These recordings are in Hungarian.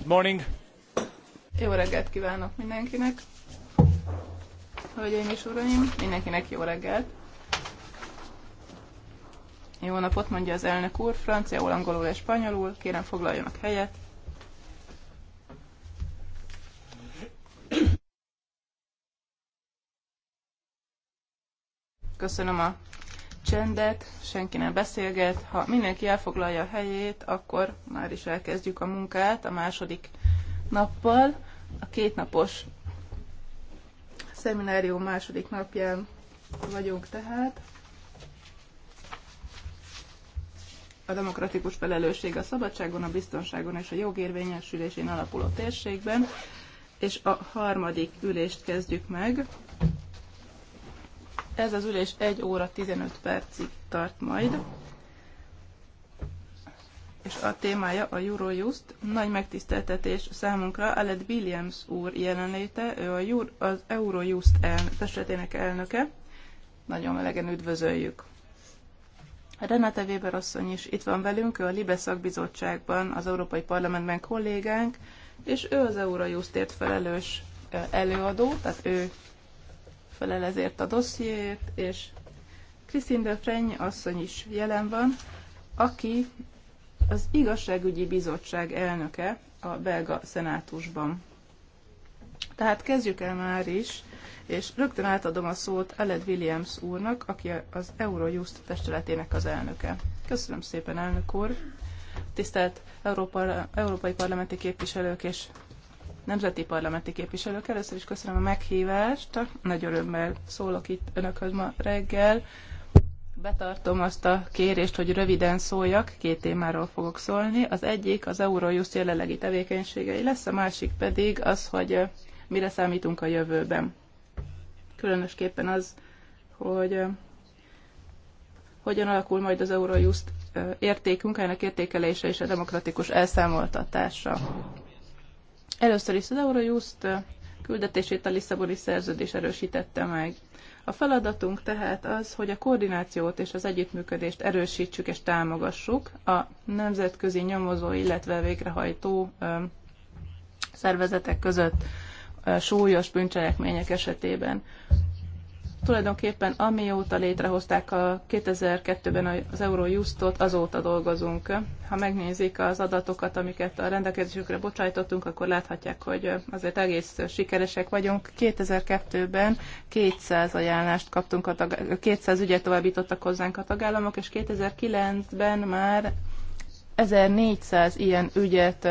Good morning. Jó reggelt kívánok mindenkinek. Hölgyeim és uraim, mindenkinek jó reggelt. Jó napot mondja az elnök úr, franciául, angolul és spanyolul. Kérem foglaljanak helyet. Köszönöm a csendet, senki nem beszélget. Ha mindenki elfoglalja a helyét, akkor már is elkezdjük a munkát a második nappal. A kétnapos szeminárium második napján vagyunk tehát. a demokratikus felelősség a szabadságon, a biztonságon és a jogérvényesülésén alapuló térségben, és a harmadik ülést kezdjük meg. Ez az ülés 1 óra 15 percig tart majd, és a témája a Eurojust. Nagy megtiszteltetés számunkra Aled Williams úr jelenléte, ő a Jur- az Eurojust eln- testületének elnöke. Nagyon melegen üdvözöljük. Renate Weber asszony is itt van velünk, ő a Libe szakbizottságban, az Európai Parlamentben kollégánk, és ő az Eurojustért felelős előadó, tehát ő felel ezért a dossziért, és Christine de Frenny asszony is jelen van, aki az igazságügyi bizottság elnöke a belga szenátusban. Tehát kezdjük el már is, és rögtön átadom a szót Aled Williams úrnak, aki az Eurojust testületének az elnöke. Köszönöm szépen, elnök úr! Tisztelt Európa, Európai Parlamenti képviselők és nemzeti parlamenti képviselők. Először is köszönöm a meghívást. Nagy örömmel szólok itt önökhöz ma reggel. Betartom azt a kérést, hogy röviden szóljak, két témáról fogok szólni. Az egyik az Eurojust jelenlegi tevékenységei lesz, a másik pedig az, hogy mire számítunk a jövőben. Különösképpen az, hogy hogyan alakul majd az Eurojust értékünk, ennek értékelése és a demokratikus elszámoltatása. Először is az Eurojust küldetését a Lisszaboni szerződés erősítette meg. A feladatunk tehát az, hogy a koordinációt és az együttműködést erősítsük és támogassuk a nemzetközi nyomozó, illetve végrehajtó szervezetek között súlyos bűncselekmények esetében. Tulajdonképpen amióta létrehozták a 2002-ben az Eurojustot, azóta dolgozunk. Ha megnézik az adatokat, amiket a rendelkezésükre bocsájtottunk, akkor láthatják, hogy azért egész sikeresek vagyunk. 2002-ben 200 ajánlást kaptunk, a tag- 200 ügyet továbbítottak hozzánk a tagállamok, és 2009-ben már 1400 ilyen ügyet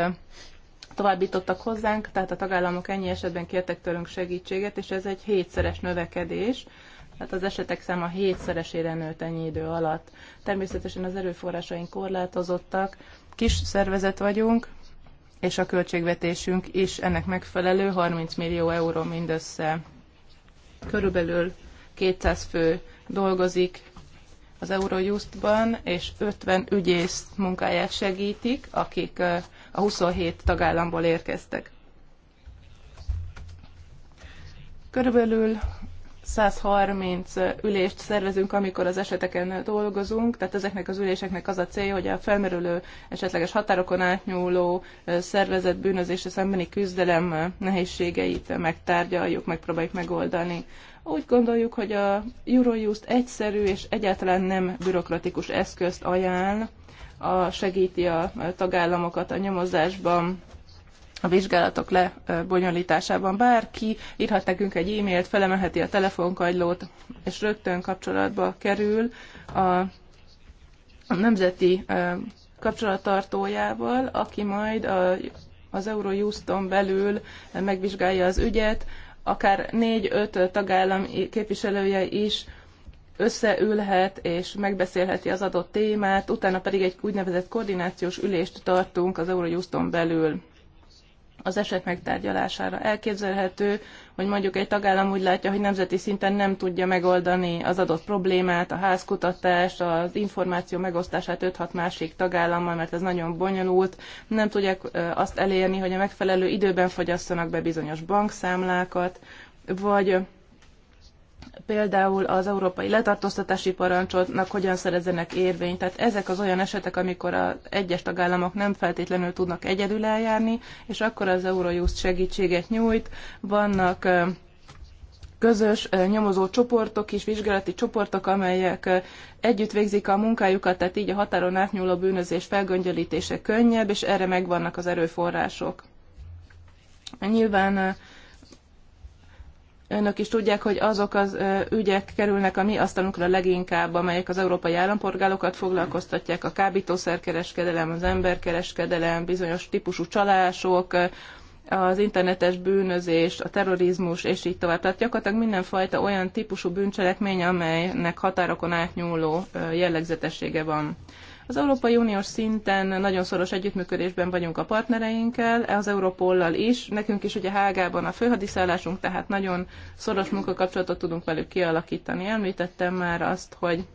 továbbítottak hozzánk, tehát a tagállamok ennyi esetben kértek tőlünk segítséget, és ez egy hétszeres növekedés, tehát az esetek száma hétszeresére nőtt ennyi idő alatt. Természetesen az erőforrásaink korlátozottak, kis szervezet vagyunk, és a költségvetésünk is ennek megfelelő, 30 millió euró mindössze. Körülbelül 200 fő dolgozik az Eurojustban, és 50 ügyész munkáját segítik, akik a 27 tagállamból érkeztek. Körülbelül 130 ülést szervezünk, amikor az eseteken dolgozunk, tehát ezeknek az üléseknek az a célja, hogy a felmerülő esetleges határokon átnyúló szervezet bűnözése szembeni küzdelem nehézségeit megtárgyaljuk, megpróbáljuk megoldani. Úgy gondoljuk, hogy a Eurojust egyszerű és egyáltalán nem bürokratikus eszközt ajánl, a, segíti a tagállamokat a nyomozásban, a vizsgálatok lebonyolításában. Bárki írhat nekünk egy e-mailt, felemelheti a telefonkagylót, és rögtön kapcsolatba kerül a nemzeti kapcsolattartójával, aki majd a, az Eurojuston belül megvizsgálja az ügyet, akár négy-öt tagállam képviselője is összeülhet és megbeszélheti az adott témát, utána pedig egy úgynevezett koordinációs ülést tartunk az Eurojuston belül az eset megtárgyalására. Elképzelhető, hogy mondjuk egy tagállam úgy látja, hogy nemzeti szinten nem tudja megoldani az adott problémát, a házkutatást, az információ megosztását 5-6 másik tagállammal, mert ez nagyon bonyolult, nem tudják azt elérni, hogy a megfelelő időben fogyasszanak be bizonyos bankszámlákat, vagy például az európai letartóztatási parancsotnak hogyan szerezzenek érvényt. Tehát ezek az olyan esetek, amikor az egyes tagállamok nem feltétlenül tudnak egyedül eljárni, és akkor az Eurojust segítséget nyújt. Vannak közös nyomozó csoportok is, vizsgálati csoportok, amelyek együtt végzik a munkájukat, tehát így a határon átnyúló bűnözés felgöngyölítése könnyebb, és erre megvannak az erőforrások. Nyilván Önök is tudják, hogy azok az ügyek kerülnek a mi asztalunkra leginkább, amelyek az európai állampolgárokat foglalkoztatják, a kábítószerkereskedelem, az emberkereskedelem, bizonyos típusú csalások, az internetes bűnözés, a terrorizmus, és így tovább. Tehát gyakorlatilag mindenfajta olyan típusú bűncselekmény, amelynek határokon átnyúló jellegzetessége van. Az Európai Uniós szinten nagyon szoros együttműködésben vagyunk a partnereinkkel, az Európollal is, nekünk is ugye Hágában a főhadiszállásunk, tehát nagyon szoros munkakapcsolatot tudunk velük kialakítani. Említettem már azt, hogy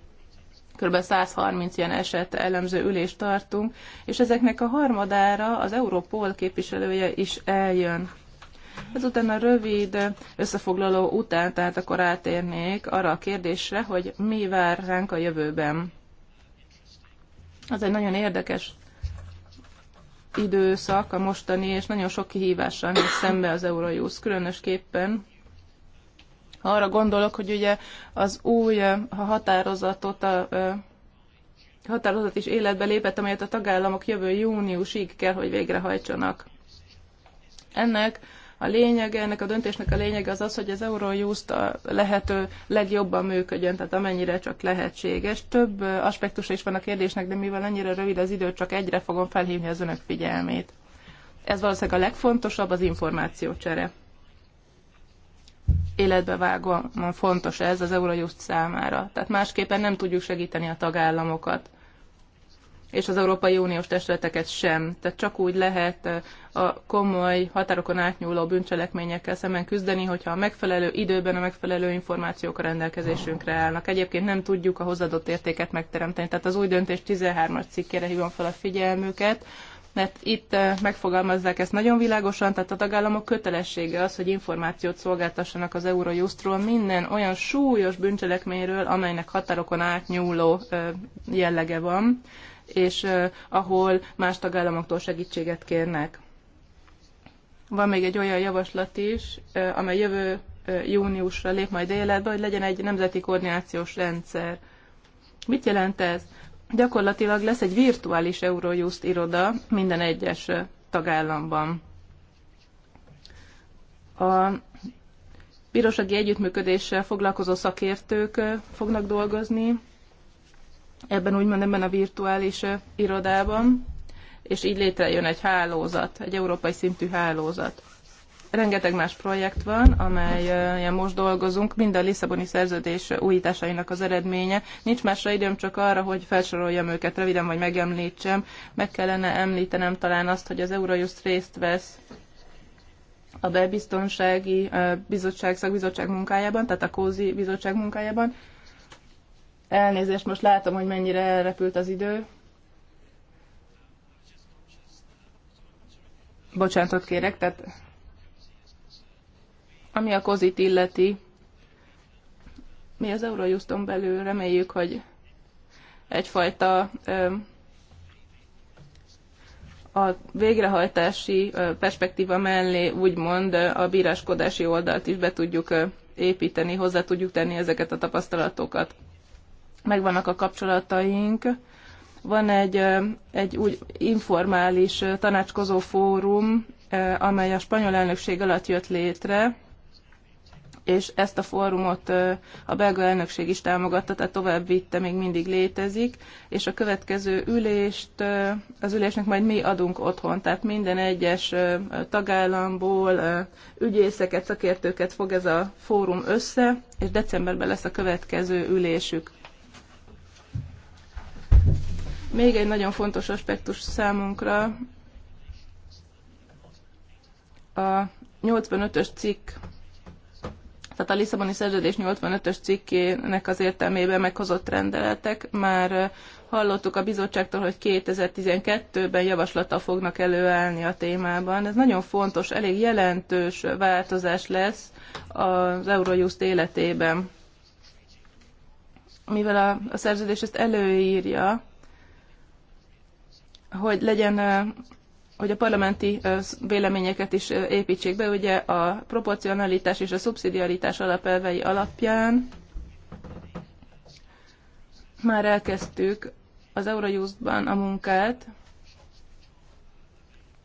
kb. 130 ilyen eset elemző ülést tartunk, és ezeknek a harmadára az Európol képviselője is eljön. Ezután a rövid összefoglaló után, tehát akkor átérnék arra a kérdésre, hogy mi vár ránk a jövőben. Az egy nagyon érdekes időszak a mostani, és nagyon sok kihívással megy szembe az Eurojust, különösképpen ha arra gondolok, hogy ugye az új határozatot a határozat is életbe lépett, amelyet a tagállamok jövő júniusig kell, hogy végrehajtsanak. Ennek a lényege, ennek a döntésnek a lényege az az, hogy az Eurojust a lehető legjobban működjön, tehát amennyire csak lehetséges. Több aspektusa is van a kérdésnek, de mivel ennyire rövid az idő, csak egyre fogom felhívni az önök figyelmét. Ez valószínűleg a legfontosabb, az információcsere. vágóan fontos ez az Eurojust számára. Tehát másképpen nem tudjuk segíteni a tagállamokat és az Európai Uniós testületeket sem. Tehát csak úgy lehet a komoly határokon átnyúló bűncselekményekkel szemben küzdeni, hogyha a megfelelő időben a megfelelő információk a rendelkezésünkre állnak. Egyébként nem tudjuk a hozadott értéket megteremteni. Tehát az új döntés 13-as cikkére hívom fel a figyelmüket, mert itt megfogalmazzák ezt nagyon világosan, tehát a tagállamok kötelessége az, hogy információt szolgáltassanak az Eurojustról minden olyan súlyos bűncselekményről, amelynek határokon átnyúló jellege van és ahol más tagállamoktól segítséget kérnek. Van még egy olyan javaslat is, amely jövő júniusra lép majd életbe, hogy legyen egy nemzeti koordinációs rendszer. Mit jelent ez? Gyakorlatilag lesz egy virtuális Eurojust iroda minden egyes tagállamban. A bírósági együttműködéssel foglalkozó szakértők fognak dolgozni, ebben úgymond ebben a virtuális irodában, és így létrejön egy hálózat, egy európai szintű hálózat. Rengeteg más projekt van, amelyen most dolgozunk, mind a Lisszaboni szerződés újításainak az eredménye. Nincs másra időm csak arra, hogy felsoroljam őket röviden, vagy megemlítsem. Meg kellene említenem talán azt, hogy az Eurojust részt vesz a Belbiztonsági Bizottság szakbizottság munkájában, tehát a Kózi bizottság munkájában, Elnézést, most látom, hogy mennyire elrepült az idő. Bocsánatot kérek, tehát ami a kozit illeti, mi az Eurojuston belül reméljük, hogy egyfajta a végrehajtási perspektíva mellé úgymond a bíráskodási oldalt is be tudjuk építeni, hozzá tudjuk tenni ezeket a tapasztalatokat megvannak a kapcsolataink. Van egy, egy úgy informális tanácskozó fórum, amely a spanyol elnökség alatt jött létre, és ezt a fórumot a belga elnökség is támogatta, tehát tovább vitte, még mindig létezik, és a következő ülést, az ülésnek majd mi adunk otthon, tehát minden egyes tagállamból ügyészeket, szakértőket fog ez a fórum össze, és decemberben lesz a következő ülésük. Még egy nagyon fontos aspektus számunkra a 85-ös cikk, tehát a Lisszaboni Szerződés 85-ös cikkének az értelmében meghozott rendeletek. Már eh, hallottuk a bizottságtól, hogy 2012-ben javaslata fognak előállni a témában. Ez nagyon fontos, elég jelentős változás lesz az Eurojust életében mivel a, a szerződés ezt előírja, hogy legyen hogy a parlamenti véleményeket is építsék be, ugye a proporcionalitás és a szubszidiaritás alapelvei alapján már elkezdtük az Eurojustban a munkát,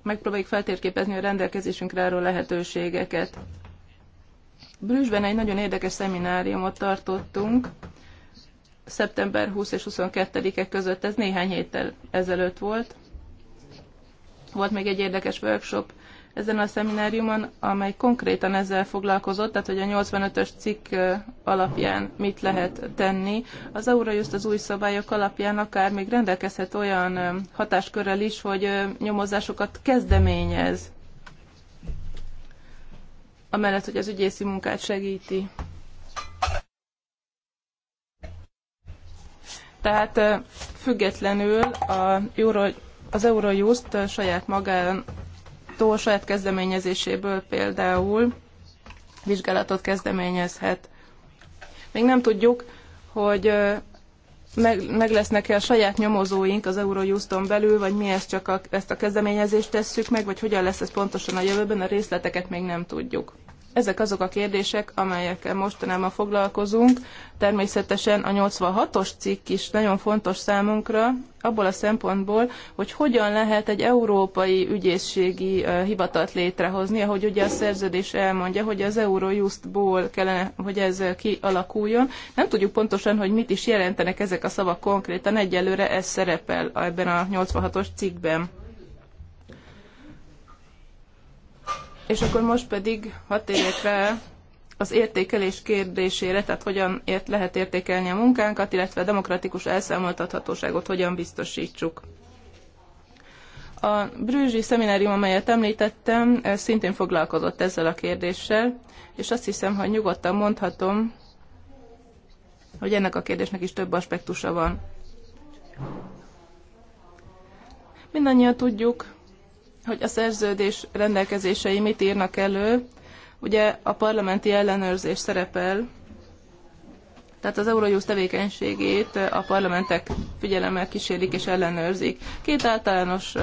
megpróbáljuk feltérképezni a rendelkezésünkre álló lehetőségeket. Brüsszben egy nagyon érdekes szemináriumot tartottunk, szeptember 20 és 22-e között, ez néhány héttel ezelőtt volt. Volt még egy érdekes workshop ezen a szemináriumon, amely konkrétan ezzel foglalkozott, tehát hogy a 85-ös cikk alapján mit lehet tenni. Az Eurojust az új szabályok alapján akár még rendelkezhet olyan hatáskörrel is, hogy nyomozásokat kezdeményez, amellett, hogy az ügyészi munkát segíti. Tehát függetlenül a Euro, az Eurojust saját magától, saját kezdeményezéséből például vizsgálatot kezdeményezhet. Még nem tudjuk, hogy meg, meg lesznek-e a saját nyomozóink az Eurojuston belül, vagy mi ezt csak a, ezt a kezdeményezést tesszük meg, vagy hogyan lesz ez pontosan a jövőben, a részleteket még nem tudjuk. Ezek azok a kérdések, amelyekkel mostanában foglalkozunk. Természetesen a 86-os cikk is nagyon fontos számunkra, abból a szempontból, hogy hogyan lehet egy európai ügyészségi hivatalt létrehozni, ahogy ugye a szerződés elmondja, hogy az Eurojustból kellene, hogy ez kialakuljon. Nem tudjuk pontosan, hogy mit is jelentenek ezek a szavak konkrétan, egyelőre ez szerepel ebben a 86-os cikkben. És akkor most pedig hat térjek rá az értékelés kérdésére, tehát hogyan ért, lehet értékelni a munkánkat, illetve a demokratikus elszámoltathatóságot hogyan biztosítsuk. A Brűzsi szeminárium, amelyet említettem, szintén foglalkozott ezzel a kérdéssel, és azt hiszem, hogy nyugodtan mondhatom, hogy ennek a kérdésnek is több aspektusa van. Mindannyian tudjuk, hogy a szerződés rendelkezései mit írnak elő. Ugye a parlamenti ellenőrzés szerepel, tehát az Eurojust tevékenységét a parlamentek figyelemmel kísérik és ellenőrzik. Két általános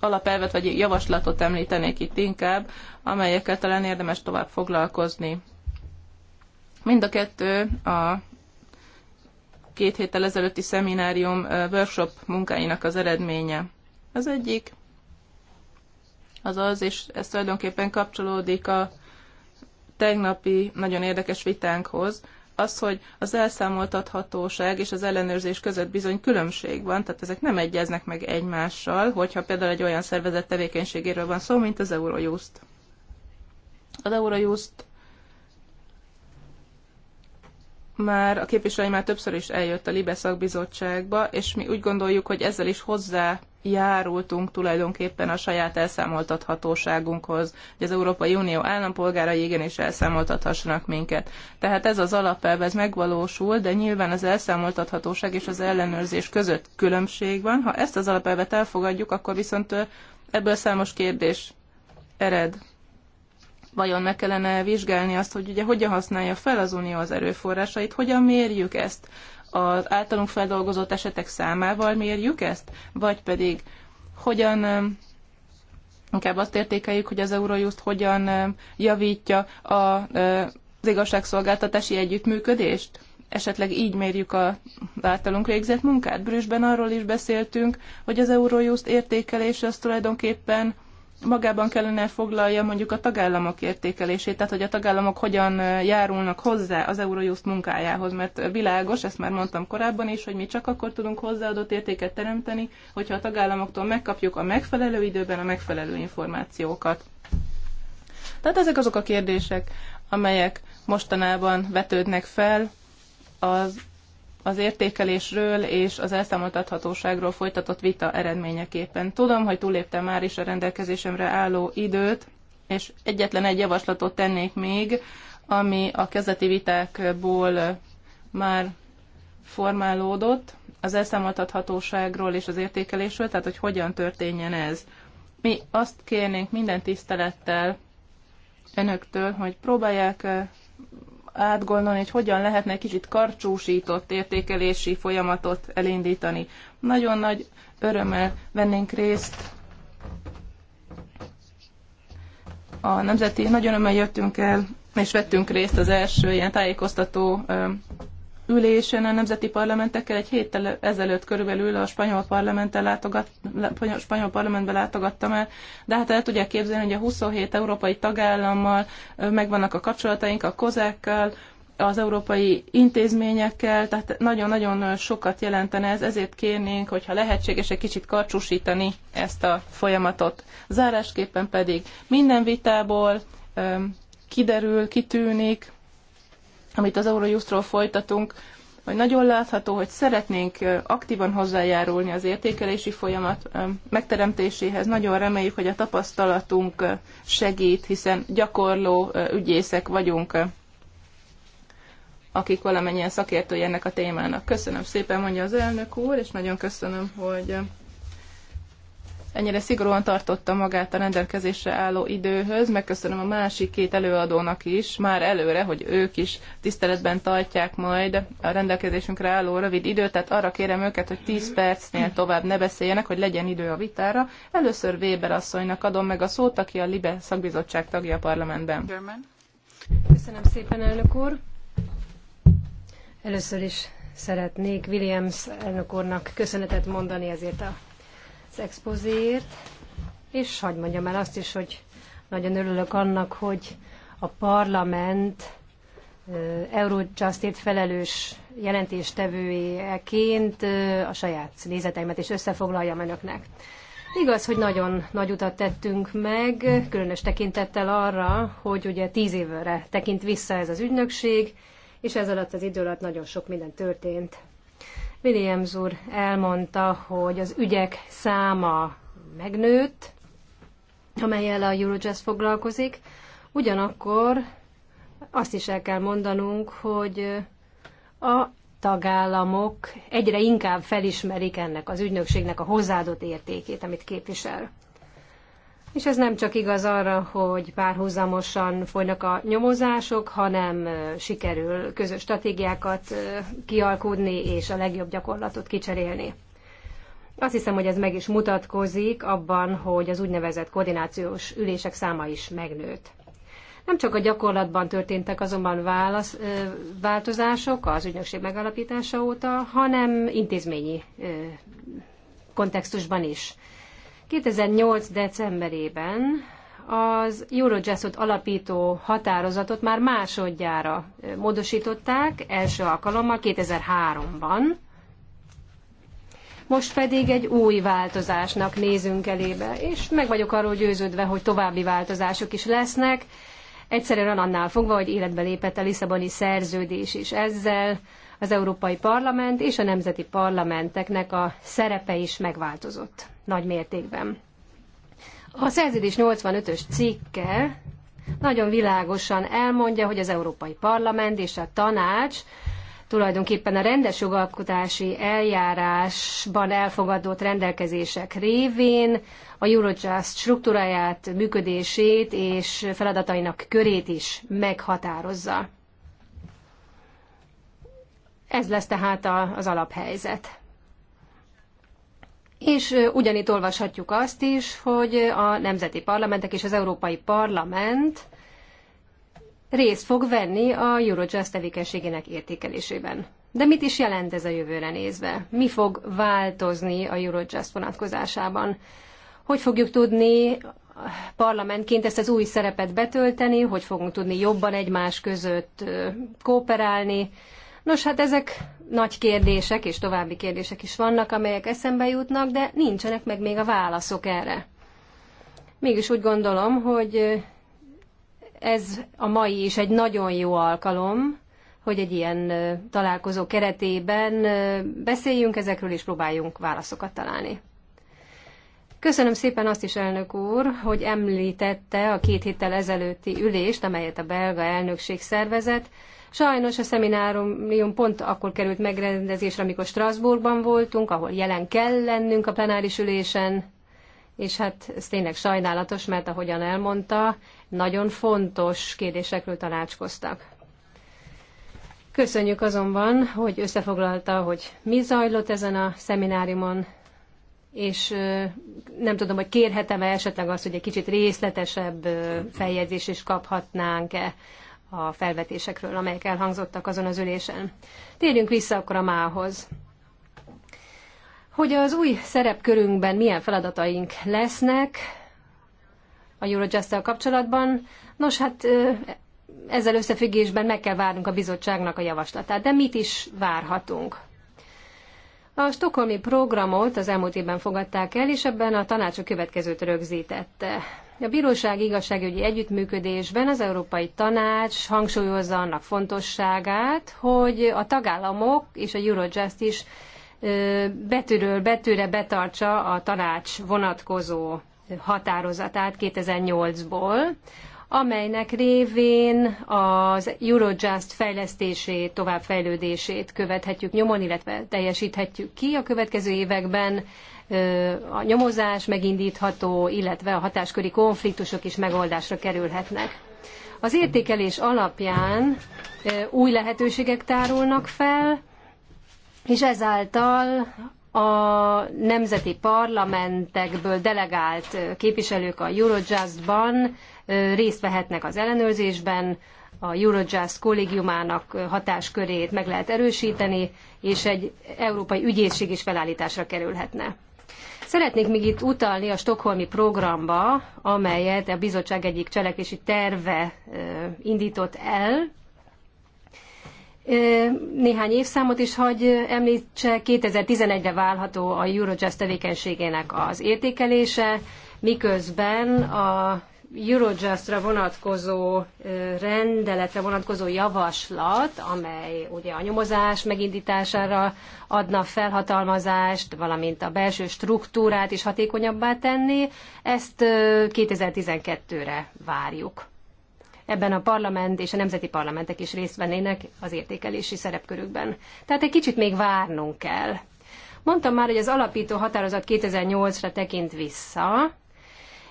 alapelvet vagy javaslatot említenék itt inkább, amelyekkel talán érdemes tovább foglalkozni. Mind a kettő a két héttel ezelőtti szeminárium workshop munkáinak az eredménye. Az egyik azaz, és ez tulajdonképpen kapcsolódik a tegnapi nagyon érdekes vitánkhoz, az, hogy az elszámoltathatóság és az ellenőrzés között bizony különbség van, tehát ezek nem egyeznek meg egymással, hogyha például egy olyan szervezet tevékenységéről van szó, mint az Eurojust. Az Eurojust már a képviselői már többször is eljött a Libeszak bizottságba, és mi úgy gondoljuk, hogy ezzel is hozzá járultunk tulajdonképpen a saját elszámoltathatóságunkhoz, hogy az Európai Unió állampolgárai igenis elszámoltathassanak minket. Tehát ez az alapelv, ez megvalósul, de nyilván az elszámoltathatóság és az ellenőrzés között különbség van. Ha ezt az alapelvet elfogadjuk, akkor viszont ebből számos kérdés ered. Vajon meg kellene vizsgálni azt, hogy ugye hogyan használja fel az Unió az erőforrásait, hogyan mérjük ezt az általunk feldolgozott esetek számával mérjük ezt, vagy pedig hogyan inkább azt értékeljük, hogy az Eurojust hogyan javítja a, az igazságszolgáltatási együttműködést? Esetleg így mérjük a általunk végzett munkát? Brüsszben arról is beszéltünk, hogy az Eurojust értékelése az tulajdonképpen magában kellene foglalja mondjuk a tagállamok értékelését, tehát hogy a tagállamok hogyan járulnak hozzá az Eurojust munkájához, mert világos, ezt már mondtam korábban is, hogy mi csak akkor tudunk hozzáadott értéket teremteni, hogyha a tagállamoktól megkapjuk a megfelelő időben a megfelelő információkat. Tehát ezek azok a kérdések, amelyek mostanában vetődnek fel az az értékelésről és az elszámoltathatóságról folytatott vita eredményeképpen. Tudom, hogy túléptem már is a rendelkezésemre álló időt, és egyetlen egy javaslatot tennék még, ami a kezdeti vitákból már formálódott, az elszámoltathatóságról és az értékelésről, tehát hogy hogyan történjen ez. Mi azt kérnénk minden tisztelettel önöktől, hogy próbálják átgondolni, hogy hogyan lehetne egy kicsit karcsúsított értékelési folyamatot elindítani. Nagyon nagy örömmel vennénk részt a nemzeti, nagyon örömmel jöttünk el, és vettünk részt az első ilyen tájékoztató ülésen a nemzeti parlamentekkel egy héttel ezelőtt körülbelül a spanyol, parlamenten látogat, spanyol parlamentbe látogattam el, de hát el tudják képzelni, hogy a 27 európai tagállammal megvannak a kapcsolataink, a kozákkal, az európai intézményekkel, tehát nagyon-nagyon sokat jelentene ez, ezért kérnénk, hogyha lehetséges egy kicsit karcsúsítani ezt a folyamatot. Zárásképpen pedig minden vitából kiderül, kitűnik, amit az Eurojustról folytatunk, hogy nagyon látható, hogy szeretnénk aktívan hozzájárulni az értékelési folyamat megteremtéséhez. Nagyon reméljük, hogy a tapasztalatunk segít, hiszen gyakorló ügyészek vagyunk, akik valamennyien szakértői ennek a témának. Köszönöm szépen, mondja az elnök úr, és nagyon köszönöm, hogy ennyire szigorúan tartotta magát a rendelkezésre álló időhöz. Megköszönöm a másik két előadónak is, már előre, hogy ők is tiszteletben tartják majd a rendelkezésünkre álló rövid időt, tehát arra kérem őket, hogy 10 percnél tovább ne beszéljenek, hogy legyen idő a vitára. Először Weber asszonynak adom meg a szót, aki a LIBE szakbizottság tagja a parlamentben. Köszönöm szépen, elnök úr. Először is szeretnék Williams elnök úrnak köszönetet mondani ezért a az expozéért, és hagyd mondjam el azt is, hogy nagyon örülök annak, hogy a parlament Eurojustét felelős jelentéstevőjeként a saját nézeteimet is összefoglaljam önöknek. Igaz, hogy nagyon nagy utat tettünk meg, különös tekintettel arra, hogy ugye tíz évre tekint vissza ez az ügynökség, és ez alatt az idő alatt nagyon sok minden történt. Williams úr elmondta, hogy az ügyek száma megnőtt, amelyel a Eurojust foglalkozik. Ugyanakkor azt is el kell mondanunk, hogy a tagállamok egyre inkább felismerik ennek az ügynökségnek a hozzáadott értékét, amit képvisel. És ez nem csak igaz arra, hogy párhuzamosan folynak a nyomozások, hanem sikerül közös stratégiákat kialkudni és a legjobb gyakorlatot kicserélni. Azt hiszem, hogy ez meg is mutatkozik abban, hogy az úgynevezett koordinációs ülések száma is megnőtt. Nem csak a gyakorlatban történtek azonban válasz, változások az ügynökség megalapítása óta, hanem intézményi kontextusban is. 2008. decemberében az Eurojazzot alapító határozatot már másodjára módosították, első alkalommal 2003-ban. Most pedig egy új változásnak nézünk elébe, és meg vagyok arról győződve, hogy további változások is lesznek, egyszerűen annál fogva, hogy életbe lépett a Lisszaboni szerződés is ezzel, az Európai Parlament és a nemzeti parlamenteknek a szerepe is megváltozott nagy mértékben. A szerződés 85-ös cikke nagyon világosan elmondja, hogy az Európai Parlament és a tanács tulajdonképpen a rendes jogalkotási eljárásban elfogadott rendelkezések révén a Eurojust struktúráját, működését és feladatainak körét is meghatározza. Ez lesz tehát a, az alaphelyzet. És ugyanitt olvashatjuk azt is, hogy a nemzeti parlamentek és az Európai Parlament részt fog venni a Eurojust tevékenységének értékelésében. De mit is jelent ez a jövőre nézve? Mi fog változni a Eurojust vonatkozásában? Hogy fogjuk tudni parlamentként ezt az új szerepet betölteni, hogy fogunk tudni jobban egymás között kooperálni, Nos, hát ezek nagy kérdések, és további kérdések is vannak, amelyek eszembe jutnak, de nincsenek meg még a válaszok erre. Mégis úgy gondolom, hogy ez a mai is egy nagyon jó alkalom, hogy egy ilyen találkozó keretében beszéljünk ezekről, és próbáljunk válaszokat találni. Köszönöm szépen azt is, elnök úr, hogy említette a két héttel ezelőtti ülést, amelyet a belga elnökség szervezett, Sajnos a szeminárium pont akkor került megrendezésre, amikor Strasbourgban voltunk, ahol jelen kell lennünk a plenáris ülésen, és hát ez tényleg sajnálatos, mert ahogyan elmondta, nagyon fontos kérdésekről tanácskoztak. Köszönjük azonban, hogy összefoglalta, hogy mi zajlott ezen a szemináriumon, és nem tudom, hogy kérhetem-e esetleg azt, hogy egy kicsit részletesebb feljegyzés is kaphatnánk-e a felvetésekről, amelyek elhangzottak azon az ülésen. Térjünk vissza akkor a mához. Hogy az új szerepkörünkben milyen feladataink lesznek a eurojust kapcsolatban, nos hát ezzel összefüggésben meg kell várnunk a bizottságnak a javaslatát. De mit is várhatunk? A stokholmi programot az elmúlt évben fogadták el, és ebben a tanács a következőt rögzítette. A bíróság igazságügyi együttműködésben az Európai Tanács hangsúlyozza annak fontosságát, hogy a tagállamok és a Eurojust is betűről betűre betartsa a tanács vonatkozó határozatát 2008-ból, amelynek révén az Eurojust fejlesztését, továbbfejlődését követhetjük nyomon, illetve teljesíthetjük ki a következő években, a nyomozás megindítható, illetve a hatásköri konfliktusok is megoldásra kerülhetnek. Az értékelés alapján új lehetőségek tárulnak fel, és ezáltal a nemzeti parlamentekből delegált képviselők a Eurojust-ban részt vehetnek az ellenőrzésben, a Eurojust kollégiumának hatáskörét meg lehet erősíteni, és egy európai ügyészség is felállításra kerülhetne. Szeretnék még itt utalni a stokholmi programba, amelyet a bizottság egyik cselekvési terve indított el. Néhány évszámot is hagy említse, 2011-re válható a Eurojust tevékenységének az értékelése, miközben a Eurojustra vonatkozó rendeletre vonatkozó javaslat, amely ugye a nyomozás megindítására adna felhatalmazást, valamint a belső struktúrát is hatékonyabbá tenni, ezt 2012-re várjuk. Ebben a parlament és a nemzeti parlamentek is részt vennének az értékelési szerepkörükben. Tehát egy kicsit még várnunk kell. Mondtam már, hogy az alapító határozat 2008-ra tekint vissza,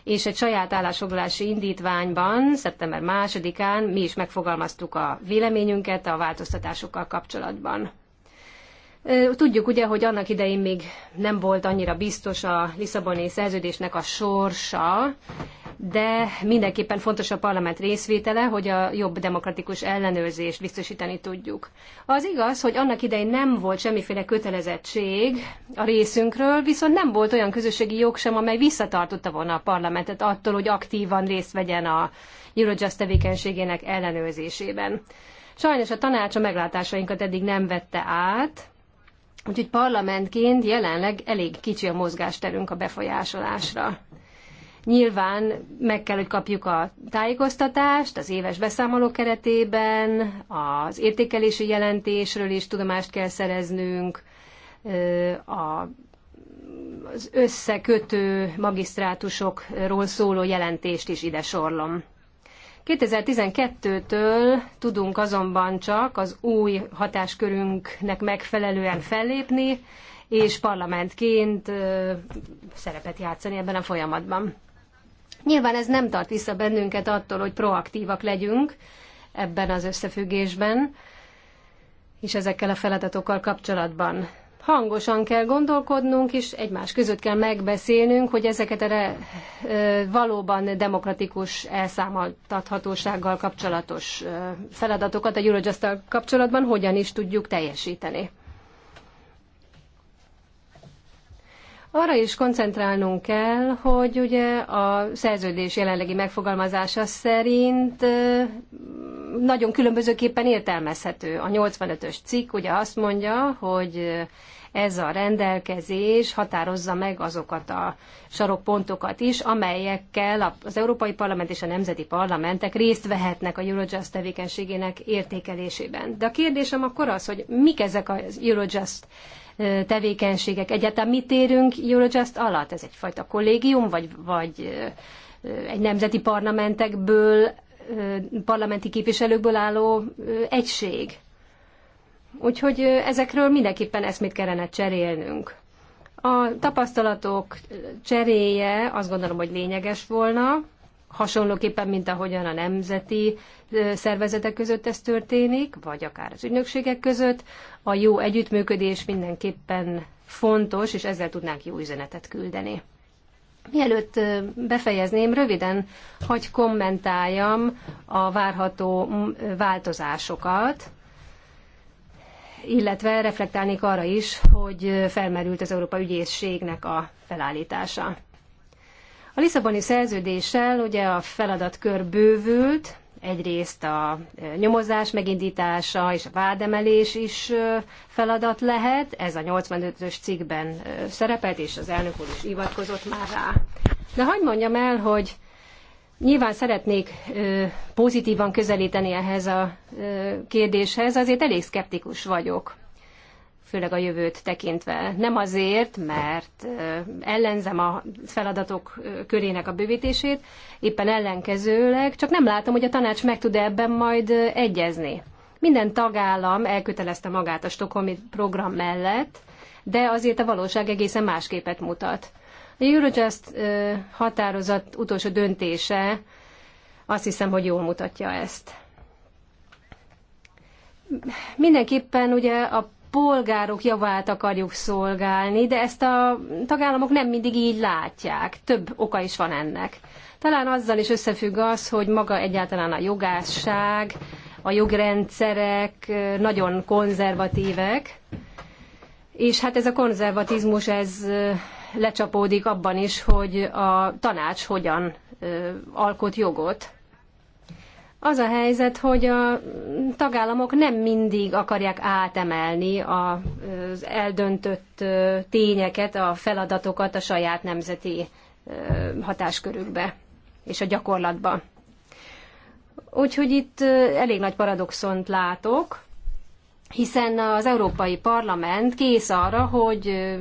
és egy saját állásfoglalási indítványban szeptember 2-án mi is megfogalmaztuk a véleményünket a változtatásokkal kapcsolatban. Tudjuk ugye, hogy annak idején még nem volt annyira biztos a Lisszaboni szerződésnek a sorsa, de mindenképpen fontos a parlament részvétele, hogy a jobb demokratikus ellenőrzést biztosítani tudjuk. Az igaz, hogy annak idején nem volt semmiféle kötelezettség a részünkről, viszont nem volt olyan közösségi jog sem, amely visszatartotta volna a parlamentet attól, hogy aktívan részt vegyen a Eurojust tevékenységének ellenőrzésében. Sajnos a tanácsa meglátásainkat eddig nem vette át, Úgyhogy parlamentként jelenleg elég kicsi a mozgásterünk a befolyásolásra. Nyilván meg kell, hogy kapjuk a tájékoztatást az éves beszámoló keretében, az értékelési jelentésről is tudomást kell szereznünk, a az összekötő magisztrátusokról szóló jelentést is ide sorlom. 2012-től tudunk azonban csak az új hatáskörünknek megfelelően fellépni, és parlamentként szerepet játszani ebben a folyamatban. Nyilván ez nem tart vissza bennünket attól, hogy proaktívak legyünk ebben az összefüggésben, és ezekkel a feladatokkal kapcsolatban hangosan kell gondolkodnunk, és egymás között kell megbeszélnünk, hogy ezeket erre valóban demokratikus elszámoltathatósággal kapcsolatos feladatokat a eurojust kapcsolatban hogyan is tudjuk teljesíteni. Arra is koncentrálnunk kell, hogy ugye a szerződés jelenlegi megfogalmazása szerint nagyon különbözőképpen értelmezhető. A 85-ös cikk ugye azt mondja, hogy ez a rendelkezés határozza meg azokat a sarokpontokat is, amelyekkel az Európai Parlament és a Nemzeti Parlamentek részt vehetnek a Eurojust tevékenységének értékelésében. De a kérdésem akkor az, hogy mik ezek a Eurojust tevékenységek. Egyáltalán mit érünk Eurojust alatt? Ez egyfajta kollégium, vagy, vagy egy nemzeti parlamentekből, parlamenti képviselőkből álló egység? Úgyhogy ezekről mindenképpen eszmét kellene cserélnünk. A tapasztalatok cseréje azt gondolom, hogy lényeges volna, hasonlóképpen, mint ahogyan a nemzeti szervezetek között ez történik, vagy akár az ügynökségek között. A jó együttműködés mindenképpen fontos, és ezzel tudnánk jó üzenetet küldeni. Mielőtt befejezném, röviden hagy kommentáljam a várható változásokat, illetve reflektálnék arra is, hogy felmerült az Európa Ügyészségnek a felállítása. Lisszaboni szerződéssel ugye a feladatkör bővült, egyrészt a nyomozás megindítása és a vádemelés is feladat lehet, ez a 85-ös cikkben szerepelt, és az elnök úr is hivatkozott már rá. De hagyd mondjam el, hogy Nyilván szeretnék ö, pozitívan közelíteni ehhez a kérdéshez, azért elég szkeptikus vagyok főleg a jövőt tekintve. Nem azért, mert ellenzem a feladatok körének a bővítését, éppen ellenkezőleg, csak nem látom, hogy a tanács meg tud -e ebben majd egyezni. Minden tagállam elkötelezte magát a Stockholmi program mellett, de azért a valóság egészen más képet mutat. A Eurojust határozat utolsó döntése azt hiszem, hogy jól mutatja ezt. Mindenképpen ugye a polgárok javát akarjuk szolgálni, de ezt a tagállamok nem mindig így látják. Több oka is van ennek. Talán azzal is összefügg az, hogy maga egyáltalán a jogásság, a jogrendszerek nagyon konzervatívek, és hát ez a konzervatizmus ez lecsapódik abban is, hogy a tanács hogyan alkot jogot. Az a helyzet, hogy a tagállamok nem mindig akarják átemelni az eldöntött tényeket, a feladatokat a saját nemzeti hatáskörükbe és a gyakorlatba. Úgyhogy itt elég nagy paradoxont látok, hiszen az Európai Parlament kész arra, hogy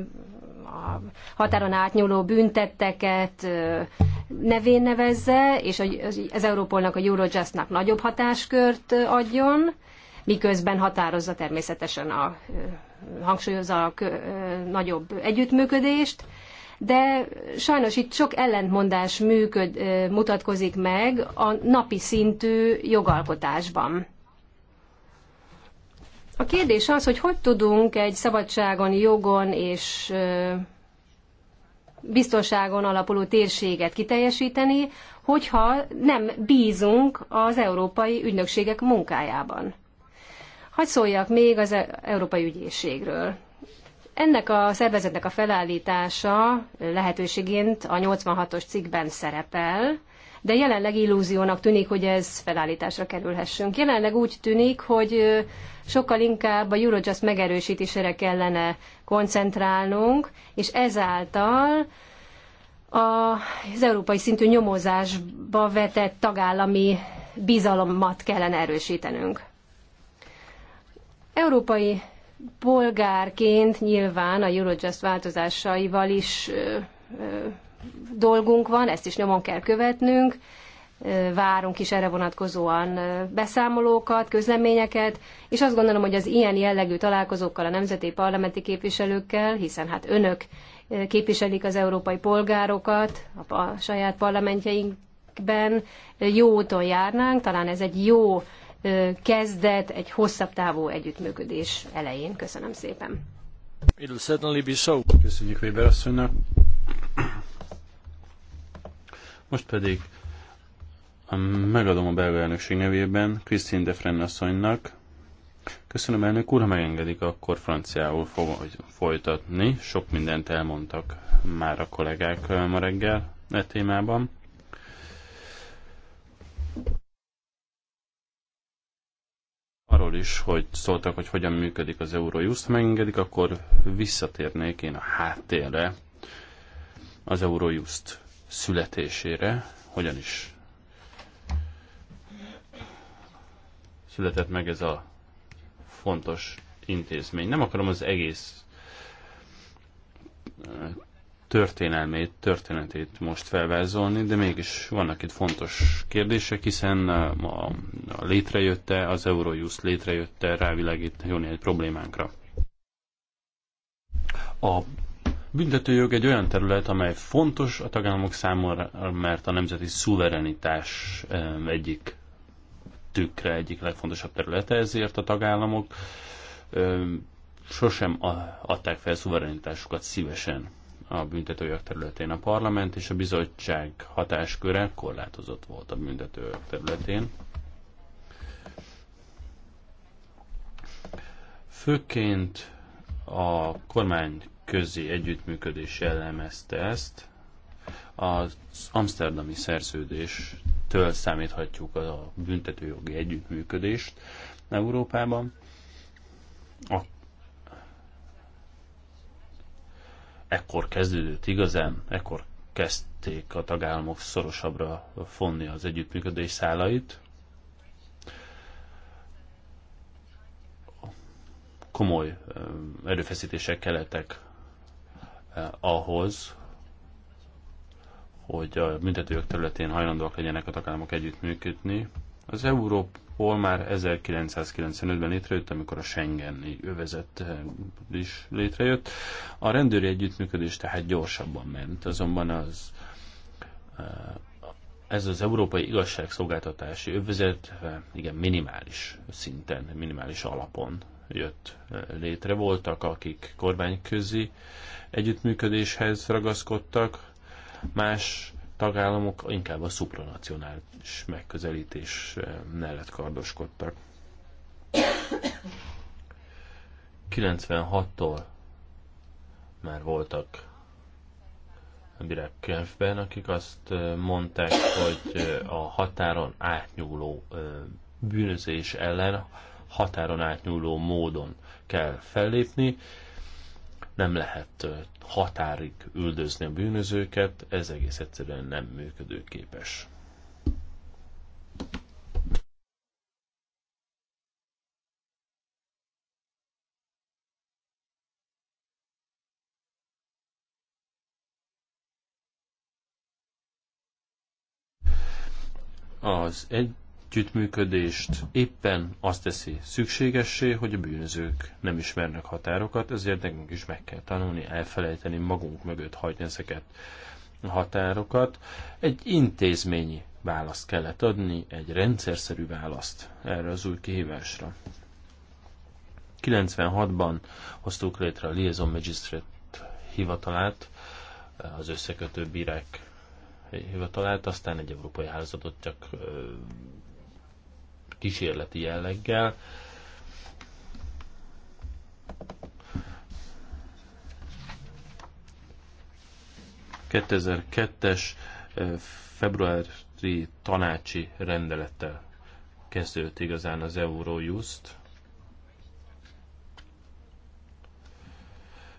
a határon átnyúló büntetteket nevén nevezze, és az Európolnak, a Eurojustnak nagyobb hatáskört adjon, miközben határozza természetesen a hangsúlyozza a nagyobb együttműködést, de sajnos itt sok ellentmondás működ, mutatkozik meg a napi szintű jogalkotásban. A kérdés az, hogy hogy tudunk egy szabadságon, jogon és biztonságon alapuló térséget kiteljesíteni, hogyha nem bízunk az európai ügynökségek munkájában. Hogy szóljak még az e- Európai Ügyészségről. Ennek a szervezetnek a felállítása lehetőségént a 86-os cikkben szerepel, de jelenleg illúziónak tűnik, hogy ez felállításra kerülhessünk. Jelenleg úgy tűnik, hogy sokkal inkább a Eurojust megerősítésére kellene koncentrálnunk, és ezáltal az európai szintű nyomozásba vetett tagállami bizalomat kellene erősítenünk. Európai polgárként nyilván a Eurojust változásaival is dolgunk van, ezt is nyomon kell követnünk, várunk is erre vonatkozóan beszámolókat, közleményeket, és azt gondolom, hogy az ilyen jellegű találkozókkal a nemzeti parlamenti képviselőkkel, hiszen hát önök képviselik az európai polgárokat a saját parlamentjeinkben, jó úton járnánk, talán ez egy jó kezdet egy hosszabb távú együttműködés elején. Köszönöm szépen. It'll certainly be so. Köszönjük Weber asszonynak. Most pedig megadom a belga elnökség nevében Christine de Frenn asszonynak. Köszönöm elnök úr, ha megengedik, akkor franciául fog folytatni. Sok mindent elmondtak már a kollégák ma reggel e témában. arról is, hogy szóltak, hogy hogyan működik az Eurojust, ha megengedik, akkor visszatérnék én a háttérre az Eurojust születésére, hogyan is született meg ez a fontos intézmény. Nem akarom az egész eh, történelmét, történetét most felvázolni, de mégis vannak itt fontos kérdések, hiszen eh, a, létrejötte, az Eurojust létrejötte, rávilágít jó néhány problémánkra. A büntetőjog egy olyan terület, amely fontos a tagállamok számára, mert a nemzeti szuverenitás egyik tükre, egyik legfontosabb területe, ezért a tagállamok sosem adták fel szuverenitásukat szívesen a büntetőjog területén. A parlament és a bizottság hatásköre korlátozott volt a büntetőjog területén. Főként a kormány közi együttműködés jellemezte ezt. Az amsterdami szerződéstől számíthatjuk a büntetőjogi együttműködést Európában. A ekkor kezdődött igazán, ekkor kezdték a tagállamok szorosabbra fonni az együttműködés szálait. Komoly erőfeszítések kellettek ahhoz, hogy a büntetőjog területén hajlandóak legyenek a tagállamok együttműködni. Az Európol már 1995-ben létrejött, amikor a Schengeni övezet eh, is létrejött. A rendőri együttműködés tehát gyorsabban ment, azonban az eh, ez az európai igazságszolgáltatási övezet eh, igen minimális szinten, minimális alapon jött létre. Voltak, akik kormányközi együttműködéshez ragaszkodtak, más tagállamok inkább a szupranacionális megközelítés eh, mellett kardoskodtak. 96-tól már voltak a Genfben, akik azt eh, mondták, hogy eh, a határon átnyúló bűnözés ellen határon átnyúló módon kell fellépni, nem lehet határig üldözni a bűnözőket, ez egész egyszerűen nem működőképes. Az egy együttműködést éppen azt teszi szükségessé, hogy a bűnözők nem ismernek határokat, ezért nekünk is meg kell tanulni, elfelejteni magunk mögött hagyni ezeket a határokat. Egy intézményi választ kellett adni, egy rendszerszerű választ erre az új kihívásra. 96-ban hoztuk létre a Liaison Magistrate hivatalát, az összekötő bírák hivatalát, aztán egy európai házadot csak kísérleti jelleggel. ...2002-es eh, februári tanácsi rendelettel kezdődött igazán az Eurojust.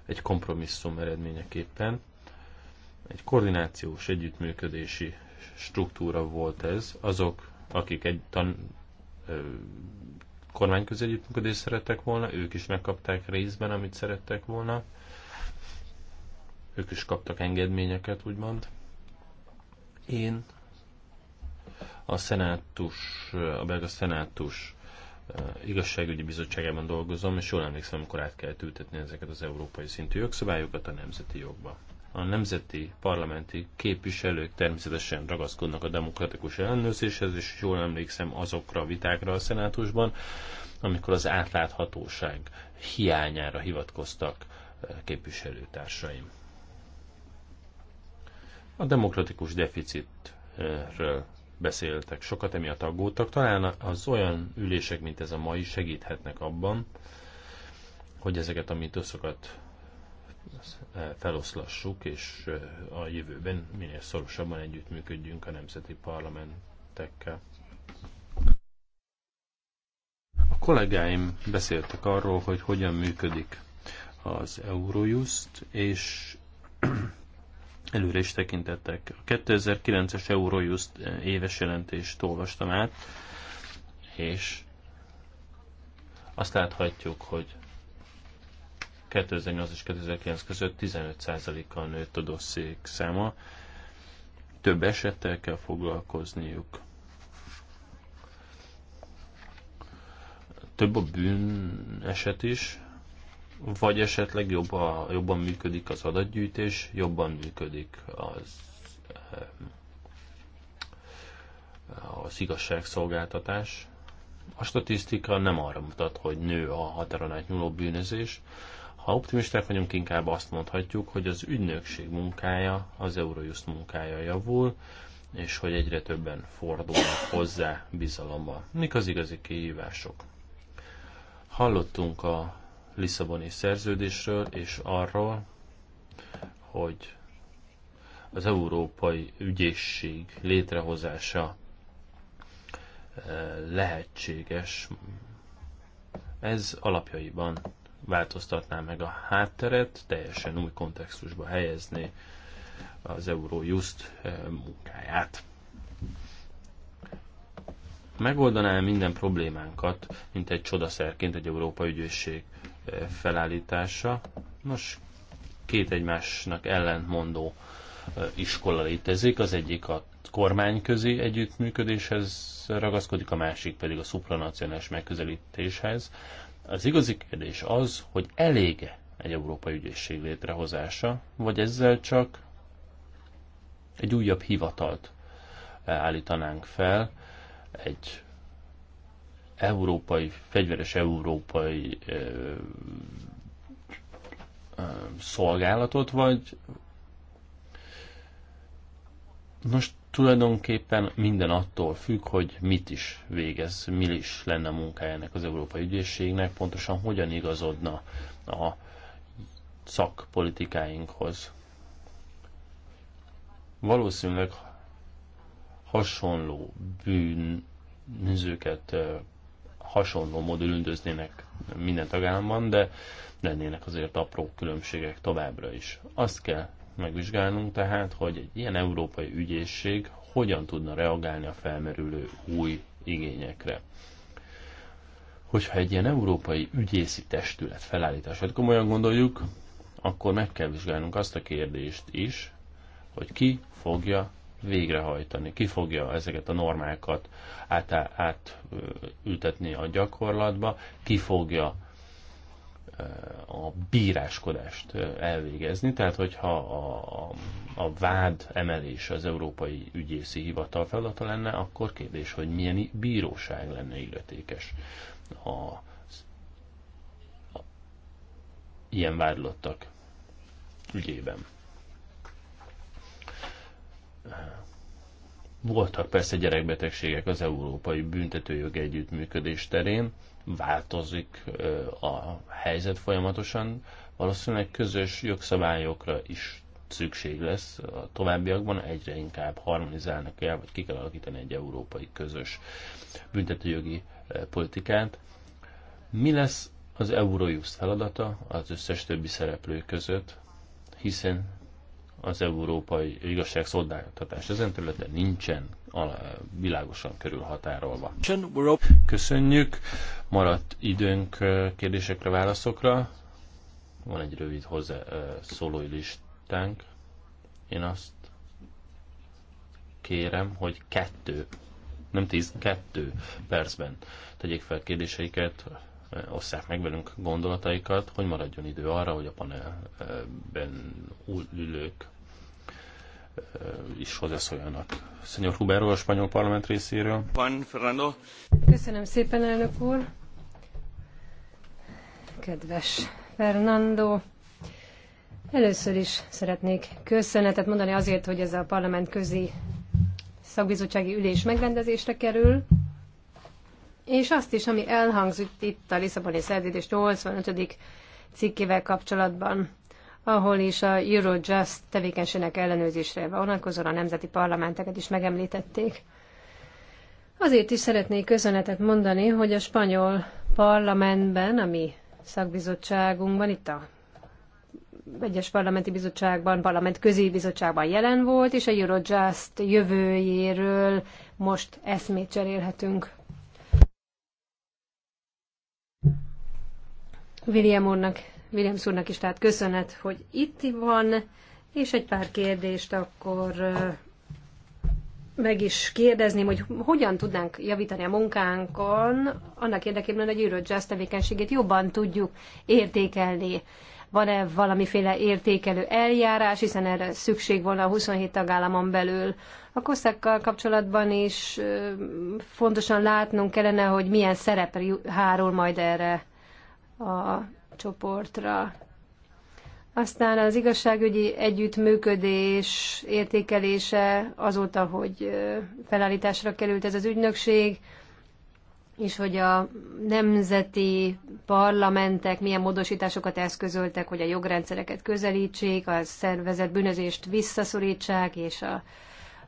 Egy kompromisszum eredményeképpen. Egy koordinációs együttműködési struktúra volt ez. Azok, akik egy tan- kormányközi együttműködést szerettek volna, ők is megkapták részben, amit szerettek volna. Ők is kaptak engedményeket, úgymond. Én a szenátus, a belga szenátus igazságügyi bizottságában dolgozom, és jól emlékszem, amikor át kellett ültetni ezeket az európai szintű jogszabályokat a nemzeti jogba a nemzeti parlamenti képviselők természetesen ragaszkodnak a demokratikus ellenőrzéshez, és jól emlékszem azokra a vitákra a szenátusban, amikor az átláthatóság hiányára hivatkoztak eh, képviselőtársaim. A demokratikus deficitről beszéltek sokat, emiatt aggódtak. Talán az olyan ülések, mint ez a mai segíthetnek abban, hogy ezeket a mitoszokat feloszlassuk, és a jövőben minél szorosabban együttműködjünk a nemzeti parlamentekkel. A kollégáim beszéltek arról, hogy hogyan működik az Eurojust, és előre is tekintettek. A 2009-es Eurojust éves jelentést olvastam át, és azt láthatjuk, hogy 2008 és 2009 között 15%-kal nőtt a dossziék száma. Több esettel kell foglalkozniuk. Több a bűn eset is, vagy esetleg jobb a, jobban működik az adatgyűjtés, jobban működik az, az igazságszolgáltatás. A statisztika nem arra mutat, hogy nő a határon átnyúló bűnözés, ha optimisták vagyunk, inkább azt mondhatjuk, hogy az ügynökség munkája, az Eurojust munkája javul, és hogy egyre többen fordulnak hozzá bizalommal. Mik az igazi kihívások? Hallottunk a Lisszaboni szerződésről és arról, hogy az Európai Ügyészség létrehozása eh, lehetséges. Ez alapjaiban változtatná meg a hátteret, teljesen új kontextusba helyezné az Eurojust eh, munkáját. Megoldaná minden problémánkat, mint egy csodaszerként egy Európai Ügyészség eh, felállítása. Nos, két egymásnak ellentmondó eh, iskola létezik, az egyik a kormányközi együttműködéshez ragaszkodik, a másik pedig a szupranacionális megközelítéshez. Az igazi kérdés az, hogy elége egy európai ügyészség létrehozása, vagy ezzel csak egy újabb hivatalt eh, állítanánk fel, egy európai, fegyveres európai ö, eh, ö, eh, szolgálatot, vagy most Tulajdonképpen minden attól függ, hogy mit is végez, mi is lenne a munkájának az Európai Ügyészségnek, pontosan hogyan igazodna a szakpolitikáinkhoz. Valószínűleg hasonló bűnözőket hasonló módon üldöznének minden tagállamban, de lennének azért apró különbségek továbbra is. Azt kell megvizsgálnunk tehát, hogy egy ilyen európai ügyészség hogyan tudna reagálni a felmerülő új igényekre. Hogyha egy ilyen európai ügyészi testület felállítását komolyan gondoljuk, akkor meg kell vizsgálnunk azt a kérdést is, hogy ki fogja végrehajtani, ki fogja ezeket a normákat átültetni át, át, a gyakorlatba, ki fogja a bíráskodást elvégezni, tehát hogyha a, a vád emelés az Európai Ügyészi Hivatal feladata lenne, akkor kérdés, hogy milyen bíróság lenne illetékes a, a ilyen vádlottak ügyében. Voltak persze gyerekbetegségek az európai büntetőjog együttműködés terén, változik a helyzet folyamatosan, valószínűleg közös jogszabályokra is szükség lesz a továbbiakban, egyre inkább harmonizálnak kell, vagy ki kell alakítani egy európai közös büntetőjogi politikát. Mi lesz az Eurojust feladata az összes többi szereplő között, hiszen az európai igazságszolgáltatás ezen területen nincsen világosan körülhatárolva. Köszönjük, maradt időnk kérdésekre, válaszokra. Van egy rövid hozzá szólói listánk. Én azt kérem, hogy kettő, nem tíz, kettő percben tegyék fel kérdéseiket, osszák meg velünk gondolataikat, hogy maradjon idő arra, hogy a panelben ülők is hozzászóljanak. Szenyor Huberó a spanyol parlament részéről. Juan Fernando. Köszönöm szépen, elnök úr. Kedves Fernando, először is szeretnék köszönetet mondani azért, hogy ez a parlament közi szakbizottsági ülés megrendezésre kerül, és azt is, ami elhangzott itt a Lisszaboni Szerződés 85. cikkével kapcsolatban ahol is a Eurojust tevékenységnek ellenőrzésre vonatkozóan a nemzeti parlamenteket is megemlítették. Azért is szeretnék köszönetet mondani, hogy a spanyol parlamentben, a mi szakbizottságunkban, itt a egyes parlamenti bizottságban, parlament közi bizottságban jelen volt, és a Eurojust jövőjéről most eszmét cserélhetünk. William úrnak Williams úrnak is, tehát köszönet, hogy itt van, és egy pár kérdést akkor meg is kérdezném, hogy hogyan tudnánk javítani a munkánkon, annak érdekében, hogy a jazz tevékenységét jobban tudjuk értékelni. Van-e valamiféle értékelő eljárás, hiszen erre szükség volna a 27 tagállamon belül. A koszákkal kapcsolatban is fontosan látnunk kellene, hogy milyen szerep hárul majd erre a csoportra. Aztán az igazságügyi együttműködés értékelése azóta, hogy felállításra került ez az ügynökség, és hogy a nemzeti parlamentek milyen módosításokat eszközöltek, hogy a jogrendszereket közelítsék, a szervezet bűnözést visszaszorítsák, és a,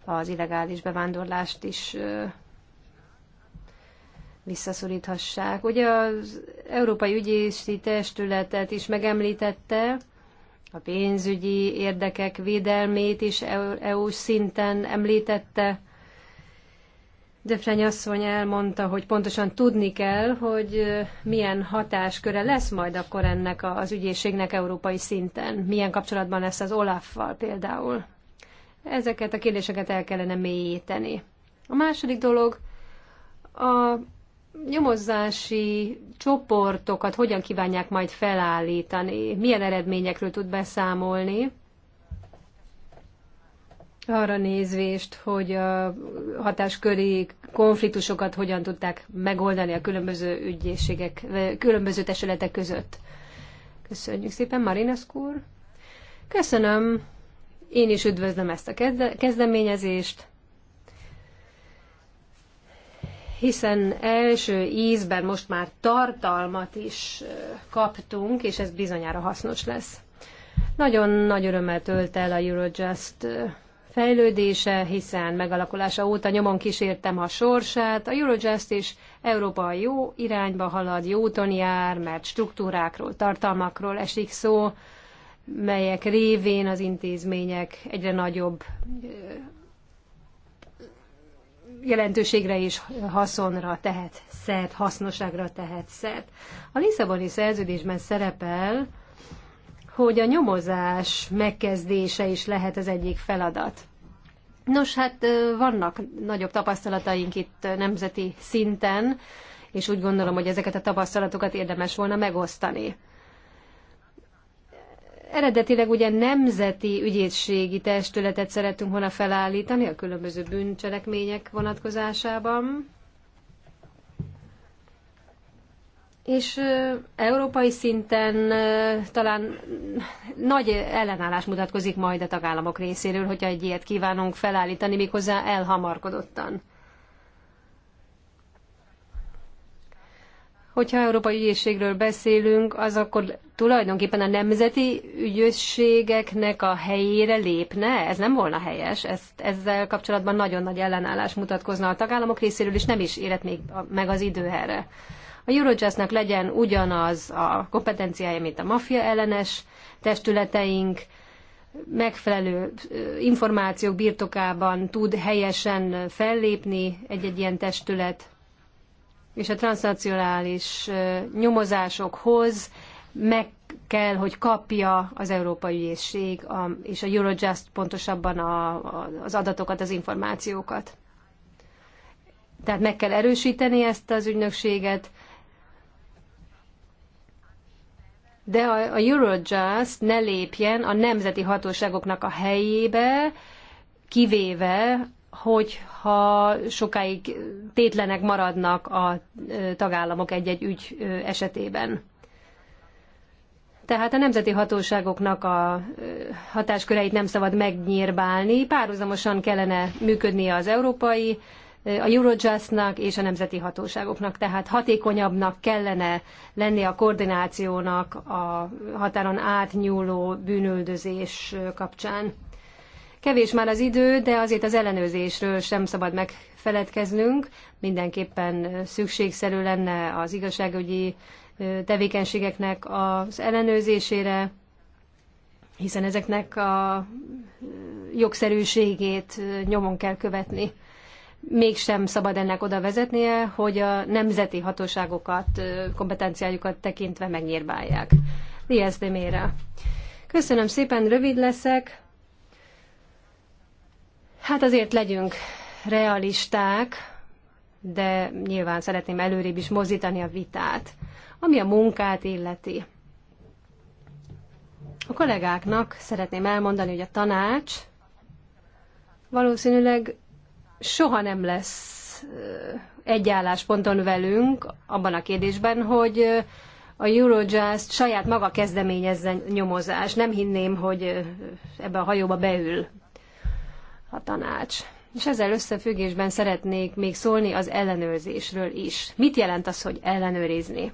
az illegális bevándorlást is visszaszoríthassák. Ugye az Európai Ügyészi Testületet is megemlítette, a pénzügyi érdekek védelmét is eu e szinten említette. Döfreny asszony elmondta, hogy pontosan tudni kell, hogy milyen hatásköre lesz majd akkor ennek az ügyészségnek európai szinten. Milyen kapcsolatban lesz az Olaf-val például. Ezeket a kérdéseket el kellene mélyíteni. A második dolog a nyomozási csoportokat hogyan kívánják majd felállítani? Milyen eredményekről tud beszámolni? Arra nézvést, hogy a hatásköri konfliktusokat hogyan tudták megoldani a különböző ügyészségek, különböző testületek között. Köszönjük szépen, Marines úr. Köszönöm. Én is üdvözlöm ezt a kezdeményezést. hiszen első ízben most már tartalmat is kaptunk, és ez bizonyára hasznos lesz. Nagyon nagy örömmel tölt el a Eurojust fejlődése, hiszen megalakulása óta nyomon kísértem a sorsát. A Eurojust is Európa jó irányba halad, jó úton jár, mert struktúrákról, tartalmakról esik szó, melyek révén az intézmények egyre nagyobb jelentőségre és haszonra tehet szert, hasznoságra tehet szert. A Lisszaboni szerződésben szerepel, hogy a nyomozás megkezdése is lehet az egyik feladat. Nos, hát vannak nagyobb tapasztalataink itt nemzeti szinten, és úgy gondolom, hogy ezeket a tapasztalatokat érdemes volna megosztani. Eredetileg ugye nemzeti ügyészségi testületet szerettünk volna felállítani a különböző bűncselekmények vonatkozásában. És európai szinten talán nagy ellenállás mutatkozik majd a tagállamok részéről, hogyha egy ilyet kívánunk felállítani, méghozzá elhamarkodottan. hogyha európai ügyészségről beszélünk, az akkor tulajdonképpen a nemzeti ügyészségeknek a helyére lépne? Ez nem volna helyes. Ezt, ezzel kapcsolatban nagyon nagy ellenállás mutatkozna a tagállamok részéről, és nem is érett még meg az idő erre. A Eurojustnak legyen ugyanaz a kompetenciája, mint a maffia ellenes testületeink, megfelelő információk birtokában tud helyesen fellépni egy-egy ilyen testület, és a transnacionális nyomozásokhoz meg kell, hogy kapja az Európai Ügyészség a, és a Eurojust pontosabban a, a, az adatokat, az információkat. Tehát meg kell erősíteni ezt az ügynökséget, de a, a Eurojust ne lépjen a nemzeti hatóságoknak a helyébe, kivéve hogyha sokáig tétlenek maradnak a tagállamok egy-egy ügy esetében. Tehát a nemzeti hatóságoknak a hatásköreit nem szabad megnyírbálni, párhuzamosan kellene működnie az európai, a Eurojustnak és a nemzeti hatóságoknak. Tehát hatékonyabbnak kellene lenni a koordinációnak a határon átnyúló bűnöldözés kapcsán. Kevés már az idő, de azért az ellenőrzésről sem szabad megfeledkeznünk. Mindenképpen szükségszerű lenne az igazságügyi tevékenységeknek az ellenőrzésére, hiszen ezeknek a jogszerűségét nyomon kell követni. Mégsem szabad ennek oda vezetnie, hogy a nemzeti hatóságokat, kompetenciájukat tekintve megnyírbálják. Liesz Demére. Köszönöm szépen, rövid leszek. Hát azért legyünk realisták, de nyilván szeretném előrébb is mozítani a vitát, ami a munkát illeti. A kollégáknak szeretném elmondani, hogy a tanács valószínűleg soha nem lesz egy állásponton velünk abban a kérdésben, hogy a Eurojust saját maga kezdeményezzen nyomozás. Nem hinném, hogy ebbe a hajóba beül a tanács. És ezzel összefüggésben szeretnék még szólni az ellenőrzésről is. Mit jelent az, hogy ellenőrizni?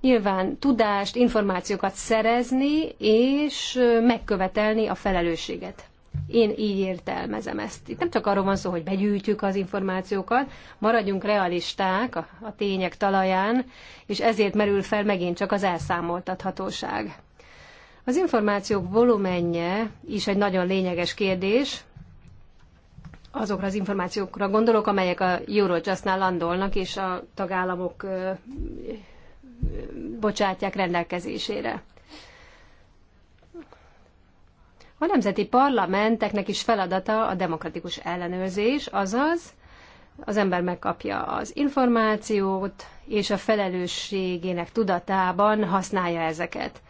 Nyilván tudást, információkat szerezni és megkövetelni a felelősséget. Én így értelmezem ezt. Itt nem csak arról van szó, hogy begyűjtjük az információkat, maradjunk realisták a, a tények talaján, és ezért merül fel megint csak az elszámoltathatóság. Az információk volumenje is egy nagyon lényeges kérdés, azokra az információkra gondolok, amelyek a Eurojustnál landolnak, és a tagállamok bocsátják rendelkezésére. A nemzeti parlamenteknek is feladata a demokratikus ellenőrzés, azaz az ember megkapja az információt, és a felelősségének tudatában használja ezeket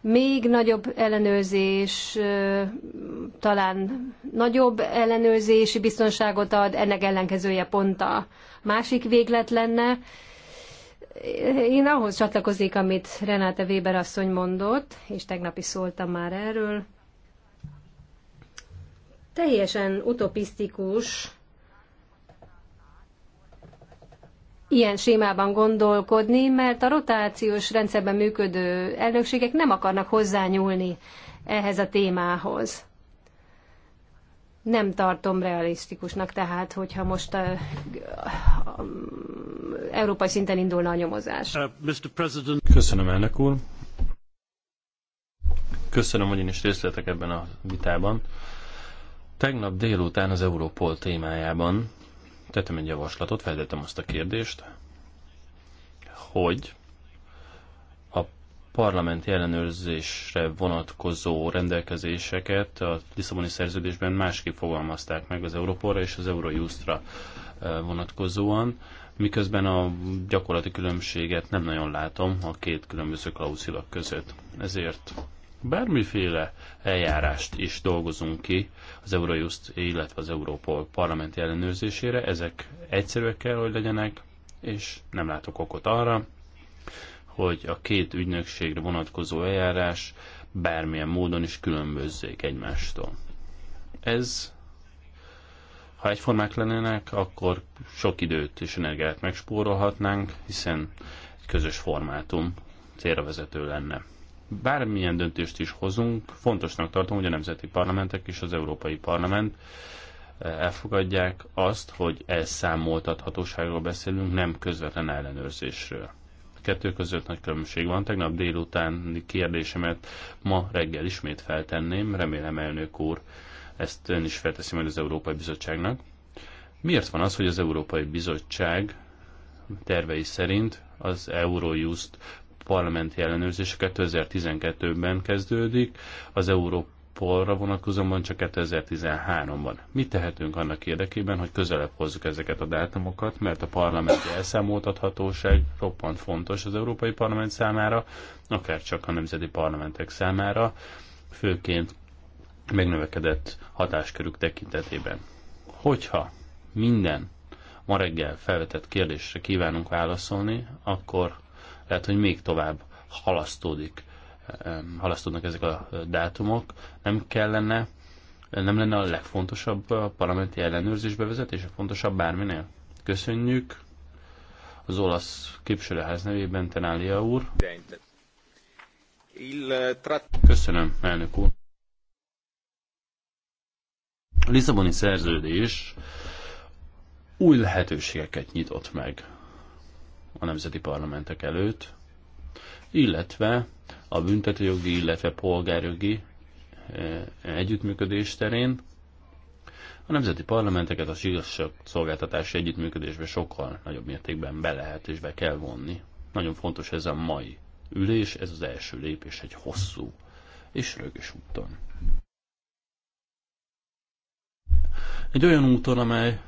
még nagyobb ellenőrzés, talán nagyobb ellenőrzési biztonságot ad, ennek ellenkezője pont a másik véglet lenne. Én ahhoz csatlakoznék, amit Renáta Weber asszony mondott, és tegnap is szóltam már erről. Teljesen utopisztikus ilyen sémában gondolkodni, mert a rotációs rendszerben működő elnökségek nem akarnak hozzányúlni ehhez a témához. Nem tartom realisztikusnak tehát, hogyha most a, a, a, európai szinten indulna a nyomozás. Uh, Mr. President. Köszönöm, elnök úr. Köszönöm, hogy én is részletek ebben a vitában. Tegnap délután az Európol témájában tettem egy javaslatot, feltettem azt a kérdést, hogy a parlamenti ellenőrzésre vonatkozó rendelkezéseket a Lisszaboni szerződésben másképp fogalmazták meg az Európóra és az Eurojustra eh, vonatkozóan, miközben a gyakorlati különbséget nem nagyon látom a két különböző klauszilak között. Ezért bármiféle eljárást is dolgozunk ki az Eurojust, illetve az Európol parlamenti ellenőrzésére. Ezek egyszerűek kell, hogy legyenek, és nem látok okot arra, hogy a két ügynökségre vonatkozó eljárás bármilyen módon is különbözzék egymástól. Ez, ha egyformák lennének, akkor sok időt és energiát megspórolhatnánk, hiszen egy közös formátum célra vezető lenne bármilyen döntést is hozunk, fontosnak tartom, hogy a nemzeti parlamentek és az Európai Parlament eh, elfogadják azt, hogy elszámoltathatóságról beszélünk, nem közvetlen ellenőrzésről. A kettő között nagy különbség van. Tegnap délután. kérdésemet ma reggel ismét feltenném, remélem elnök úr ezt ön is felteszi majd az Európai Bizottságnak. Miért van az, hogy az Európai Bizottság tervei szerint az Eurojust parlamenti ellenőrzése 2012-ben kezdődik, az Európolra vonatkozóan csak 2013-ban. Mit tehetünk annak érdekében, hogy közelebb hozzuk ezeket a dátumokat, mert a parlamenti elszámoltathatóság roppant fontos az Európai Parlament számára, akár csak a nemzeti parlamentek számára, főként megnövekedett hatáskörük tekintetében. Hogyha minden ma reggel felvetett kérdésre kívánunk válaszolni, akkor lehet, hogy még tovább halasztódik, halasztódnak ezek a dátumok. Nem kellene, nem lenne a legfontosabb a parlamenti ellenőrzés bevezetése, fontosabb bárminél? Köszönjük az olasz képviselőház nevében, Tenália úr. Köszönöm, elnök úr. A Lisszaboni szerződés új lehetőségeket nyitott meg a nemzeti parlamentek előtt, illetve a büntetőjogi, illetve polgárjogi eh, együttműködés terén a nemzeti parlamenteket az igazságszolgáltatási együttműködésbe sokkal nagyobb mértékben be lehet és be kell vonni. Nagyon fontos ez a mai ülés, ez az első lépés egy hosszú és rögös úton. Egy olyan úton, amely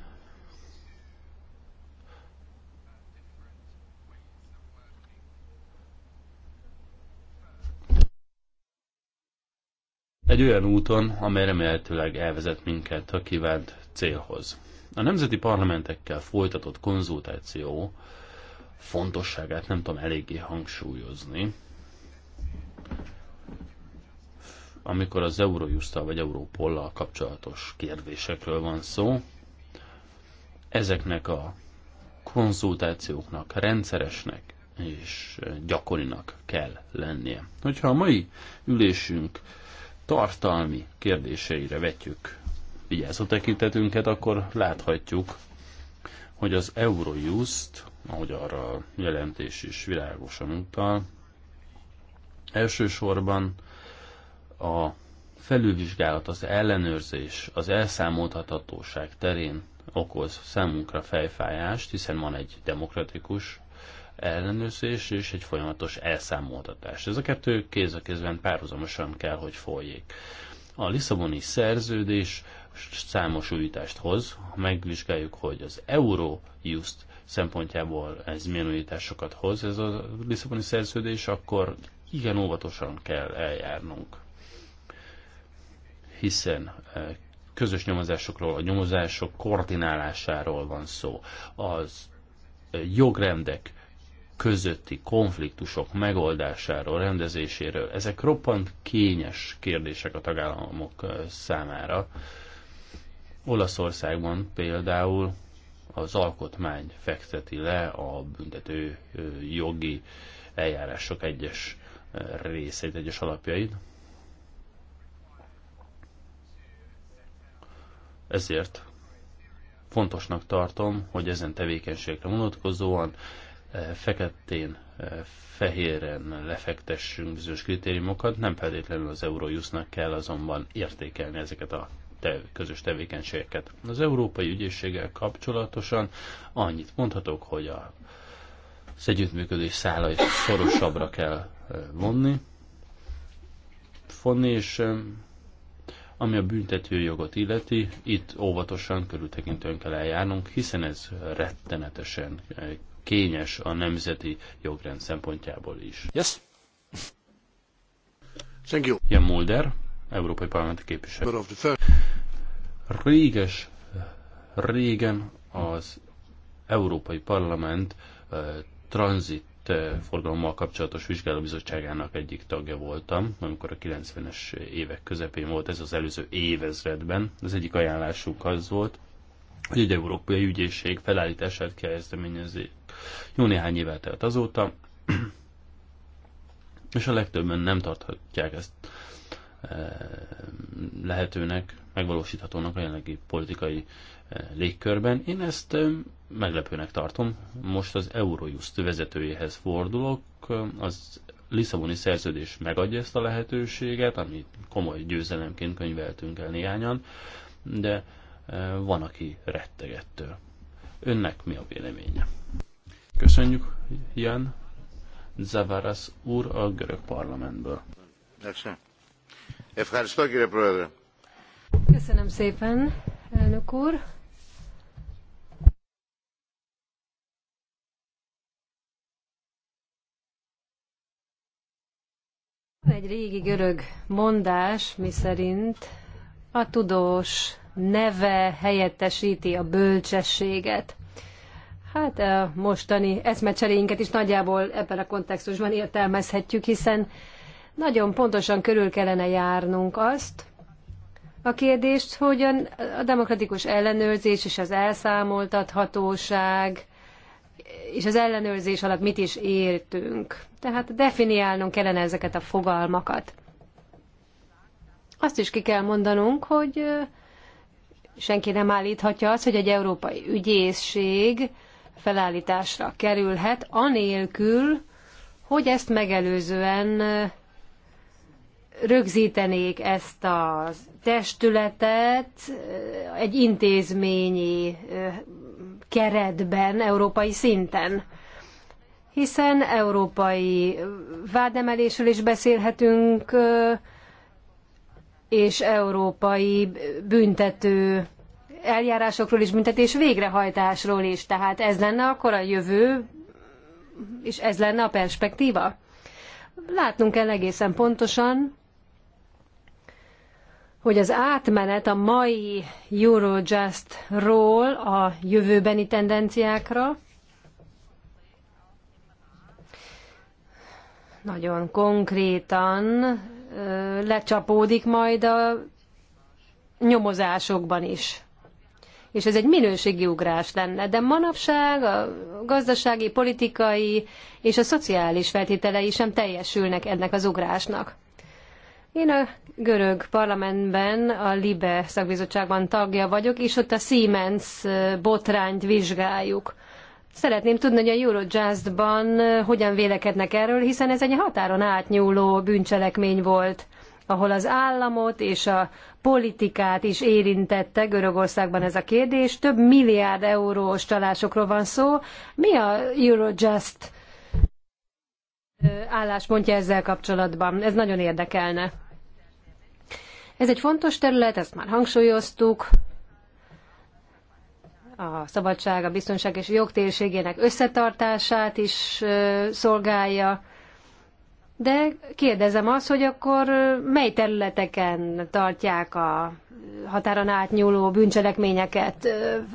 egy olyan úton, amely remélhetőleg elvezet minket a kívánt célhoz. A nemzeti parlamentekkel folytatott konzultáció fontosságát nem tudom eléggé hangsúlyozni. Amikor az Eurojusztal vagy Európollal kapcsolatos kérdésekről van szó, ezeknek a konzultációknak rendszeresnek és gyakorinak kell lennie. Hogyha a mai ülésünk tartalmi kérdéseire vetjük vigyázó tekintetünket, akkor láthatjuk, hogy az Eurojust, ahogy arra a jelentés is világosan utal, elsősorban a felülvizsgálat, az ellenőrzés, az elszámoltathatóság terén okoz számunkra fejfájást, hiszen van egy demokratikus ellenőrzés és egy folyamatos elszámoltatás. Ez a kettő kéz a kézben párhuzamosan kell, hogy folyjék. A Lisszaboni szerződés számos újítást hoz, ha megvizsgáljuk, hogy az Eurojust szempontjából ez milyen újításokat hoz, ez a Lisszaboni szerződés, akkor igen óvatosan kell eljárnunk. Hiszen eh, közös nyomozásokról, a nyomozások koordinálásáról van szó. Az eh, jogrendek közötti konfliktusok megoldásáról, rendezéséről. Ezek roppant kényes kérdések a tagállamok számára. Olaszországban például az alkotmány fekteti le a büntető jogi eljárások egyes részeit, egyes alapjait. Ezért fontosnak tartom, hogy ezen tevékenységre vonatkozóan feketén, fehéren lefektessünk bizonyos kritériumokat, nem feltétlenül az Eurojusznak kell azonban értékelni ezeket a te, közös tevékenységeket. Az Európai Ügyészséggel kapcsolatosan annyit mondhatok, hogy a, az együttműködés szálait szorosabbra kell vonni, fonni, és ami a büntető jogot illeti, itt óvatosan, körültekintően kell eljárnunk, hiszen ez rettenetesen kényes a nemzeti jogrend szempontjából is. Yes. Thank you. Jan Mulder, Európai Parlamenti Képviselő. Réges, régen az Európai Parlament uh, tranzit forgalommal kapcsolatos vizsgálóbizottságának egyik tagja voltam, amikor a 90-es évek közepén volt ez az előző évezredben. Az egyik ajánlásuk az volt, hogy egy európai ügyészség felállítását kezdeményezi jó néhány évvel telt azóta, és a legtöbben nem tarthatják ezt eh, lehetőnek, megvalósíthatónak a jelenlegi politikai eh, légkörben. Én ezt eh, meglepőnek tartom. Most az Eurojust vezetőjéhez fordulok. Az Lisszaboni szerződés megadja ezt a lehetőséget, amit komoly győzelemként könyveltünk el néhányan, de van, aki rettegettől. Önnek mi a véleménye? Köszönjük, Jan Zavaras úr a görög parlamentből. Köszönöm szépen, elnök úr. Van egy régi görög mondás, miszerint a tudós neve helyettesíti a bölcsességet. Hát a mostani eszmecseréinket is nagyjából ebben a kontextusban értelmezhetjük, hiszen nagyon pontosan körül kellene járnunk azt, a kérdést, hogy a demokratikus ellenőrzés és az elszámoltathatóság és az ellenőrzés alatt mit is értünk. Tehát definiálnunk kellene ezeket a fogalmakat. Azt is ki kell mondanunk, hogy senki nem állíthatja azt, hogy egy európai ügyészség felállításra kerülhet, anélkül, hogy ezt megelőzően rögzítenék ezt a testületet egy intézményi keretben, európai szinten. Hiszen európai vádemelésről is beszélhetünk, és európai büntető eljárásokról is, büntetés végrehajtásról is. Tehát ez lenne akkor a jövő, és ez lenne a perspektíva. Látnunk kell egészen pontosan, hogy az átmenet a mai Eurojust-ról a jövőbeni tendenciákra nagyon konkrétan lecsapódik majd a nyomozásokban is és ez egy minőségi ugrás lenne. De manapság a gazdasági, politikai és a szociális feltételei sem teljesülnek ennek az ugrásnak. Én a görög parlamentben, a LIBE szakbizottságban tagja vagyok, és ott a Siemens botrányt vizsgáljuk. Szeretném tudni, hogy a Eurojust-ban hogyan vélekednek erről, hiszen ez egy határon átnyúló bűncselekmény volt, ahol az államot és a politikát is érintette Görögországban ez a kérdés. Több milliárd eurós csalásokról van szó. Mi a Eurojust álláspontja ezzel kapcsolatban? Ez nagyon érdekelne. Ez egy fontos terület, ezt már hangsúlyoztuk. A szabadság, a biztonság és a jogtérségének összetartását is szolgálja de kérdezem azt, hogy akkor mely területeken tartják a határon átnyúló bűncselekményeket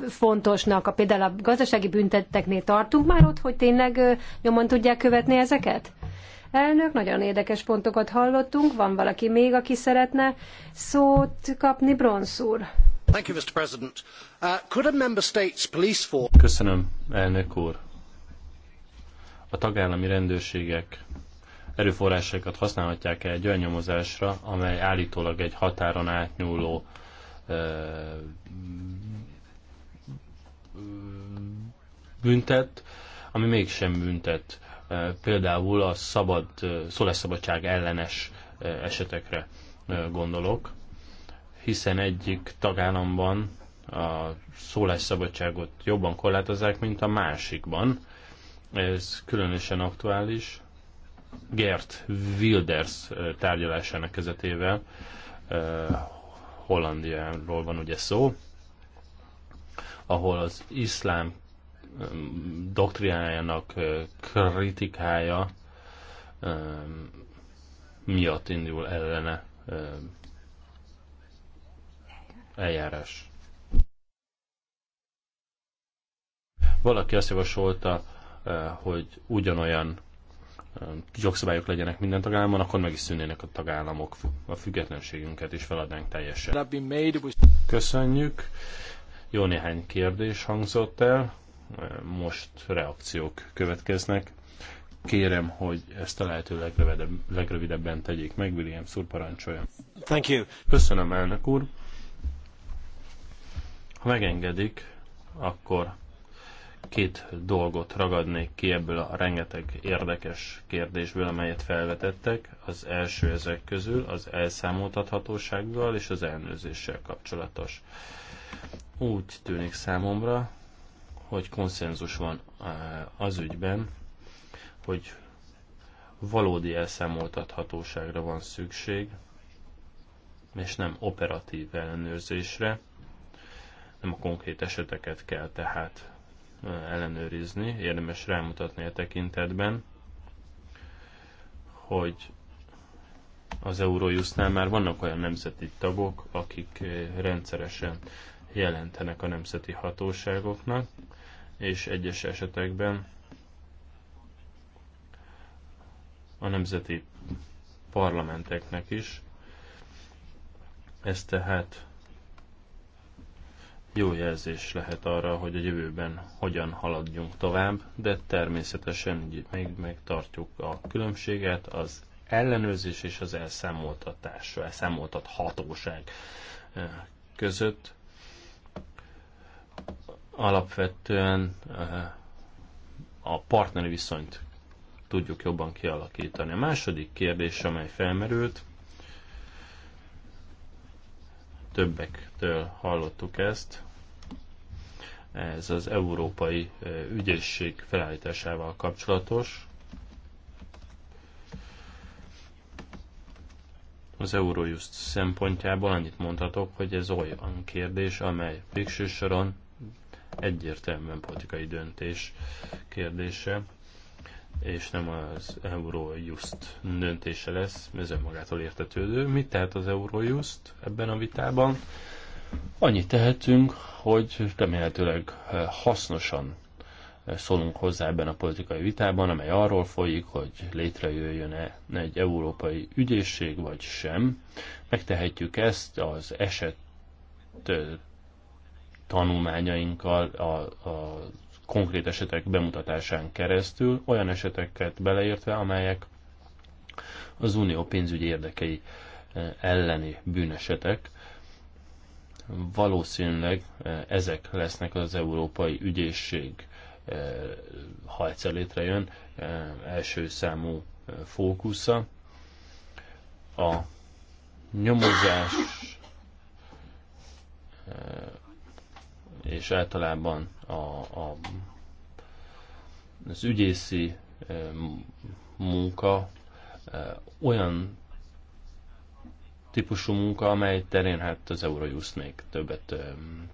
fontosnak? A, például a gazdasági büntetteknél tartunk már ott, hogy tényleg nyomon tudják követni ezeket? Elnök, nagyon érdekes pontokat hallottunk. Van valaki még, aki szeretne szót kapni, Bronsz úr? Uh, Köszönöm, elnök úr. A tagállami rendőrségek erőforrásaikat használhatják -e egy olyan nyomozásra, amely állítólag egy határon átnyúló büntet, ami mégsem büntet. Például a szabad, szólásszabadság ellenes esetekre gondolok, hiszen egyik tagállamban a szólásszabadságot jobban korlátozzák, mint a másikban. Ez különösen aktuális, Gert Wilders tárgyalásának kezetével. Hollandiáról van ugye szó, ahol az iszlám doktrinájának kritikája miatt indul ellene eljárás. Valaki azt javasolta, hogy ugyanolyan jogszabályok legyenek minden tagállamban, akkor meg is szűnnének a tagállamok a függetlenségünket, és feladnánk teljesen. Köszönjük. Jó néhány kérdés hangzott el, most reakciók következnek. Kérem, hogy ezt a lehető legrövidebb, legrövidebben tegyék meg, William Szur parancsolja. Thank you. Köszönöm, elnök úr. Ha megengedik, akkor két dolgot ragadnék ki ebből a rengeteg érdekes kérdésből, amelyet felvetettek. Az első ezek közül az elszámoltathatósággal és az elnőzéssel kapcsolatos. Úgy tűnik számomra, hogy konszenzus van az ügyben, hogy valódi elszámoltathatóságra van szükség, és nem operatív ellenőrzésre, nem a konkrét eseteket kell tehát ellenőrizni, érdemes rámutatni a tekintetben, hogy az Eurojustnál már vannak olyan nemzeti tagok, akik rendszeresen jelentenek a nemzeti hatóságoknak, és egyes esetekben a nemzeti parlamenteknek is. Ez tehát jó jelzés lehet arra, hogy a jövőben hogyan haladjunk tovább, de természetesen így még megtartjuk a különbséget, az ellenőrzés és az elszámoltatás, elszámoltathatóság között. Alapvetően a partneri viszonyt tudjuk jobban kialakítani. A második kérdés, amely felmerült, többektől hallottuk ezt, ez az európai ügyészség felállításával kapcsolatos. Az Eurojust szempontjából annyit mondhatok, hogy ez olyan kérdés, amely végső soron egyértelműen politikai döntés kérdése, és nem az Eurojust döntése lesz, ez önmagától értetődő. Mit tehet az Eurojust ebben a vitában? Annyit tehetünk, hogy remélhetőleg eh, hasznosan eh, szólunk hozzá ebben a politikai vitában, amely arról folyik, hogy létrejöjjön-e egy európai ügyészség, vagy sem. Megtehetjük ezt az eset eh, tanulmányainkkal, a, a konkrét esetek bemutatásán keresztül, olyan eseteket beleértve, amelyek az unió pénzügyi érdekei elleni bűnesetek, valószínűleg e, ezek lesznek az Európai Ügyészség, e, ha egyszer létrejön, e, első számú fókusza. A nyomozás és általában a, a, az ügyészi munka olyan típusú munka, amely terén hát az Eurojust még többet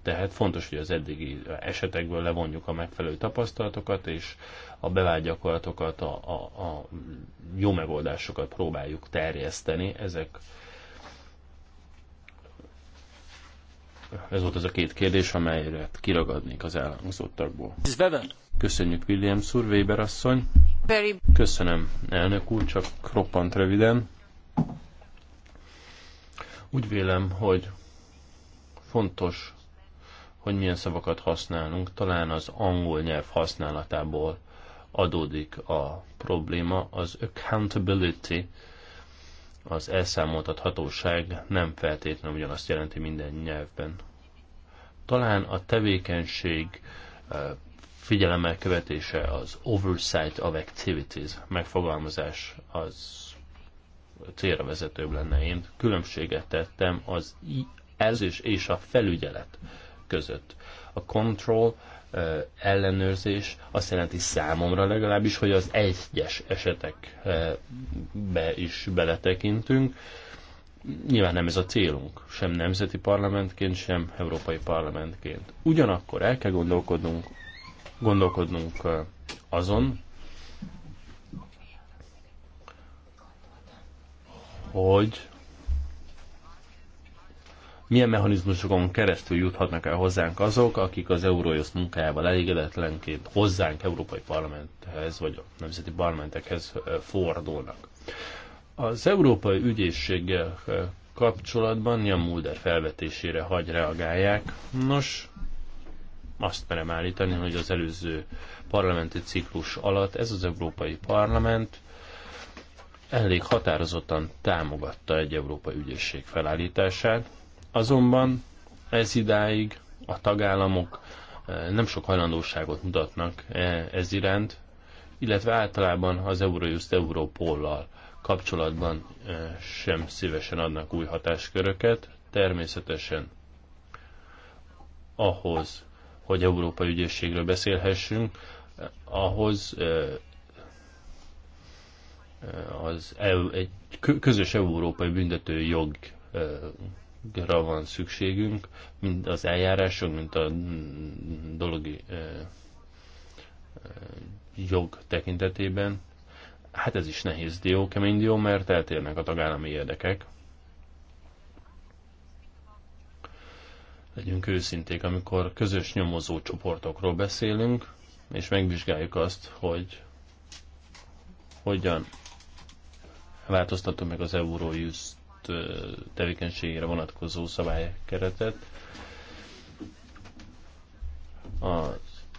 tehet. Fontos, hogy az eddigi esetekből levonjuk a megfelelő tapasztalatokat, és a bevált gyakorlatokat, a, a, a jó megoldásokat próbáljuk terjeszteni. Ezek Ez volt az a két kérdés, amelyet kiragadnék az elhangzottakból. Köszönjük William Surveber asszony. Köszönöm, elnök úr, csak roppant röviden úgy vélem, hogy fontos, hogy milyen szavakat használunk. Talán az angol nyelv használatából adódik a probléma. Az accountability, az elszámoltathatóság nem feltétlenül ugyanazt jelenti minden nyelvben. Talán a tevékenység figyelemmel követése az oversight of activities megfogalmazás az célra vezetőbb lenne. Én különbséget tettem az és, és a felügyelet között. A control eh, ellenőrzés azt jelenti számomra legalábbis, hogy az egyes esetekbe is beletekintünk. Nyilván nem ez a célunk, sem nemzeti parlamentként, sem európai parlamentként. Ugyanakkor el kell gondolkodnunk, gondolkodnunk eh, azon, hogy milyen mechanizmusokon keresztül juthatnak el hozzánk azok, akik az Eurojust munkájával elégedetlenként hozzánk, Európai Parlamenthez vagy a nemzeti parlamentekhez fordulnak. Az Európai Ügyészséggel kapcsolatban Jan Mulder felvetésére hagy reagálják. Nos, azt merem állítani, hogy az előző parlamenti ciklus alatt ez az Európai Parlament elég határozottan támogatta egy Európa ügyészség felállítását, azonban ez idáig a tagállamok eh, nem sok hajlandóságot mutatnak eh, ez iránt, illetve általában az Eurojust Európollal kapcsolatban eh, sem szívesen adnak új hatásköröket. Természetesen ahhoz, hogy Európa ügyészségről beszélhessünk, ahhoz az EU, egy közös európai büntető jogra van szükségünk, mind az eljárások, mint a dologi jog tekintetében. Hát ez is nehéz dió, kemény dió, mert eltérnek a tagállami érdekek. Legyünk őszinték, amikor közös nyomozó csoportokról beszélünk, és megvizsgáljuk azt, hogy hogyan változtatta meg az Eurojust tevékenységére vonatkozó szabálykeretet. Az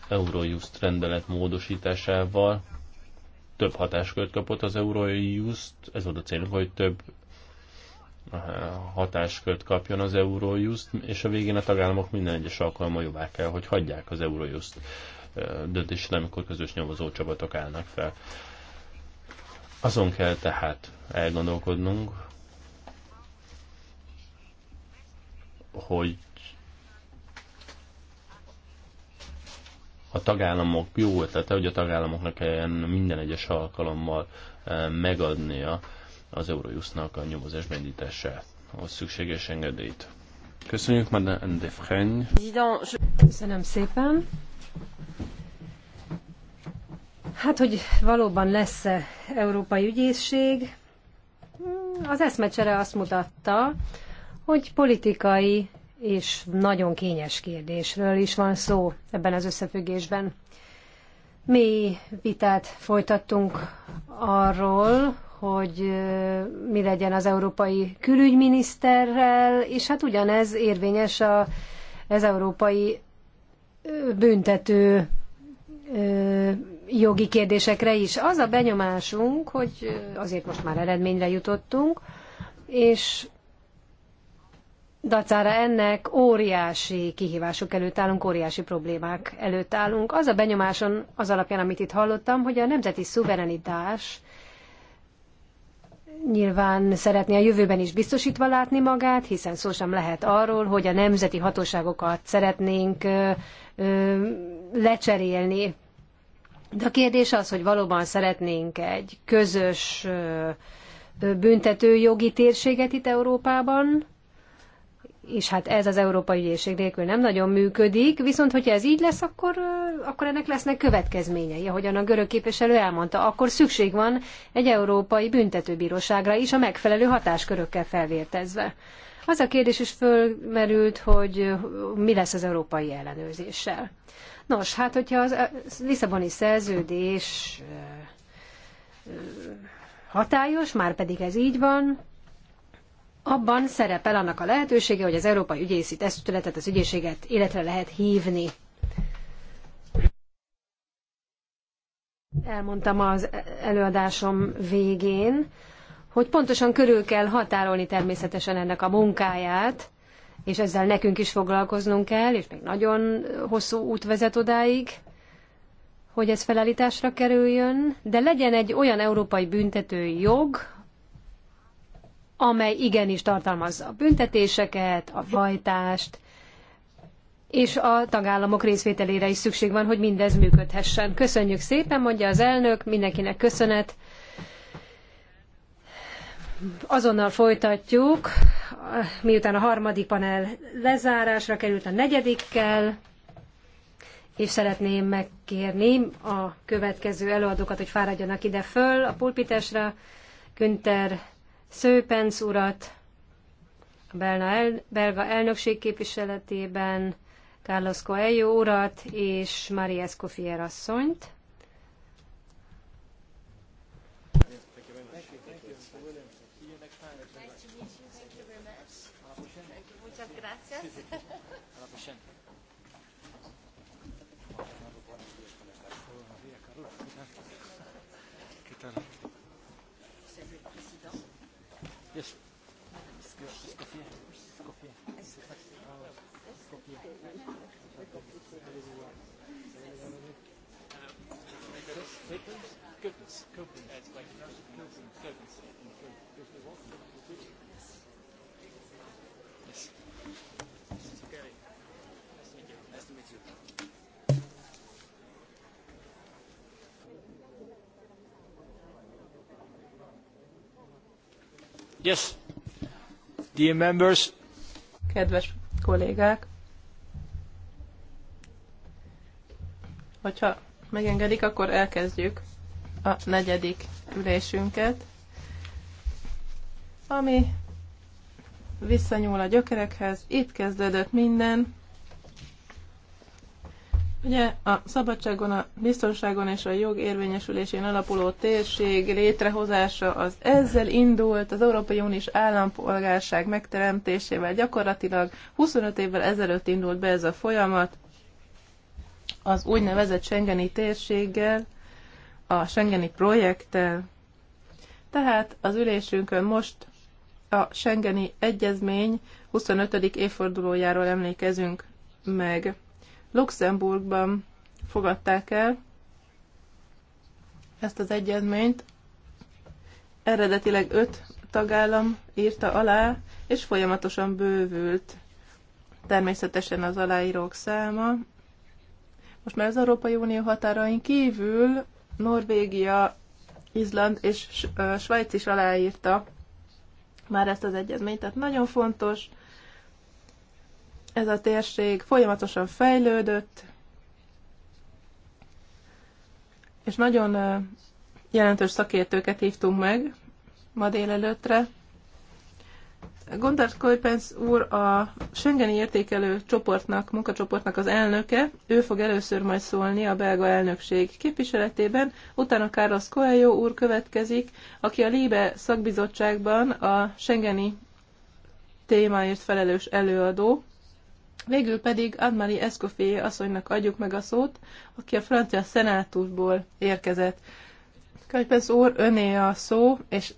Eurojust rendelet módosításával több hatáskört kapott az Eurojust, ez volt a célunk, hogy több hatáskört kapjon az Eurojust, és a végén a tagállamok minden egyes alkalommal jobbá kell, hogy hagyják az Eurojust döntésre, amikor közös nyomozó csapatok állnak fel. Azon kell tehát elgondolkodnunk, hogy a tagállamok, jó ötlete, hogy a tagállamoknak kelljen minden egyes alkalommal eh, megadnia az Eurojusznak a nyomozás beindítását, a szükséges engedélyt. Köszönjük, Madame de Freny. Köszönöm szépen. Hát, hogy valóban lesz-e európai ügyészség, az eszmecsere azt mutatta, hogy politikai és nagyon kényes kérdésről is van szó ebben az összefüggésben. Mi vitát folytattunk arról, hogy mi legyen az európai külügyminiszterrel, és hát ugyanez érvényes a, az európai büntető jogi kérdésekre is. Az a benyomásunk, hogy azért most már eredményre jutottunk, és dacára ennek óriási kihívások előtt állunk, óriási problémák előtt állunk. Az a benyomáson az alapján, amit itt hallottam, hogy a nemzeti szuverenitás nyilván szeretné a jövőben is biztosítva látni magát, hiszen szó sem lehet arról, hogy a nemzeti hatóságokat szeretnénk lecserélni de a kérdés az, hogy valóban szeretnénk egy közös büntetőjogi térséget itt Európában, és hát ez az Európai Ügyészség nélkül nem nagyon működik, viszont hogyha ez így lesz, akkor, akkor ennek lesznek következményei, ahogyan a görög képviselő elmondta, akkor szükség van egy Európai Büntetőbíróságra is, a megfelelő hatáskörökkel felvértezve. Az a kérdés is fölmerült, hogy mi lesz az európai ellenőrzéssel. Nos, hát hogyha az eh, Lisszaboni szerződés eh, hatályos, már pedig ez így van, abban szerepel annak a lehetősége, hogy az Európai Ügyészi Tesztületet, az ügyészséget életre lehet hívni. Elmondtam az előadásom végén, hogy pontosan körül kell határolni természetesen ennek a munkáját, és ezzel nekünk is foglalkoznunk kell, és még nagyon hosszú út vezet odáig, hogy ez felállításra kerüljön, de legyen egy olyan európai büntető jog, amely igenis tartalmazza a büntetéseket, a vajtást, és a tagállamok részvételére is szükség van, hogy mindez működhessen. Köszönjük szépen, mondja az elnök, mindenkinek köszönet. Azonnal folytatjuk miután a harmadik panel lezárásra került a negyedikkel, és szeretném megkérni a következő előadókat, hogy fáradjanak ide föl a pulpitesre, Günther Szőpenc urat, a belga, el, belga elnökség képviseletében, Carlos Coelho urat és Maria Escofier asszonyt. it's like Yes. Dear members. Kedves kollégák, hogyha megengedik, akkor elkezdjük a negyedik ülésünket, ami visszanyúl a gyökerekhez. Itt kezdődött minden. Ugye a szabadságon, a biztonságon és a jog érvényesülésén alapuló térség létrehozása az ezzel indult, az Európai Uniós állampolgárság megteremtésével gyakorlatilag 25 évvel ezelőtt indult be ez a folyamat, az úgynevezett Schengeni térséggel, a Schengeni projekttel. Eh, tehát az ülésünkön most a Schengeni Egyezmény 25. évfordulójáról emlékezünk meg. Luxemburgban fogadták el ezt az egyezményt. Eredetileg öt tagállam írta alá, és folyamatosan bővült természetesen az aláírók száma. Most már az Európai Unió határain kívül Norvégia, Izland és Svájc is aláírta már ezt az egyezményt, tehát nagyon fontos. Ez a térség folyamatosan fejlődött, és nagyon jelentős szakértőket hívtunk meg ma délelőttre, Gondard Kojpenc úr a Schengeni értékelő csoportnak, munkacsoportnak az elnöke, ő fog először majd szólni a belga elnökség képviseletében, utána Carlos Coelho úr következik, aki a Líbe szakbizottságban a Schengeni témáért felelős előadó, Végül pedig Admari marie asszonynak adjuk meg a szót, aki a francia szenátusból érkezett. Kajpesz úr, öné a szó, és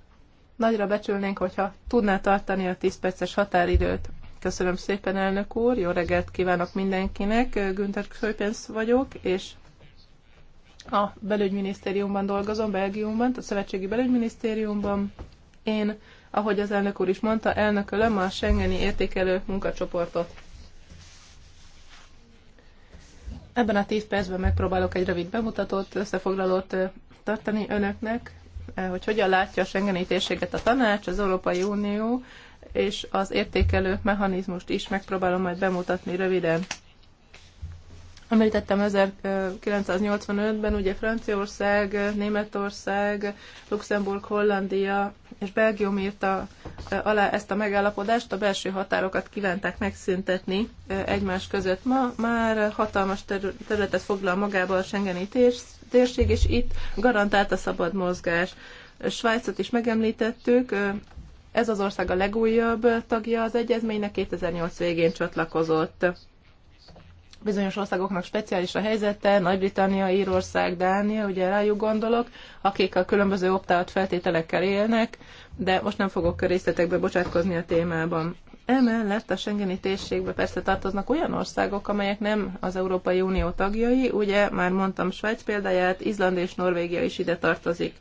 Nagyra becsülnénk, hogyha tudná tartani a 10 perces határidőt. Köszönöm szépen, elnök úr, jó reggelt kívánok mindenkinek, Günther Kölypensz vagyok, és a belügyminisztériumban dolgozom, Belgiumban, a Szövetségi Belügyminisztériumban. Én, ahogy az elnök úr is mondta, elnökölöm a Schengeni értékelő munkacsoportot. Ebben a 10 percben megpróbálok egy rövid bemutatót, összefoglalót tartani önöknek Eh, hogy hogyan látja a Schengeni térséget a tanács, az Európai Unió, és az értékelő mechanizmust is megpróbálom majd bemutatni röviden. Említettem 1985-ben ugye Franciaország, Németország, Luxemburg, Hollandia és Belgium írta eh, alá ezt a megállapodást, a belső határokat kívánták megszüntetni eh, egymás között. Ma már hatalmas területet foglal magába a Schengeni térség, és itt garantált a szabad mozgás. Svájcot is megemlítettük, ez az ország a legújabb tagja az egyezménynek, 2008 végén csatlakozott. Bizonyos országoknak speciális a helyzete, Nagy-Britannia, Írország, Dánia, ugye rájuk gondolok, akik a különböző optált feltételekkel élnek, de most nem fogok részletekbe bocsátkozni a témában. Emellett a Schengeni térségbe persze tartoznak olyan országok, amelyek nem az Európai Unió tagjai, ugye már mondtam Svájc példáját, Izland és Norvégia is ide tartozik.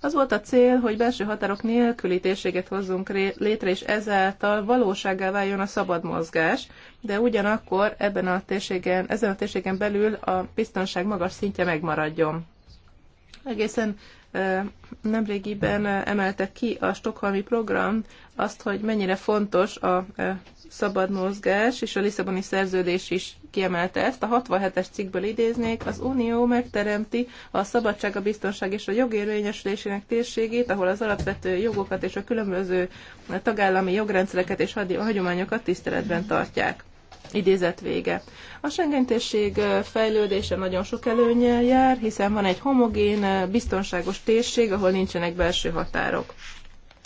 Az volt a cél, hogy belső határok nélküli térséget hozzunk létre, és ezáltal valóságá váljon a szabad mozgás, de ugyanakkor ebben a térségen, ezen a térségen belül a biztonság magas szintje megmaradjon. Egészen Nemrégiben emelte ki a stokholmi program azt, hogy mennyire fontos a szabad mozgás, és a Lisszaboni szerződés is kiemelte ezt. A 67-es cikkből idéznék, az Unió megteremti a szabadság, a biztonság és a jogérvényesülésének térségét, ahol az alapvető jogokat és a különböző tagállami jogrendszereket és hagyományokat tiszteletben tartják. Idézet vége. A Schengentérség fejlődése nagyon sok előnyel jár, hiszen van egy homogén, biztonságos térség, ahol nincsenek belső határok.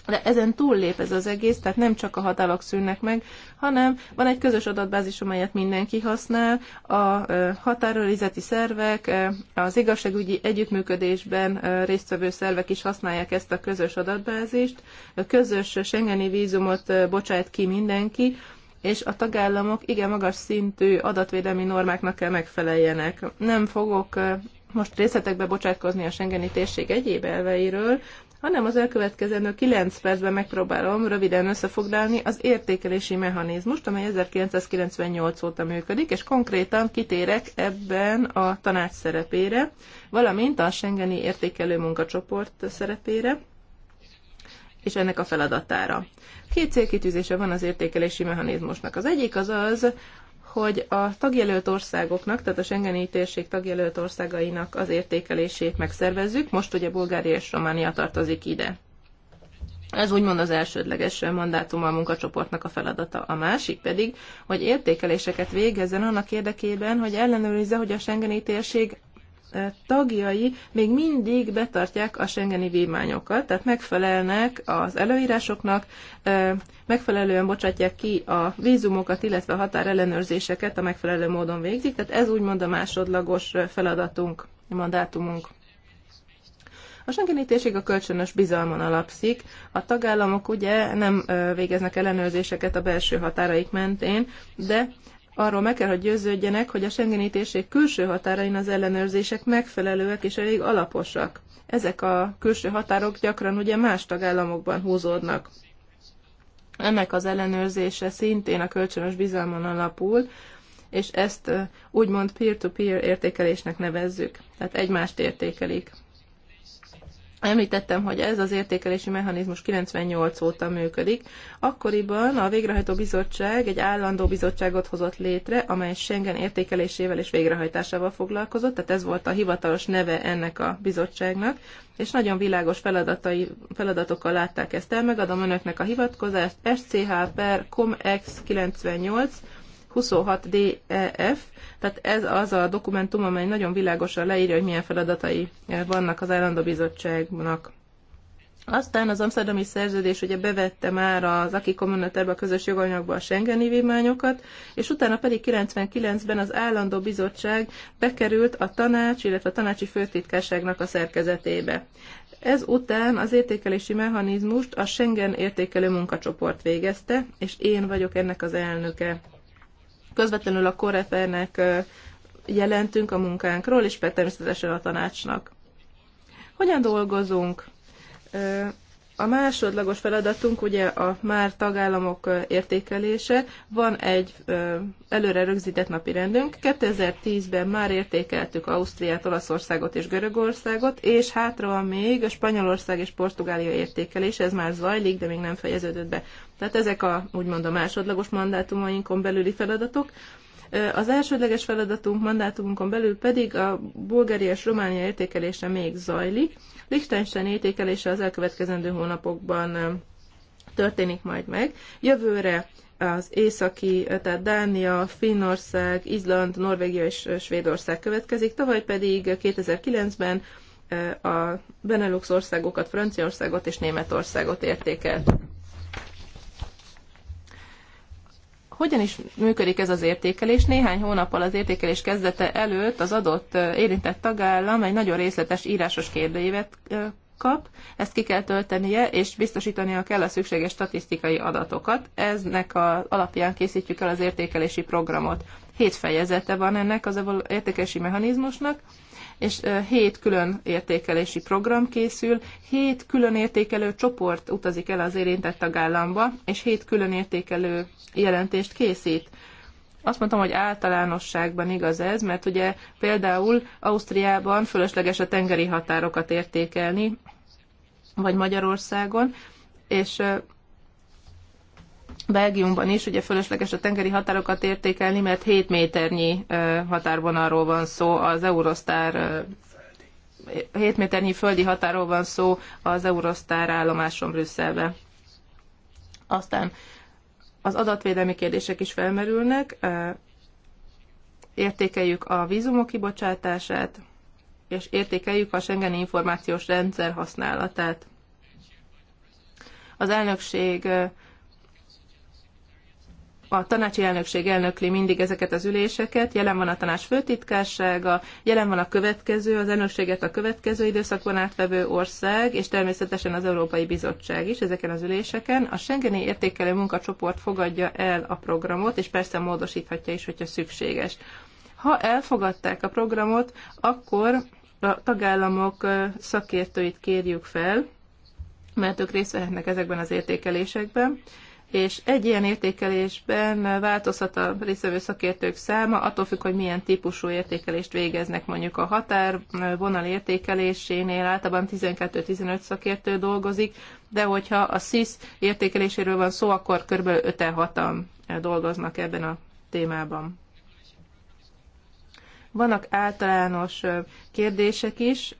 De ezen túllép ez az egész, tehát nem csak a határok szűnnek meg, hanem van egy közös adatbázis, amelyet mindenki használ, a határőrizeti szervek, az igazságügyi együttműködésben résztvevő szervek is használják ezt a közös adatbázist, a közös Schengeni vízumot bocsát ki mindenki, és a tagállamok igen magas szintű adatvédelmi normáknak kell megfeleljenek. Nem fogok most részletekbe bocsátkozni a Schengeni térség egyéb elveiről, hanem az elkövetkezendő 9 percben megpróbálom röviden összefoglalni az értékelési mechanizmust, amely 1998 óta működik, és konkrétan kitérek ebben a tanács szerepére, valamint a Schengeni értékelő munkacsoport szerepére, és ennek a feladatára. Két célkitűzése van az értékelési mechanizmusnak. Az egyik az az, hogy a tagjelölt országoknak, tehát a Schengeni térség tagjelölt országainak az értékelését megszervezzük. Most ugye Bulgária és Románia tartozik ide. Ez úgymond az elsődleges mandátum a munkacsoportnak a feladata. A másik pedig, hogy értékeléseket végezzen annak érdekében, hogy ellenőrizze, hogy a Schengeni térség tagjai még mindig betartják a Schengeni vívmányokat, tehát megfelelnek az előírásoknak, megfelelően bocsátják ki a vízumokat, illetve a határellenőrzéseket a megfelelő módon végzik, tehát ez úgymond a másodlagos feladatunk, a mandátumunk. A Schengeni térség a kölcsönös bizalmon alapszik. A tagállamok ugye nem végeznek ellenőrzéseket a belső határaik mentén, de arról meg kell, hogy győződjenek, hogy a Schengeni térség külső határain az ellenőrzések megfelelőek és elég alaposak. Ezek a külső határok gyakran ugye más tagállamokban húzódnak. Ennek az ellenőrzése szintén a kölcsönös bizalmon alapul, és ezt úgymond peer-to-peer -peer értékelésnek nevezzük, tehát egymást értékelik. Említettem, hogy ez az értékelési mechanizmus 98 óta működik. Akkoriban a végrehajtó bizottság egy állandó bizottságot hozott létre, amely Schengen értékelésével és végrehajtásával foglalkozott, tehát ez volt a hivatalos neve ennek a bizottságnak, és nagyon világos feladatai, feladatokkal látták ezt el. Megadom önöknek a hivatkozást SCH per COMEX 98 26DEF, tehát ez az a dokumentum, amely nagyon világosan leírja, hogy milyen feladatai vannak az állandó bizottságnak. Aztán az amsterdami szerződés ugye bevette már az aki kommunitárba a közös joganyagba a Schengeni vívmányokat, és utána pedig 99-ben az állandó bizottság bekerült a tanács, illetve a tanácsi főtitkárságnak a szerkezetébe. Ez után az értékelési mechanizmust a Schengen értékelő munkacsoport végezte, és én vagyok ennek az elnöke. Közvetlenül a korefernek jelentünk a munkánkról, és természetesen a tanácsnak. Hogyan dolgozunk? A másodlagos feladatunk ugye a már tagállamok értékelése. Van egy előre rögzített napi rendünk. 2010-ben már értékeltük Ausztriát, Olaszországot és Görögországot, és hátra van még a Spanyolország és Portugália értékelése. Ez már zajlik, de még nem fejeződött be. Tehát ezek a úgymond a másodlagos mandátumainkon belüli feladatok. Az elsődleges feladatunk, mandátumunkon belül pedig a Bulgária és Románia értékelése még zajlik. Liechtenstein értékelése az elkövetkezendő hónapokban történik majd meg. Jövőre az északi, tehát Dánia, Finnország, Izland, Norvégia és Svédország következik, tavaly pedig 2009-ben a Benelux országokat, Franciaországot és Németországot értékeltük. hogyan is működik ez az értékelés? Néhány hónappal az értékelés kezdete előtt az adott érintett tagállam egy nagyon részletes írásos kérdőívet kap, ezt ki kell töltenie, és biztosítania kell a szükséges statisztikai adatokat. Eznek a alapján készítjük el az értékelési programot. Hét fejezete van ennek az értékelési mechanizmusnak, és hét külön értékelési program készül, hét külön értékelő csoport utazik el az érintett tagállamba, és hét külön értékelő jelentést készít. Azt mondtam, hogy általánosságban igaz ez, mert ugye például Ausztriában fölösleges a tengeri határokat értékelni, vagy Magyarországon, és Belgiumban is ugye fölösleges a tengeri határokat értékelni, mert 7 méternyi határvonalról van szó az Eurostar 7 méternyi földi határól van szó az Eurostar állomáson Brüsszelbe. Aztán az adatvédelmi kérdések is felmerülnek, értékeljük a vízumok kibocsátását, és értékeljük a Schengeni információs rendszer használatát. Az elnökség a tanácsi elnökség elnökli mindig ezeket az üléseket, jelen van a tanács főtitkársága, jelen van a következő, az elnökséget a következő időszakban átvevő ország, és természetesen az Európai Bizottság is ezeken az üléseken. A Schengeni értékelő munkacsoport fogadja el a programot, és persze módosíthatja is, hogyha szükséges. Ha elfogadták a programot, akkor a tagállamok szakértőit kérjük fel, mert ők részt vehetnek ezekben az értékelésekben, és egy ilyen értékelésben változhat a részvevő szakértők száma, attól függ, hogy milyen típusú értékelést végeznek mondjuk a határ vonal értékelésénél, általában 12-15 szakértő dolgozik, de hogyha a SIS értékeléséről van szó, akkor kb. 5-6-an dolgoznak ebben a témában. Vannak általános kérdések is,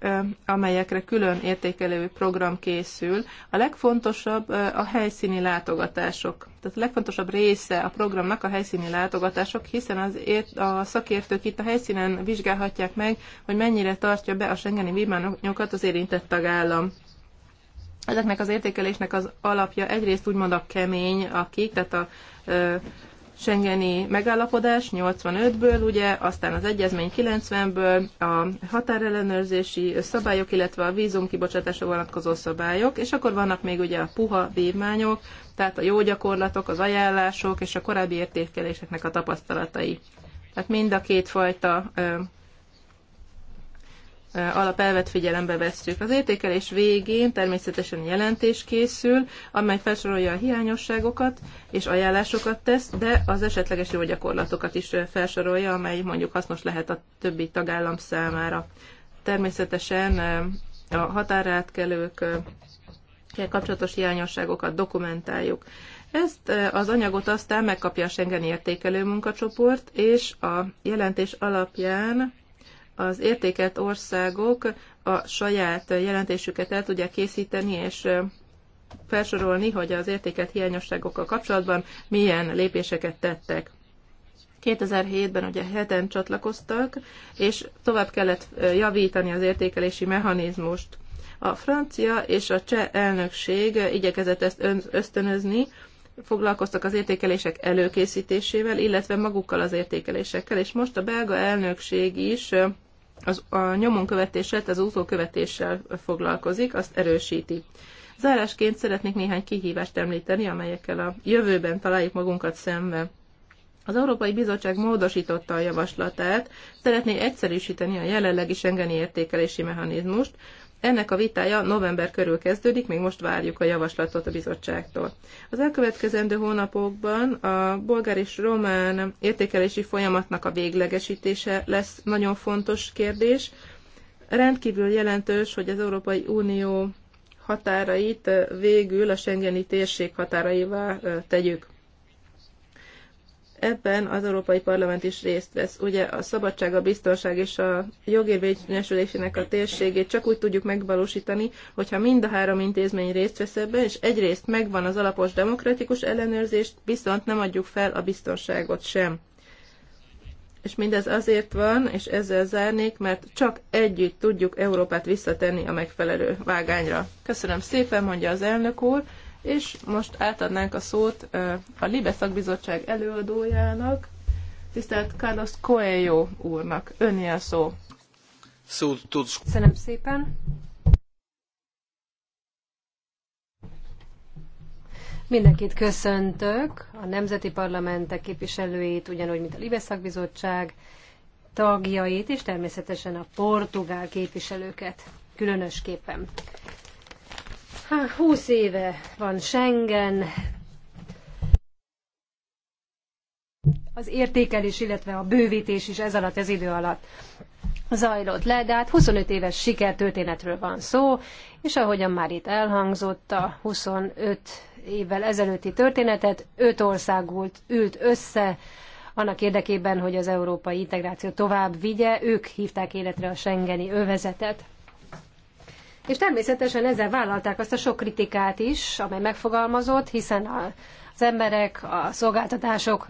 amelyekre külön értékelő program készül. A legfontosabb a helyszíni látogatások. Tehát a legfontosabb része a programnak a helyszíni látogatások, hiszen az ért, a szakértők itt a helyszínen vizsgálhatják meg, hogy mennyire tartja be a Schengeni vívmányokat az érintett tagállam. Ezeknek az értékelésnek az alapja egyrészt úgymond a kemény, akik, tehát a Schengeni megállapodás 85-ből, ugye, aztán az egyezmény 90-ből, a határellenőrzési szabályok, illetve a vízum kibocsátása vonatkozó szabályok, és akkor vannak még ugye a puha vívmányok, tehát a jó gyakorlatok, az ajánlások és a korábbi értékeléseknek a tapasztalatai. Tehát mind a két fajta alapelvet figyelembe vesszük. Az értékelés végén természetesen jelentés készül, amely felsorolja a hiányosságokat és ajánlásokat tesz, de az esetleges jó gyakorlatokat is felsorolja, amely mondjuk hasznos lehet a többi tagállam számára. Természetesen eh, a határátkelők eh, kapcsolatos hiányosságokat dokumentáljuk. Ezt eh, az anyagot aztán megkapja a Schengen értékelő munkacsoport, és a jelentés alapján az értékelt országok a saját jelentésüket el tudják készíteni, és felsorolni, hogy az értékelt hiányosságokkal kapcsolatban milyen lépéseket tettek. 2007-ben ugye heten csatlakoztak, és tovább kellett javítani az értékelési mechanizmust. A francia és a cseh elnökség igyekezett ezt ösztönözni, foglalkoztak az értékelések előkészítésével, illetve magukkal az értékelésekkel, és most a belga elnökség is az, a nyomon követéssel, az utókövetéssel foglalkozik, azt erősíti. Zárásként szeretnék néhány kihívást említeni, amelyekkel a jövőben találjuk magunkat szembe. Az Európai Bizottság módosította a javaslatát, szeretné egyszerűsíteni a jelenlegi Schengeni értékelési mechanizmust, ennek a vitája november körül kezdődik, még most várjuk a javaslatot a bizottságtól. Az elkövetkezendő hónapokban a bolgár és román értékelési folyamatnak a véglegesítése lesz nagyon fontos kérdés. Rendkívül jelentős, hogy az Európai Unió határait végül a Schengeni térség határaival tegyük. Ebben az Európai Parlament is részt vesz. Ugye a szabadság, a biztonság és a jogérvényesülésének a térségét csak úgy tudjuk megvalósítani, hogyha mind a három intézmény részt vesz ebben, és egyrészt megvan az alapos demokratikus ellenőrzést, viszont nem adjuk fel a biztonságot sem. És mindez azért van, és ezzel zárnék, mert csak együtt tudjuk Európát visszatenni a megfelelő vágányra. Köszönöm szépen, mondja az elnök úr. És most átadnánk a szót a Libe szakbizottság előadójának, tisztelt Carlos Coelho úrnak. Önné a szó. Szó szóval tudsz. Köszönöm szépen. Mindenkit köszöntök, a nemzeti parlamentek képviselőit, ugyanúgy, mint a Libe szakbizottság tagjait, és természetesen a portugál képviselőket különösképpen. Húsz éve van Schengen, az értékelés, illetve a bővítés is ez alatt, ez idő alatt zajlott le, de hát 25 éves sikertörténetről van szó, és ahogyan már itt elhangzott a 25 évvel ezelőtti történetet, öt ország ült össze, annak érdekében, hogy az európai integráció tovább vigye, ők hívták életre a Schengeni övezetet. És természetesen ezzel vállalták azt a sok kritikát is, amely megfogalmazott, hiszen az emberek, a szolgáltatások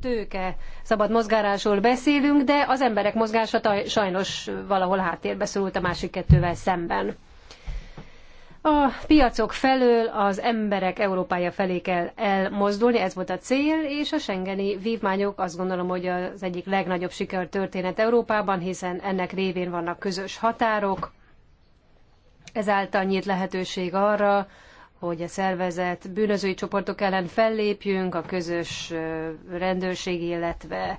tőke szabad mozgásról beszélünk, de az emberek mozgása sajnos valahol háttérbe szorult a másik kettővel szemben. A piacok felől az emberek Európája felé kell elmozdulni, ez volt a cél, és a Schengeni vívmányok azt gondolom, hogy az egyik legnagyobb sikertörténet Európában, hiszen ennek révén vannak közös határok, Ezáltal nyílt lehetőség arra, hogy a szervezet bűnözői csoportok ellen fellépjünk, a közös rendőrség, illetve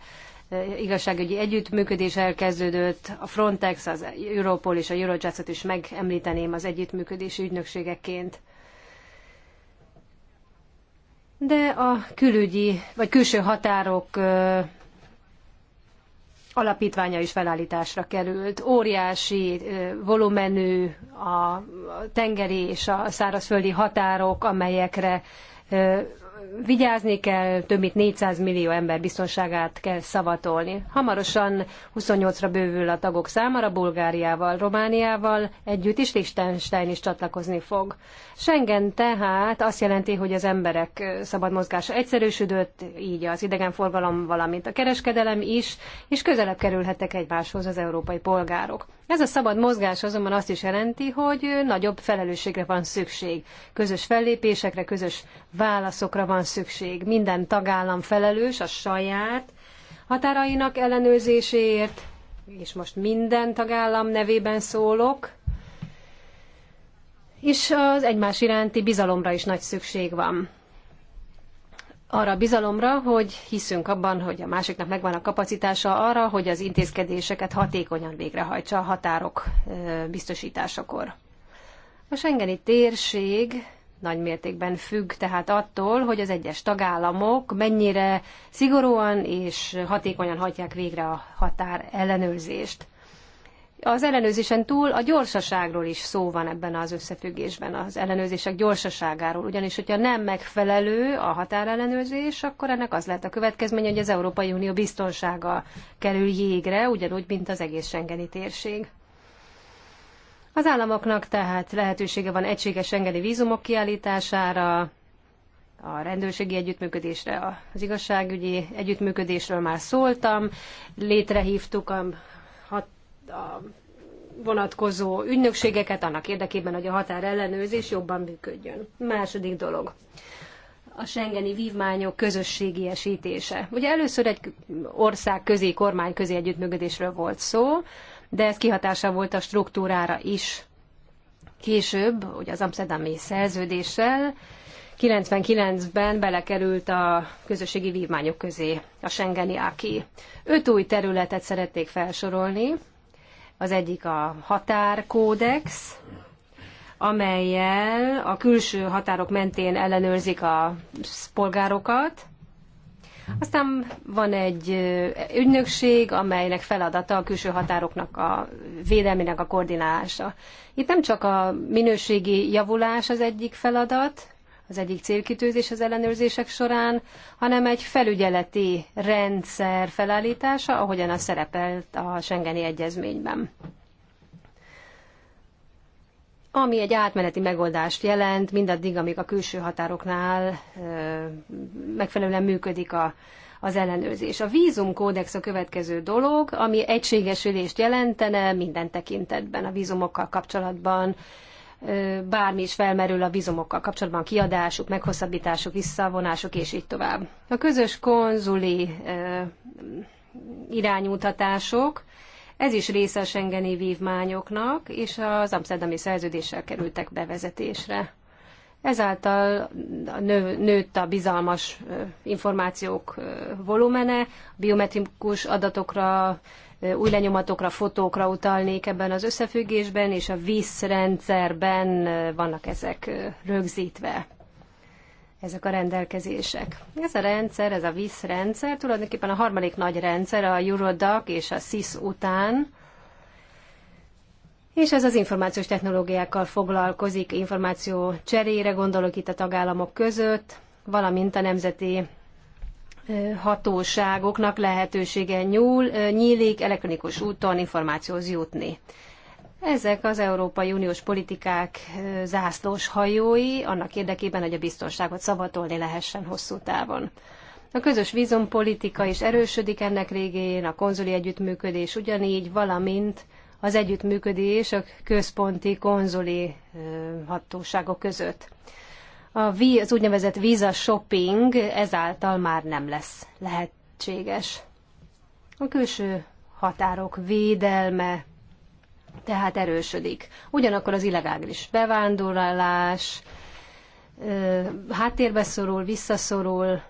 igazságügyi együttműködés elkezdődött, a Frontex, az Europol és a Eurojust-ot is megemlíteném az együttműködési ügynökségeként. De a külügyi vagy külső határok alapítványa is felállításra került. Óriási volumenű a tengeri és a szárazföldi határok, amelyekre vigyázni kell, több mint 400 millió ember biztonságát kell szavatolni. Hamarosan 28-ra bővül a tagok számára, Bulgáriával, Romániával együtt is Liechtenstein is csatlakozni fog. Schengen tehát azt jelenti, hogy az emberek szabad mozgása egyszerűsödött, így az idegenforgalom, valamint a kereskedelem is, és közelebb kerülhettek egymáshoz az európai polgárok. Ez a szabad mozgás azonban azt is jelenti, hogy nagyobb felelősségre van szükség. Közös fellépésekre, közös válaszokra van szükség. Minden tagállam felelős a saját határainak ellenőrzéséért, és most minden tagállam nevében szólok, és az egymás iránti bizalomra is nagy szükség van arra a bizalomra, hogy hiszünk abban, hogy a másiknak megvan a kapacitása arra, hogy az intézkedéseket hatékonyan végrehajtsa a határok biztosításakor. A Schengeni térség nagy mértékben függ tehát attól, hogy az egyes tagállamok mennyire szigorúan és hatékonyan hagyják végre a határ ellenőrzést. Az ellenőrzésen túl a gyorsaságról is szó van ebben az összefüggésben, az ellenőrzések gyorsaságáról. Ugyanis, hogyha nem megfelelő a határellenőrzés, akkor ennek az lehet a következménye, hogy az Európai Unió biztonsága kerül jégre, ugyanúgy, mint az egész Schengeni térség. Az államoknak tehát lehetősége van egységes engedi vízumok kiállítására, a rendőrségi együttműködésre, az igazságügyi együttműködésről már szóltam, létrehívtuk a vonatkozó ügynökségeket annak érdekében, hogy a határellenőrzés jobban működjön. Második dolog a Schengeni vívmányok közösségiesítése. Ugye először egy ország közé, kormány közé együttműködésről volt szó, de ez kihatása volt a struktúrára is. Később, ugye az amsterdami szerződéssel 99-ben belekerült a közösségi vívmányok közé a Schengeni Aki. Öt új területet szerették felsorolni, az egyik a határkódex, amelyel a külső határok mentén ellenőrzik a polgárokat. Aztán van egy ügynökség, amelynek feladata a külső határoknak a védelmének a koordinálása. Itt nem csak a minőségi javulás az egyik feladat, az egyik célkitűzés az ellenőrzések során, hanem egy felügyeleti rendszer felállítása, ahogyan a szerepelt a Schengeni Egyezményben ami egy átmeneti megoldást jelent, mindaddig, amíg a külső határoknál megfelelően működik a, az ellenőrzés. A vízumkódex a következő dolog, ami egységesülést jelentene minden tekintetben a vízumokkal kapcsolatban, bármi is felmerül a vizumokkal kapcsolatban, kiadásuk, meghosszabbításuk, visszavonásuk, és így tovább. A közös konzuli iránymutatások, ez is része a Schengeni vívmányoknak, és az amsterdami szerződéssel kerültek bevezetésre. Ezáltal nő, nőtt a bizalmas információk volumene, biometrikus adatokra új lenyomatokra, fotókra utalnék ebben az összefüggésben, és a vízrendszerben vannak ezek rögzítve ezek a rendelkezések. Ez a rendszer, ez a vízrendszer tulajdonképpen a harmadik nagy rendszer a Eurodac és a SIS után, és ez az információs technológiákkal foglalkozik, információ cserére gondolok itt a tagállamok között, valamint a nemzeti hatóságoknak lehetősége nyúl, nyílik elektronikus úton információhoz jutni. Ezek az Európai Uniós politikák zászlós hajói annak érdekében, hogy a biztonságot szavatolni lehessen hosszú távon. A közös vízumpolitika is erősödik ennek régén, a konzuli együttműködés ugyanígy, valamint az együttműködés a központi konzuli hatóságok között a víz, az úgynevezett visa shopping ezáltal már nem lesz lehetséges. A külső határok védelme tehát erősödik. Ugyanakkor az illegális bevándorlás háttérbe szorul, visszaszorul,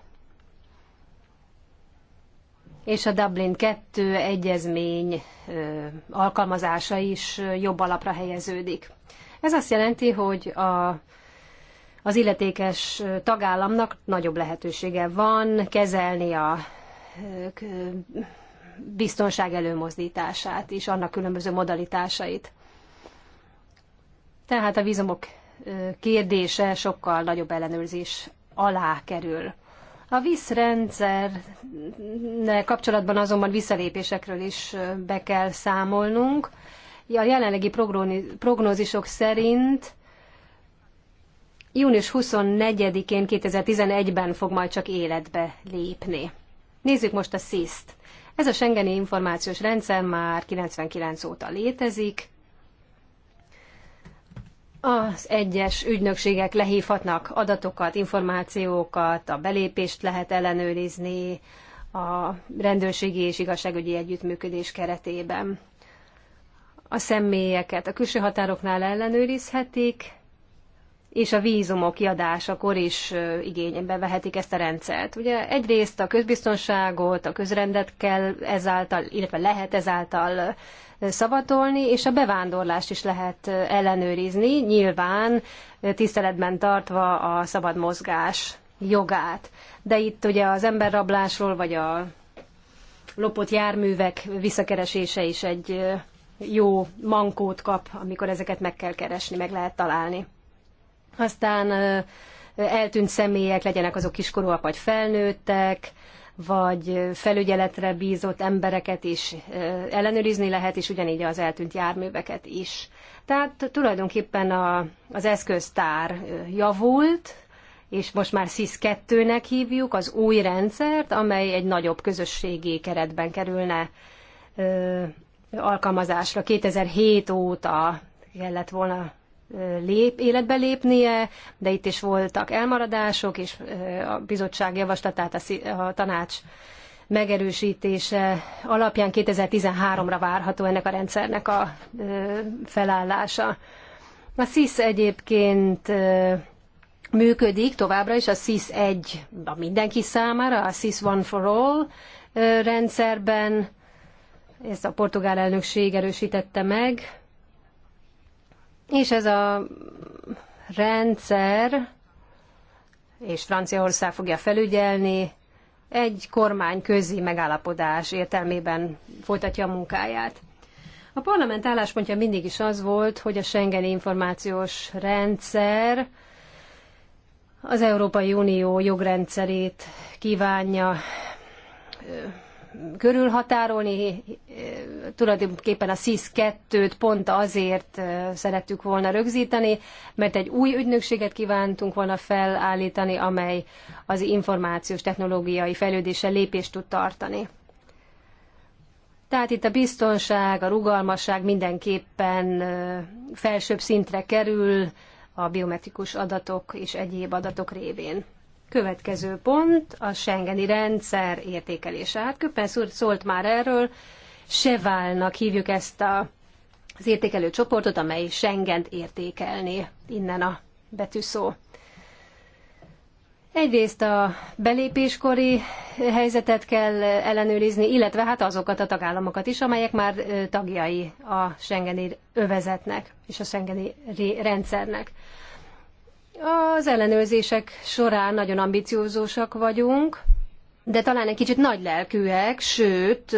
és a Dublin 2 egyezmény alkalmazása is jobb alapra helyeződik. Ez azt jelenti, hogy a az illetékes tagállamnak nagyobb lehetősége van kezelni a biztonság előmozdítását és annak különböző modalitásait. Tehát a vízumok kérdése sokkal nagyobb ellenőrzés alá kerül. A vízrendszernek kapcsolatban azonban visszalépésekről is be kell számolnunk. A jelenlegi prognózisok szerint június 24-én 2011-ben fog majd csak életbe lépni. Nézzük most a SIS-t. Ez a Schengeni információs rendszer már 99 óta létezik. Az egyes ügynökségek lehívhatnak adatokat, információkat, a belépést lehet ellenőrizni a rendőrségi és igazságügyi együttműködés keretében. A személyeket a külső határoknál ellenőrizhetik, és a vízumok kiadásakor is igénybe vehetik ezt a rendszert. Ugye egyrészt a közbiztonságot, a közrendet kell ezáltal, illetve lehet ezáltal szavatolni, és a bevándorlást is lehet ellenőrizni, nyilván tiszteletben tartva a szabad mozgás jogát. De itt ugye az emberrablásról, vagy a lopott járművek visszakeresése is egy jó mankót kap, amikor ezeket meg kell keresni, meg lehet találni. Aztán eltűnt személyek, legyenek azok kiskorúak vagy felnőttek, vagy felügyeletre bízott embereket is ellenőrizni lehet, és ugyanígy az eltűnt járműveket is. Tehát tulajdonképpen a, az eszköztár javult, és most már SIS-2-nek hívjuk az új rendszert, amely egy nagyobb közösségi keretben kerülne ö, alkalmazásra. 2007 óta kellett volna lép, életbe lépnie, de itt is voltak elmaradások, és a bizottság javaslatát a, a tanács megerősítése alapján 2013-ra várható ennek a rendszernek a felállása. A SZISZ egyébként működik továbbra is, a SZISZ 1 a mindenki számára, a SZISZ One for All rendszerben, ezt a portugál elnökség erősítette meg, és ez a rendszer, és Franciaország fogja felügyelni, egy kormány közi megállapodás értelmében folytatja a munkáját. A parlament álláspontja mindig is az volt, hogy a Schengeni információs rendszer az Európai Unió jogrendszerét kívánja körülhatárolni, eh, tulajdonképpen a SZIS-2-t pont azért eh, szerettük volna rögzíteni, mert egy új ügynökséget kívántunk volna felállítani, amely az információs technológiai fejlődéssel lépést tud tartani. Tehát itt a biztonság, a rugalmasság mindenképpen eh, felsőbb szintre kerül a biometrikus adatok és egyéb adatok révén. Következő pont a Schengeni rendszer értékelése. Hát Köppen szólt már erről, Seválnak hívjuk ezt a, az értékelő csoportot, amely Schengent értékelni, innen a betűszó. Egyrészt a belépéskori helyzetet kell ellenőrizni, illetve hát azokat a tagállamokat is, amelyek már tagjai a Schengeni övezetnek és a Schengeni rendszernek. Az ellenőrzések során nagyon ambiciózusak vagyunk, de talán egy kicsit nagy lelkűek, sőt,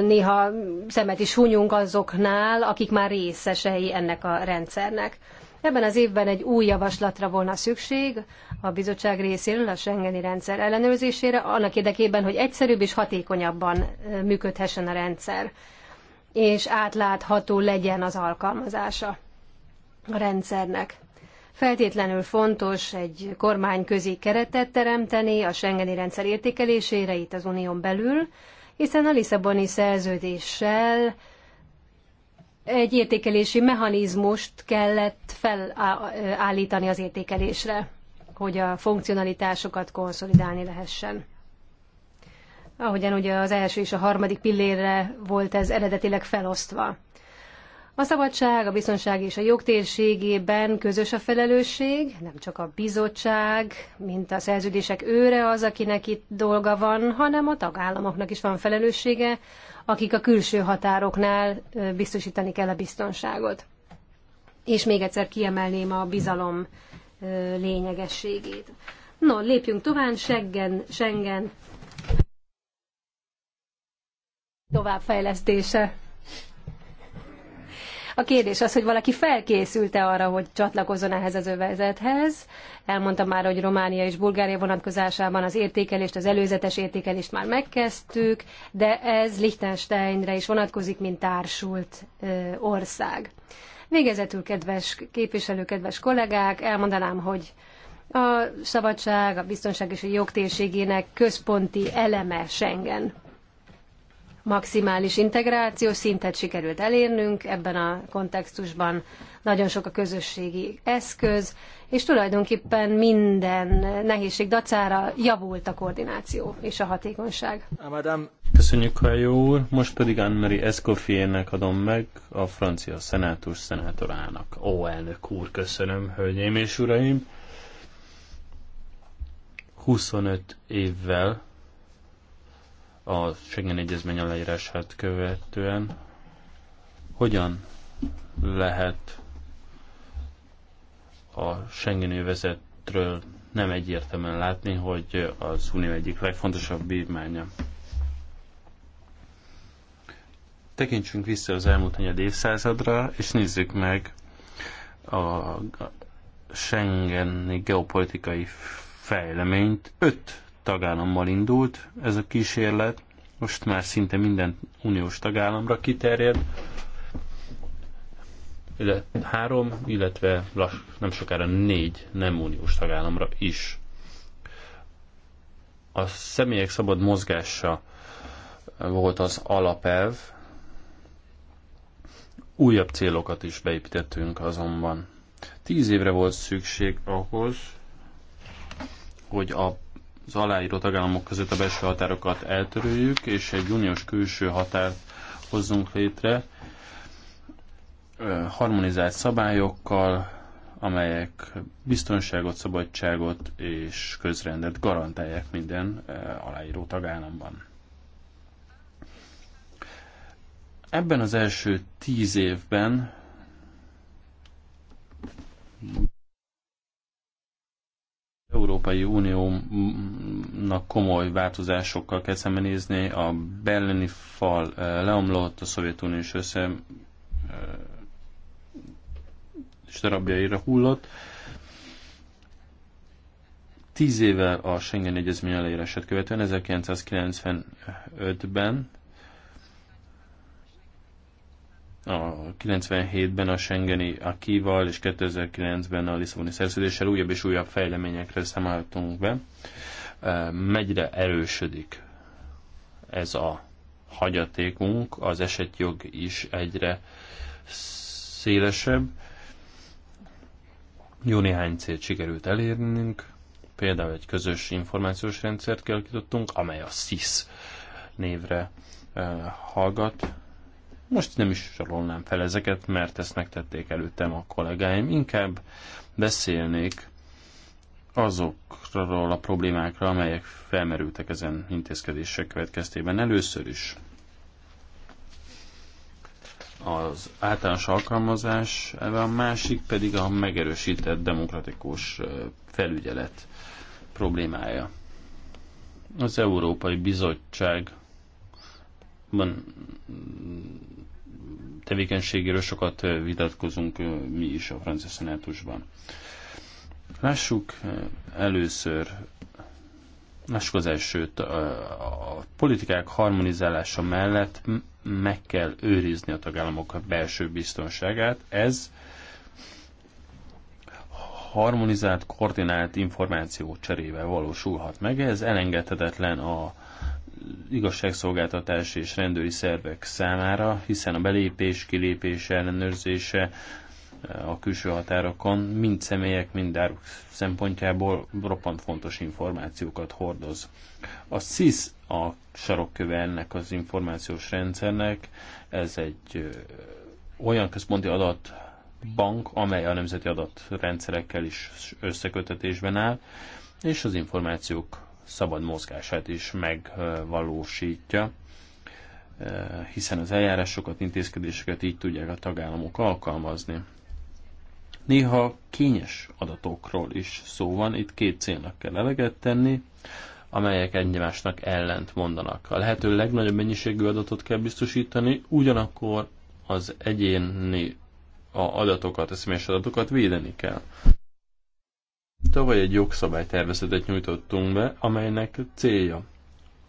néha szemet is hunyunk azoknál, akik már részesei ennek a rendszernek. Ebben az évben egy új javaslatra volna szükség a bizottság részéről a Schengeni rendszer ellenőrzésére, annak érdekében, hogy egyszerűbb és hatékonyabban működhessen a rendszer, és átlátható legyen az alkalmazása a rendszernek. Feltétlenül fontos egy kormányközi keretet teremteni a Schengeni rendszer értékelésére itt az unión belül, hiszen a Lisszaboni szerződéssel egy értékelési mechanizmust kellett felállítani az értékelésre, hogy a funkcionalitásokat konszolidálni lehessen. Ahogyan ugye az első és a harmadik pillérre volt ez eredetileg felosztva. A szabadság, a biztonság és a jogtérségében közös a felelősség, nem csak a bizottság, mint a szerződések őre az, akinek itt dolga van, hanem a tagállamoknak is van felelőssége, akik a külső határoknál biztosítani kell a biztonságot. És még egyszer kiemelném a bizalom lényegességét. No, lépjünk tovább, Schengen, Schengen továbbfejlesztése a kérdés az, hogy valaki felkészült-e arra, hogy csatlakozzon ehhez az övezethez. Elmondtam már, hogy Románia és Bulgária vonatkozásában az értékelést, az előzetes értékelést már megkezdtük, de ez Liechtensteinre is vonatkozik, mint társult ország. Végezetül, kedves képviselő, kedves kollégák, elmondanám, hogy a szabadság, a biztonság és a jogtérségének központi eleme Schengen maximális integrációs szintet sikerült elérnünk ebben a kontextusban. Nagyon sok a közösségi eszköz, és tulajdonképpen minden nehézség dacára javult a koordináció és a hatékonyság. madam Köszönjük, a jó úr. Most pedig Anne-Marie Escoffiernek adom meg a francia szenátus szenátorának. Ó, elnök úr, köszönöm, hölgyeim és uraim. 25 évvel a Schengen Egyezmény aláírását követően, hogyan lehet a Schengen övezetről nem egyértelműen látni, hogy az Unió egyik legfontosabb bírmánya. Tekintsünk vissza az elmúlt negyed évszázadra, és nézzük meg a Schengeni geopolitikai fejleményt. Öt tagállammal indult ez a kísérlet, most már szinte minden uniós tagállamra kiterjed, illetve három, illetve lass, nem sokára négy nem uniós tagállamra is. A személyek szabad mozgása volt az alapelv, újabb célokat is beépítettünk azonban. Tíz évre volt szükség ahhoz, hogy a az aláíró tagállamok között a belső határokat eltörőjük, és egy uniós külső határt hozzunk létre harmonizált szabályokkal, amelyek biztonságot, szabadságot és közrendet garantálják minden aláíró tagállamban. Ebben az első tíz évben Európai Uniónak komoly változásokkal kell szembenézni. A berlini fal eh, leomlott, a Szovjetunió is össze eh, és darabjaira hullott. Tíz évvel a Schengen Egyezmény aláírását követően, 1995-ben a 97-ben a Schengeni Akival és 2009-ben a Lisszaboni szerződéssel újabb és újabb fejleményekre számoltunk be. Megyre erősödik ez a hagyatékunk, az esetjog is egyre szélesebb. Jó néhány célt sikerült elérnünk, például egy közös információs rendszert kialakítottunk, amely a SIS névre hallgat, most nem is sorolnám fel ezeket, mert ezt megtették előttem a kollégáim. Inkább beszélnék azokról a problémákra, amelyek felmerültek ezen intézkedések következtében. Először is az általános alkalmazás, a másik pedig a megerősített demokratikus felügyelet problémája. Az Európai Bizottság ban tevékenységéről sokat vitatkozunk mi is a francia szenátusban. Lássuk először, lássuk az elsőt, a politikák harmonizálása mellett meg kell őrizni a tagállamok belső biztonságát. Ez harmonizált, koordinált információ cserével valósulhat meg. Ez elengedhetetlen a igazságszolgáltatás és rendőri szervek számára, hiszen a belépés, kilépés ellenőrzése eh, a külső határokon mind személyek, mind áruk szempontjából roppant fontos információkat hordoz. A SIS a sarokköve ennek az információs rendszernek, ez egy eh, olyan központi adatbank, amely a nemzeti adatrendszerekkel is összekötetésben áll, és az információk szabad mozgását is megvalósítja, eh, hiszen az eljárásokat, intézkedéseket így tudják a tagállamok alkalmazni. Néha kényes adatokról is szó van, itt két célnak kell eleget tenni, amelyek egymásnak ellent mondanak. A lehető legnagyobb mennyiségű adatot kell biztosítani, ugyanakkor az egyéni a adatokat, a személyes adatokat védeni kell. Tavaly egy jogszabálytervezetet nyújtottunk be, amelynek célja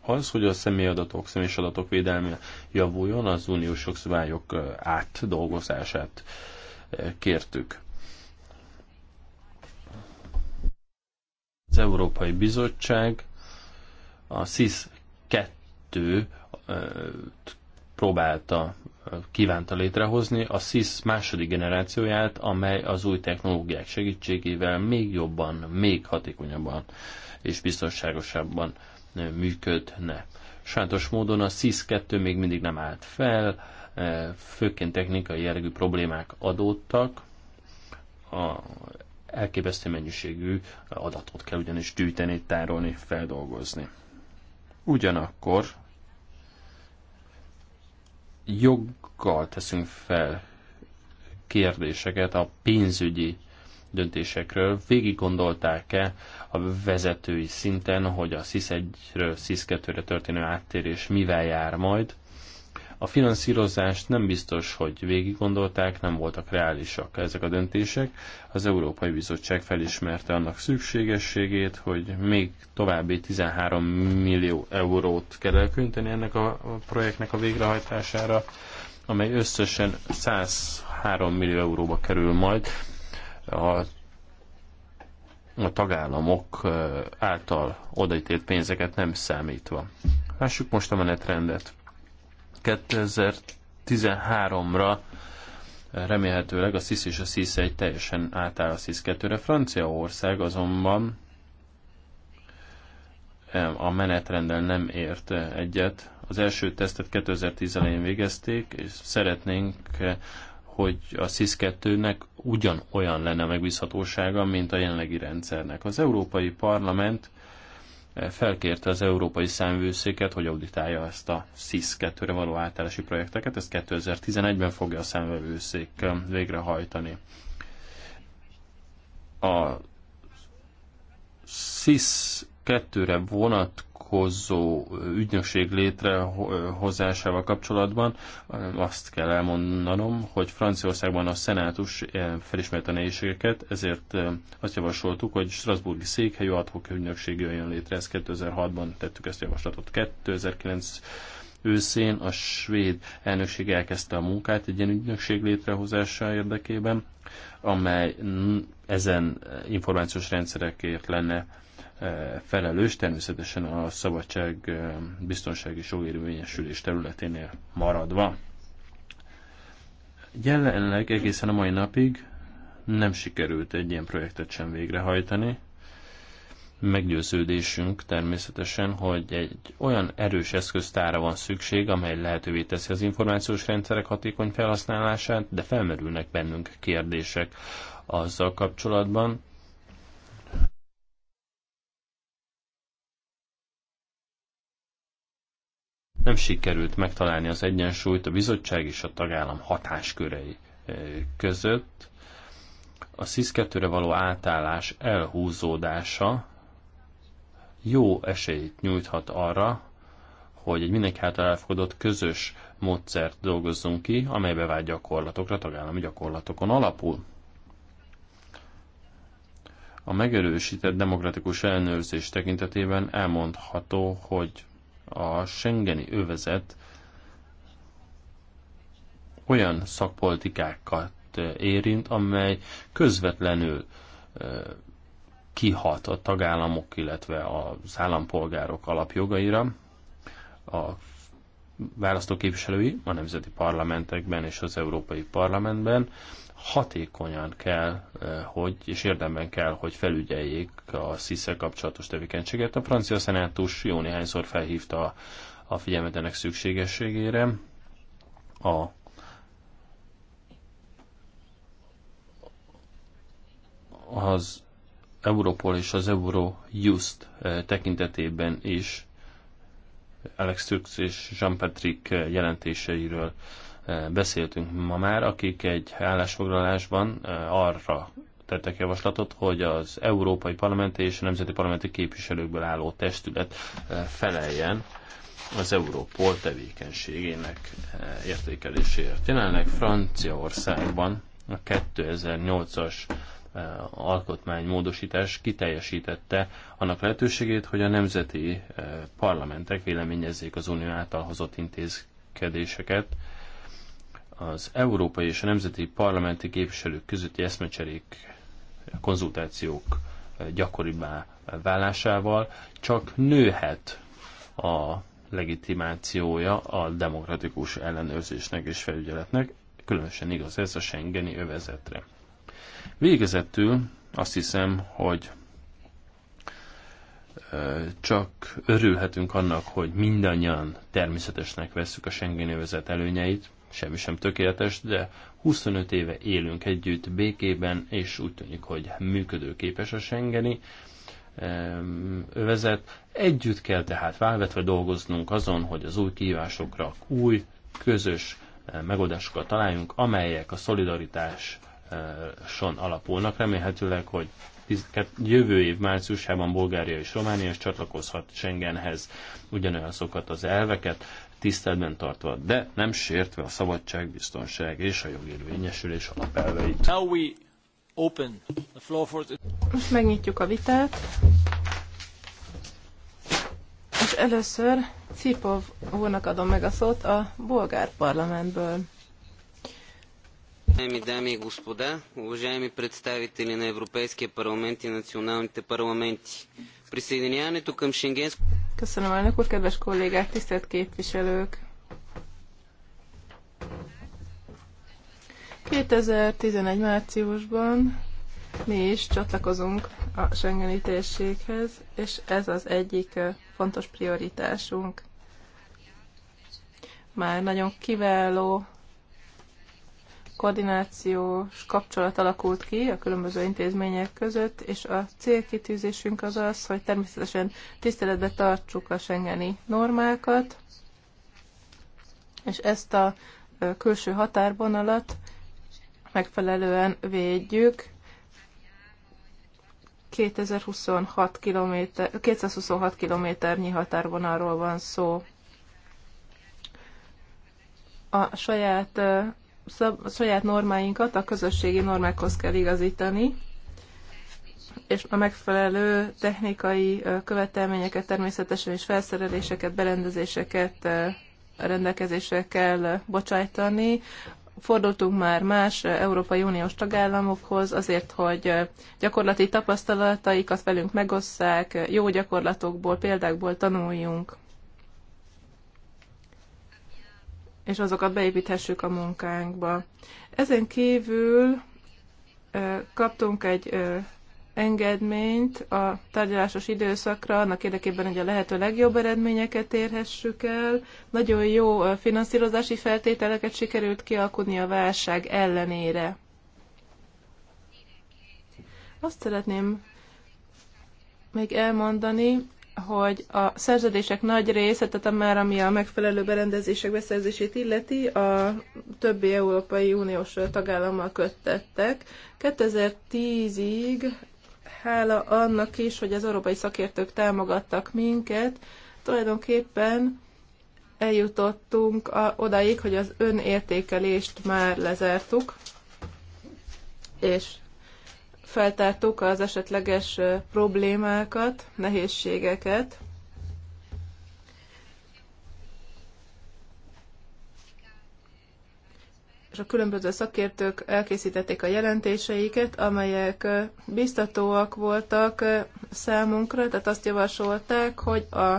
az, hogy a személyadatok, személyes adatok védelme javuljon, az uniós jogszabályok átdolgozását kértük. Az Európai Bizottság a SIS 2 próbálta kívánta létrehozni, a SIS második generációját, amely az új technológiák segítségével még jobban, még hatékonyabban és biztonságosabban működne. Sajnos módon a SIS 2 még mindig nem állt fel, főként technikai jellegű problémák adódtak, a elképesztő mennyiségű adatot kell ugyanis gyűjteni, tárolni, feldolgozni. Ugyanakkor joggal teszünk fel kérdéseket a pénzügyi döntésekről. Végig gondolták-e a vezetői szinten, hogy a sis 1-ről sis 2-re történő áttérés mivel jár majd? A finanszírozást nem biztos, hogy végig gondolták, nem voltak reálisak ezek a döntések. Az Európai Bizottság felismerte annak szükségességét, hogy még további 13 millió eurót kell elkülöníteni ennek a projektnek a végrehajtására, amely összesen 103 millió euróba kerül majd. A a tagállamok által odaítélt pénzeket nem számítva. Lássuk most a menetrendet. 2013-ra remélhetőleg a SZISZ és a SZISZ egy teljesen átáll a SZISZ 2-re. Franciaország azonban a menetrenden nem ért egyet. Az első tesztet 2010 elején végezték, és szeretnénk, hogy a SIS 2-nek ugyanolyan lenne a megbízhatósága, mint a jelenlegi rendszernek. Az Európai Parlament felkérte az Európai Számvőszéket, hogy auditálja ezt a SIS 2-re való átállási projekteket, ezt 2011-ben fogja a számvevőszék végrehajtani. A SIS 2-re vonatkozó foglalkozó ügynökség létrehozásával kapcsolatban azt kell elmondanom, hogy Franciaországban a szenátus eh, felismerte a nehézségeket, ezért eh, azt javasoltuk, hogy Strasburgi székhelyű adhok ügynökség jöjjön létre. Ezt 2006-ban tettük ezt a javaslatot. 2009 őszén a svéd elnökség elkezdte a munkát egy ilyen ügynökség létrehozása érdekében, amely ezen információs rendszerekért lenne E, felelős, természetesen a szabadság e, biztonsági jogérvényesülés területénél maradva. Jelenleg egészen a mai napig nem sikerült egy ilyen projektet sem végrehajtani. Meggyőződésünk természetesen, hogy egy olyan erős eszköztára van szükség, amely lehetővé teszi az információs rendszerek hatékony felhasználását, de felmerülnek bennünk kérdések azzal kapcsolatban, nem sikerült megtalálni az egyensúlyt a bizottság és a tagállam hatáskörei között. A sis való átállás elhúzódása jó esélyt nyújthat arra, hogy egy mindenki által elfogadott közös módszert dolgozzunk ki, amely bevált gyakorlatokra, tagállami gyakorlatokon alapul. A megerősített demokratikus ellenőrzés tekintetében elmondható, hogy a Schengeni övezet olyan szakpolitikákat érint, amely közvetlenül kihat a tagállamok, illetve az állampolgárok alapjogaira. A választóképviselői a nemzeti parlamentekben és az Európai Parlamentben hatékonyan kell, eh, hogy, és érdemben kell, hogy felügyeljék a sisze kapcsolatos tevékenységet. A francia szenátus jó néhányszor felhívta a figyelmet ennek szükségességére. A az Europol és az Eurojust eh, tekintetében is Alex Türk és Jean-Patrick eh, jelentéseiről beszéltünk ma már, akik egy állásfoglalásban arra tettek javaslatot, hogy az Európai Parlamenti és a Nemzeti Parlamenti Képviselőkből álló testület feleljen az Európol tevékenységének értékeléséért. Jelenleg Franciaországban a 2008-as alkotmánymódosítás kiteljesítette annak lehetőségét, hogy a nemzeti parlamentek véleményezzék az unió által hozott intézkedéseket, az európai és a nemzeti parlamenti képviselők közötti eszmecserék, konzultációk gyakoribbá válásával csak nőhet a legitimációja a demokratikus ellenőrzésnek és felügyeletnek, különösen igaz ez a Schengeni övezetre. Végezetül azt hiszem, hogy csak örülhetünk annak, hogy mindannyian természetesnek vesszük a Schengeni övezet előnyeit, semmi sem tökéletes, de 25 éve élünk együtt békében, és úgy tűnik, hogy működőképes a Schengeni övezet. Együtt kell tehát válvetve dolgoznunk azon, hogy az új kívásokra új, közös megoldásokat találjunk, amelyek a szolidaritáson alapulnak. Remélhetőleg, hogy jövő év márciusában Bulgária és Románia is csatlakozhat Schengenhez ugyanolyan szokat az elveket, tiszteletben tartva, de nem sértve a szabadság, biztonság és a jogérvényesülés alapelveit. Now we open the floor for... Most megnyitjuk a vitát. És először Cipov úrnak adom meg a szót a bolgár parlamentből. Уважаеми дами и господа, уважаеми представители на Европейския парламент и националните парламенти, присъединяването към Шенгенското Köszönöm, elnök úr, kedves kollégák, tisztelt képviselők! 2011 márciusban mi is csatlakozunk a Schengeni térséghez, és ez az egyik fontos prioritásunk. Már nagyon kiváló koordinációs kapcsolat alakult ki a különböző intézmények között, és a célkitűzésünk az az, hogy természetesen tiszteletbe tartsuk a Schengeni normákat, és ezt a külső határvonalat megfelelően védjük. 2026 km, 226 kilométernyi határvonalról van szó. A saját a saját normáinkat a közösségi normákhoz kell igazítani, és a megfelelő technikai követelményeket természetesen is felszereléseket, berendezéseket rendelkezésre kell bocsájtani. Fordultunk már más Európai Uniós tagállamokhoz azért, hogy gyakorlati tapasztalataikat velünk megosszák, jó gyakorlatokból, példákból tanuljunk. és azokat beépíthessük a munkánkba. Ezen kívül kaptunk egy engedményt a tárgyalásos időszakra, annak érdekében, hogy a lehető legjobb eredményeket érhessük el. Nagyon jó finanszírozási feltételeket sikerült kialkudni a válság ellenére. Azt szeretném még elmondani, hogy a szerződések nagy része, tehát már ami a megfelelő berendezések beszerzését illeti, a többi Európai Uniós tagállammal köttettek. 2010-ig, hála annak is, hogy az európai szakértők támogattak minket, tulajdonképpen eljutottunk a, odáig, hogy az önértékelést már lezártuk, és feltártuk az esetleges problémákat, nehézségeket. és a különböző szakértők elkészítették a jelentéseiket, amelyek biztatóak voltak számunkra, tehát azt javasolták, hogy a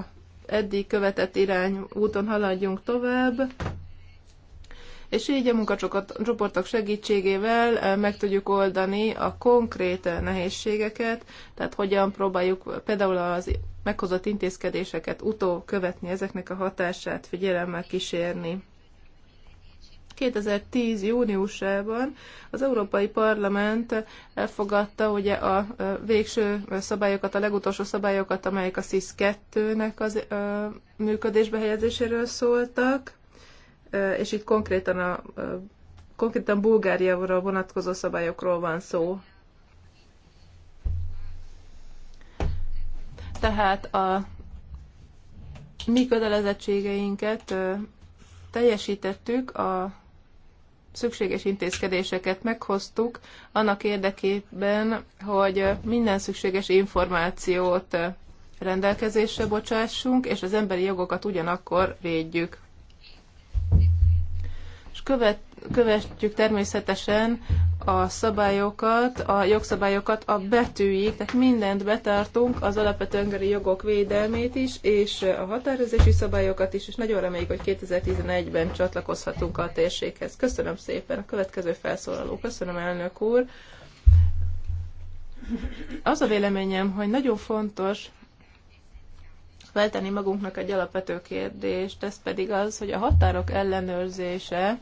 eddig követett irány úton haladjunk tovább, és így a munkacsoportok segítségével eh, meg tudjuk oldani a konkrét eh, nehézségeket, tehát hogyan próbáljuk például az meghozott intézkedéseket utó követni, ezeknek a hatását figyelemmel kísérni. 2010. júniusában az Európai Parlament elfogadta ugye a eh, végső szabályokat, a legutolsó szabályokat, amelyek a sis 2-nek az működésbe helyezéséről szóltak, és itt konkrétan, a, konkrétan Bulgáriára vonatkozó szabályokról van szó. Tehát a mi kötelezettségeinket teljesítettük, a szükséges intézkedéseket meghoztuk annak érdekében, hogy minden szükséges információt rendelkezésre bocsássunk, és az emberi jogokat ugyanakkor védjük követ, követjük természetesen a szabályokat, a jogszabályokat a betűig, tehát mindent betartunk, az alapvető emberi jogok védelmét is, és a határozési szabályokat is, és nagyon reméljük, hogy 2011-ben csatlakozhatunk a térséghez. Köszönöm szépen, a következő felszólaló. Köszönöm, elnök úr. Az a véleményem, hogy nagyon fontos feltenni magunknak egy alapvető kérdést, ez pedig az, hogy a határok ellenőrzése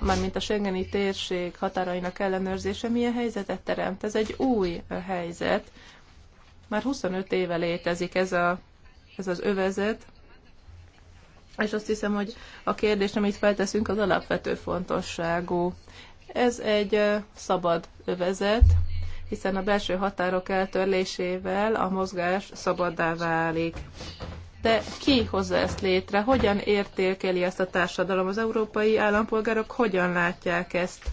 mármint a Schengeni térség határainak ellenőrzése milyen helyzetet teremt. Ez egy új helyzet. Már 25 éve létezik ez, a, ez az övezet, és azt hiszem, hogy a kérdés, amit felteszünk, az alapvető fontosságú. Ez egy szabad övezet, hiszen a belső határok eltörlésével a mozgás szabaddá válik de ki hozza ezt létre, hogyan értékeli ezt a társadalom, az európai állampolgárok hogyan látják ezt?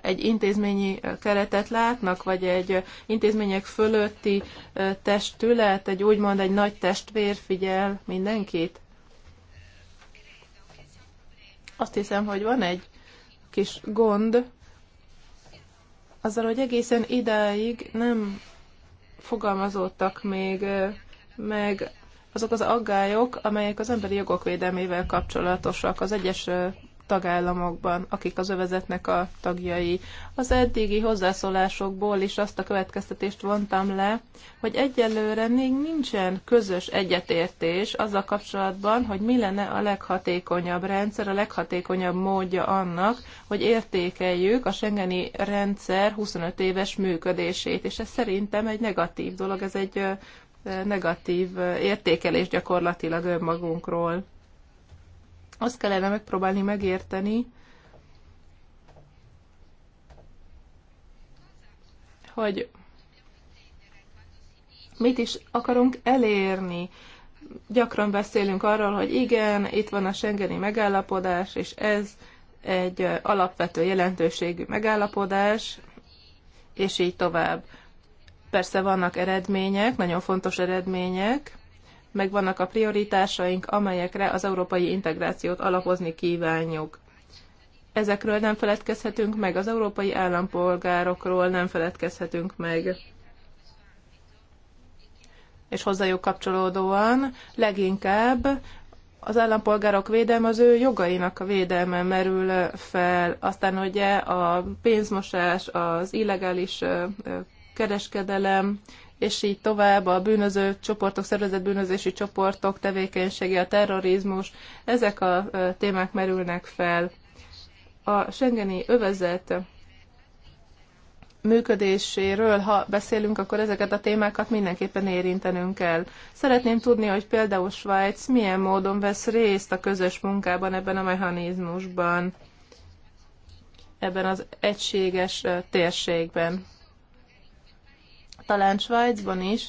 Egy intézményi keretet látnak, vagy egy intézmények fölötti testület, egy úgymond egy nagy testvér figyel mindenkit? Azt hiszem, hogy van egy kis gond azzal, hogy egészen idáig nem fogalmazódtak még meg azok az aggályok, amelyek az emberi jogok védelmével kapcsolatosak az egyes tagállamokban, akik az övezetnek a tagjai. Az eddigi hozzászólásokból is azt a következtetést vontam le, hogy egyelőre még nincsen közös egyetértés azzal kapcsolatban, hogy mi lenne a leghatékonyabb rendszer, a leghatékonyabb módja annak, hogy értékeljük a Schengeni rendszer 25 éves működését, és ez szerintem egy negatív dolog, ez egy negatív értékelés gyakorlatilag önmagunkról. Azt kellene megpróbálni megérteni, hogy mit is akarunk elérni. Gyakran beszélünk arról, hogy igen, itt van a Schengeni megállapodás, és ez egy alapvető jelentőségű megállapodás, és így tovább. Persze vannak eredmények, nagyon fontos eredmények, meg vannak a prioritásaink, amelyekre az európai integrációt alapozni kívánjuk. Ezekről nem feledkezhetünk meg, az európai állampolgárokról nem feledkezhetünk meg. És hozzájuk kapcsolódóan leginkább az állampolgárok védelme az ő jogainak a védelme merül fel. Aztán ugye a pénzmosás, az illegális kereskedelem, és így tovább a bűnöző csoportok, szervezett bűnözési csoportok tevékenysége, a terrorizmus, ezek a témák merülnek fel. A Schengeni övezet működéséről, ha beszélünk, akkor ezeket a témákat mindenképpen érintenünk kell. Szeretném tudni, hogy például Svájc milyen módon vesz részt a közös munkában ebben a mechanizmusban, ebben az egységes térségben talán Svájcban is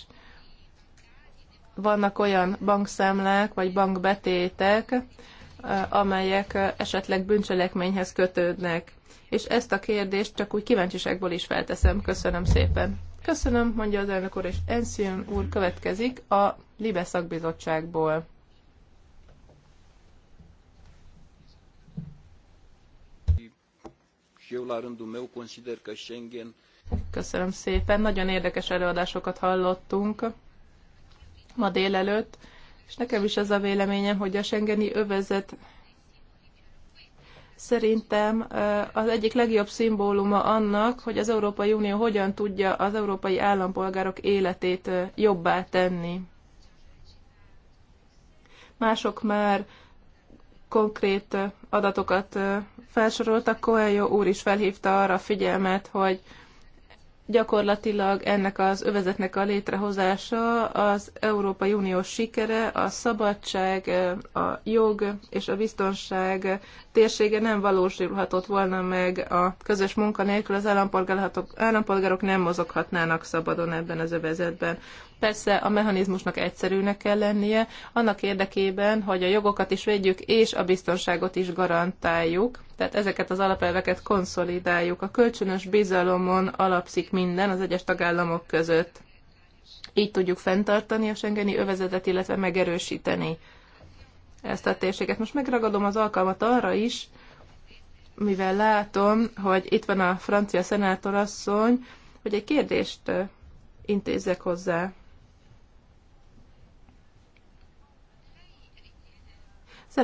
vannak olyan bankszámlák vagy bankbetétek, eh, amelyek eh, esetleg bűncselekményhez kötődnek. És ezt a kérdést csak úgy kíváncsiságból is felteszem. Köszönöm szépen. Köszönöm, mondja az elnök úr, és Enszion úr következik a Libe szakbizottságból. eu, la rândul meu, consider că Schengen Köszönöm szépen. Nagyon érdekes előadásokat hallottunk ma délelőtt, és nekem is az a véleményem, hogy a Schengeni övezet szerintem az egyik legjobb szimbóluma annak, hogy az Európai Unió hogyan tudja az európai állampolgárok életét jobbá tenni. Mások már konkrét adatokat felsoroltak, Coelho úr is felhívta arra a figyelmet, hogy Gyakorlatilag ennek az övezetnek a létrehozása az Európai Unió sikere, a szabadság, a jog és a biztonság térsége nem valósulhatott volna meg a közös munka nélkül, az állampolgárok nem mozoghatnának szabadon ebben az övezetben. Persze a mechanizmusnak egyszerűnek kell lennie, annak érdekében, hogy a jogokat is védjük, és a biztonságot is garantáljuk. Tehát ezeket az alapelveket konszolidáljuk. A kölcsönös bizalomon alapszik minden az egyes tagállamok között. Így tudjuk fenntartani a Schengeni övezetet, illetve megerősíteni ezt a térséget. Most megragadom az alkalmat arra is, mivel látom, hogy itt van a francia szenátorasszony, hogy egy kérdést intézzek hozzá.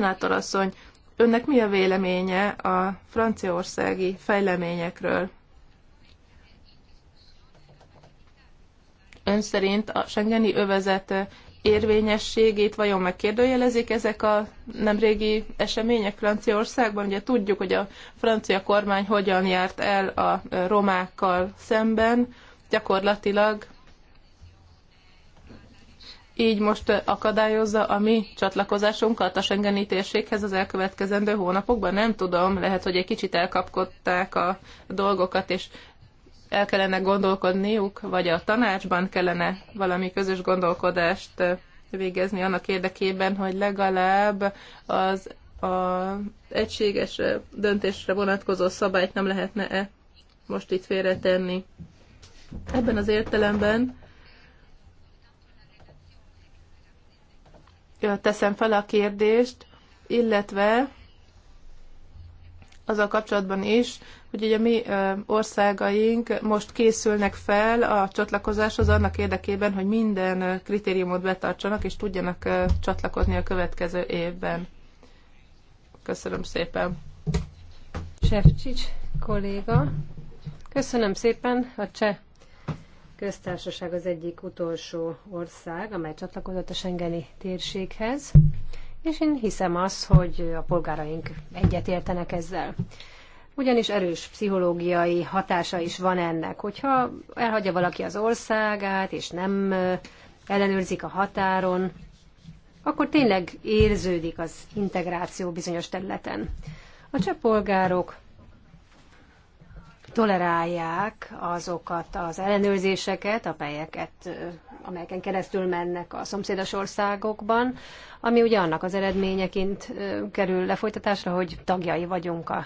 asszony, önnek mi a véleménye a franciaországi fejleményekről? Ön szerint a Schengeni övezet érvényességét vajon megkérdőjelezik ezek a nemrégi események Franciaországban? Ugye tudjuk, hogy a francia kormány hogyan járt el a romákkal szemben, gyakorlatilag így most akadályozza a mi csatlakozásunkat a Schengeni térséghez az elkövetkezendő hónapokban? Nem tudom, lehet, hogy egy kicsit elkapkodták a dolgokat, és el kellene gondolkodniuk, vagy a tanácsban kellene valami közös gondolkodást végezni annak érdekében, hogy legalább az a egységes döntésre vonatkozó szabályt nem lehetne-e most itt félretenni. Ebben az értelemben teszem fel a kérdést, illetve az a kapcsolatban is, hogy ugye mi országaink most készülnek fel a csatlakozáshoz annak érdekében, hogy minden kritériumot betartsanak és tudjanak csatlakozni a következő évben. Köszönöm szépen. Sefcsics kolléga, köszönöm szépen a cseh köztársaság az egyik utolsó ország, amely csatlakozott a Schengeni térséghez, és én hiszem azt, hogy a polgáraink egyetértenek ezzel. Ugyanis erős pszichológiai hatása is van ennek, hogyha elhagyja valaki az országát, és nem ellenőrzik a határon, akkor tényleg érződik az integráció bizonyos területen. A cseh polgárok tolerálják azokat az ellenőrzéseket, amelyeket, amelyeken keresztül mennek a szomszédos országokban, ami ugye annak az eredményeként kerül lefolytatásra, hogy tagjai vagyunk a,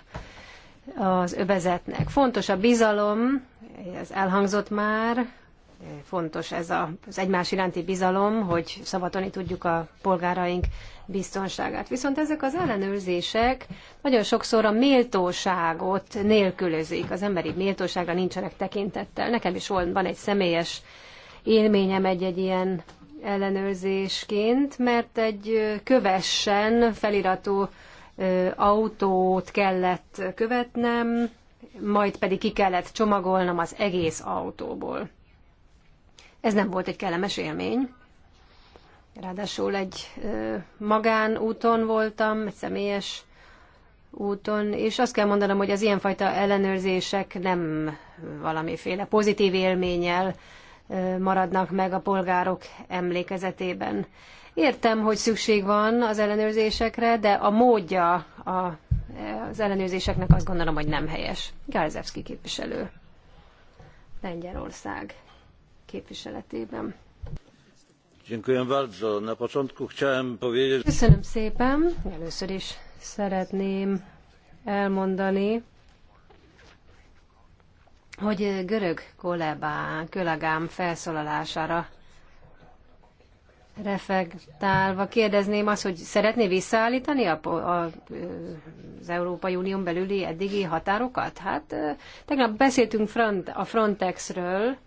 az övezetnek. Fontos a bizalom, ez elhangzott már, fontos ez az egymás iránti bizalom, hogy szabadoni tudjuk a polgáraink biztonságát. Viszont ezek az ellenőrzések nagyon sokszor a méltóságot nélkülözik. Az emberi méltóságra nincsenek tekintettel. Nekem is van egy személyes élményem egy-egy ilyen ellenőrzésként, mert egy kövessen feliratú autót kellett követnem, majd pedig ki kellett csomagolnom az egész autóból. Ez nem volt egy kellemes élmény. Ráadásul egy magánúton voltam, egy személyes úton, és azt kell mondanom, hogy az ilyenfajta ellenőrzések nem valamiféle pozitív élménnyel maradnak meg a polgárok emlékezetében. Értem, hogy szükség van az ellenőrzésekre, de a módja a, az ellenőrzéseknek azt gondolom, hogy nem helyes. Gárzevszki képviselő. Lengyelország képviseletében. Köszönöm szépen. Először is szeretném elmondani, hogy görög kollégám, kollégám felszólalására reflektálva kérdezném azt, hogy szeretné visszaállítani a, a, az Európai Unión belüli eddigi határokat? Hát tegnap beszéltünk front, a Frontexről,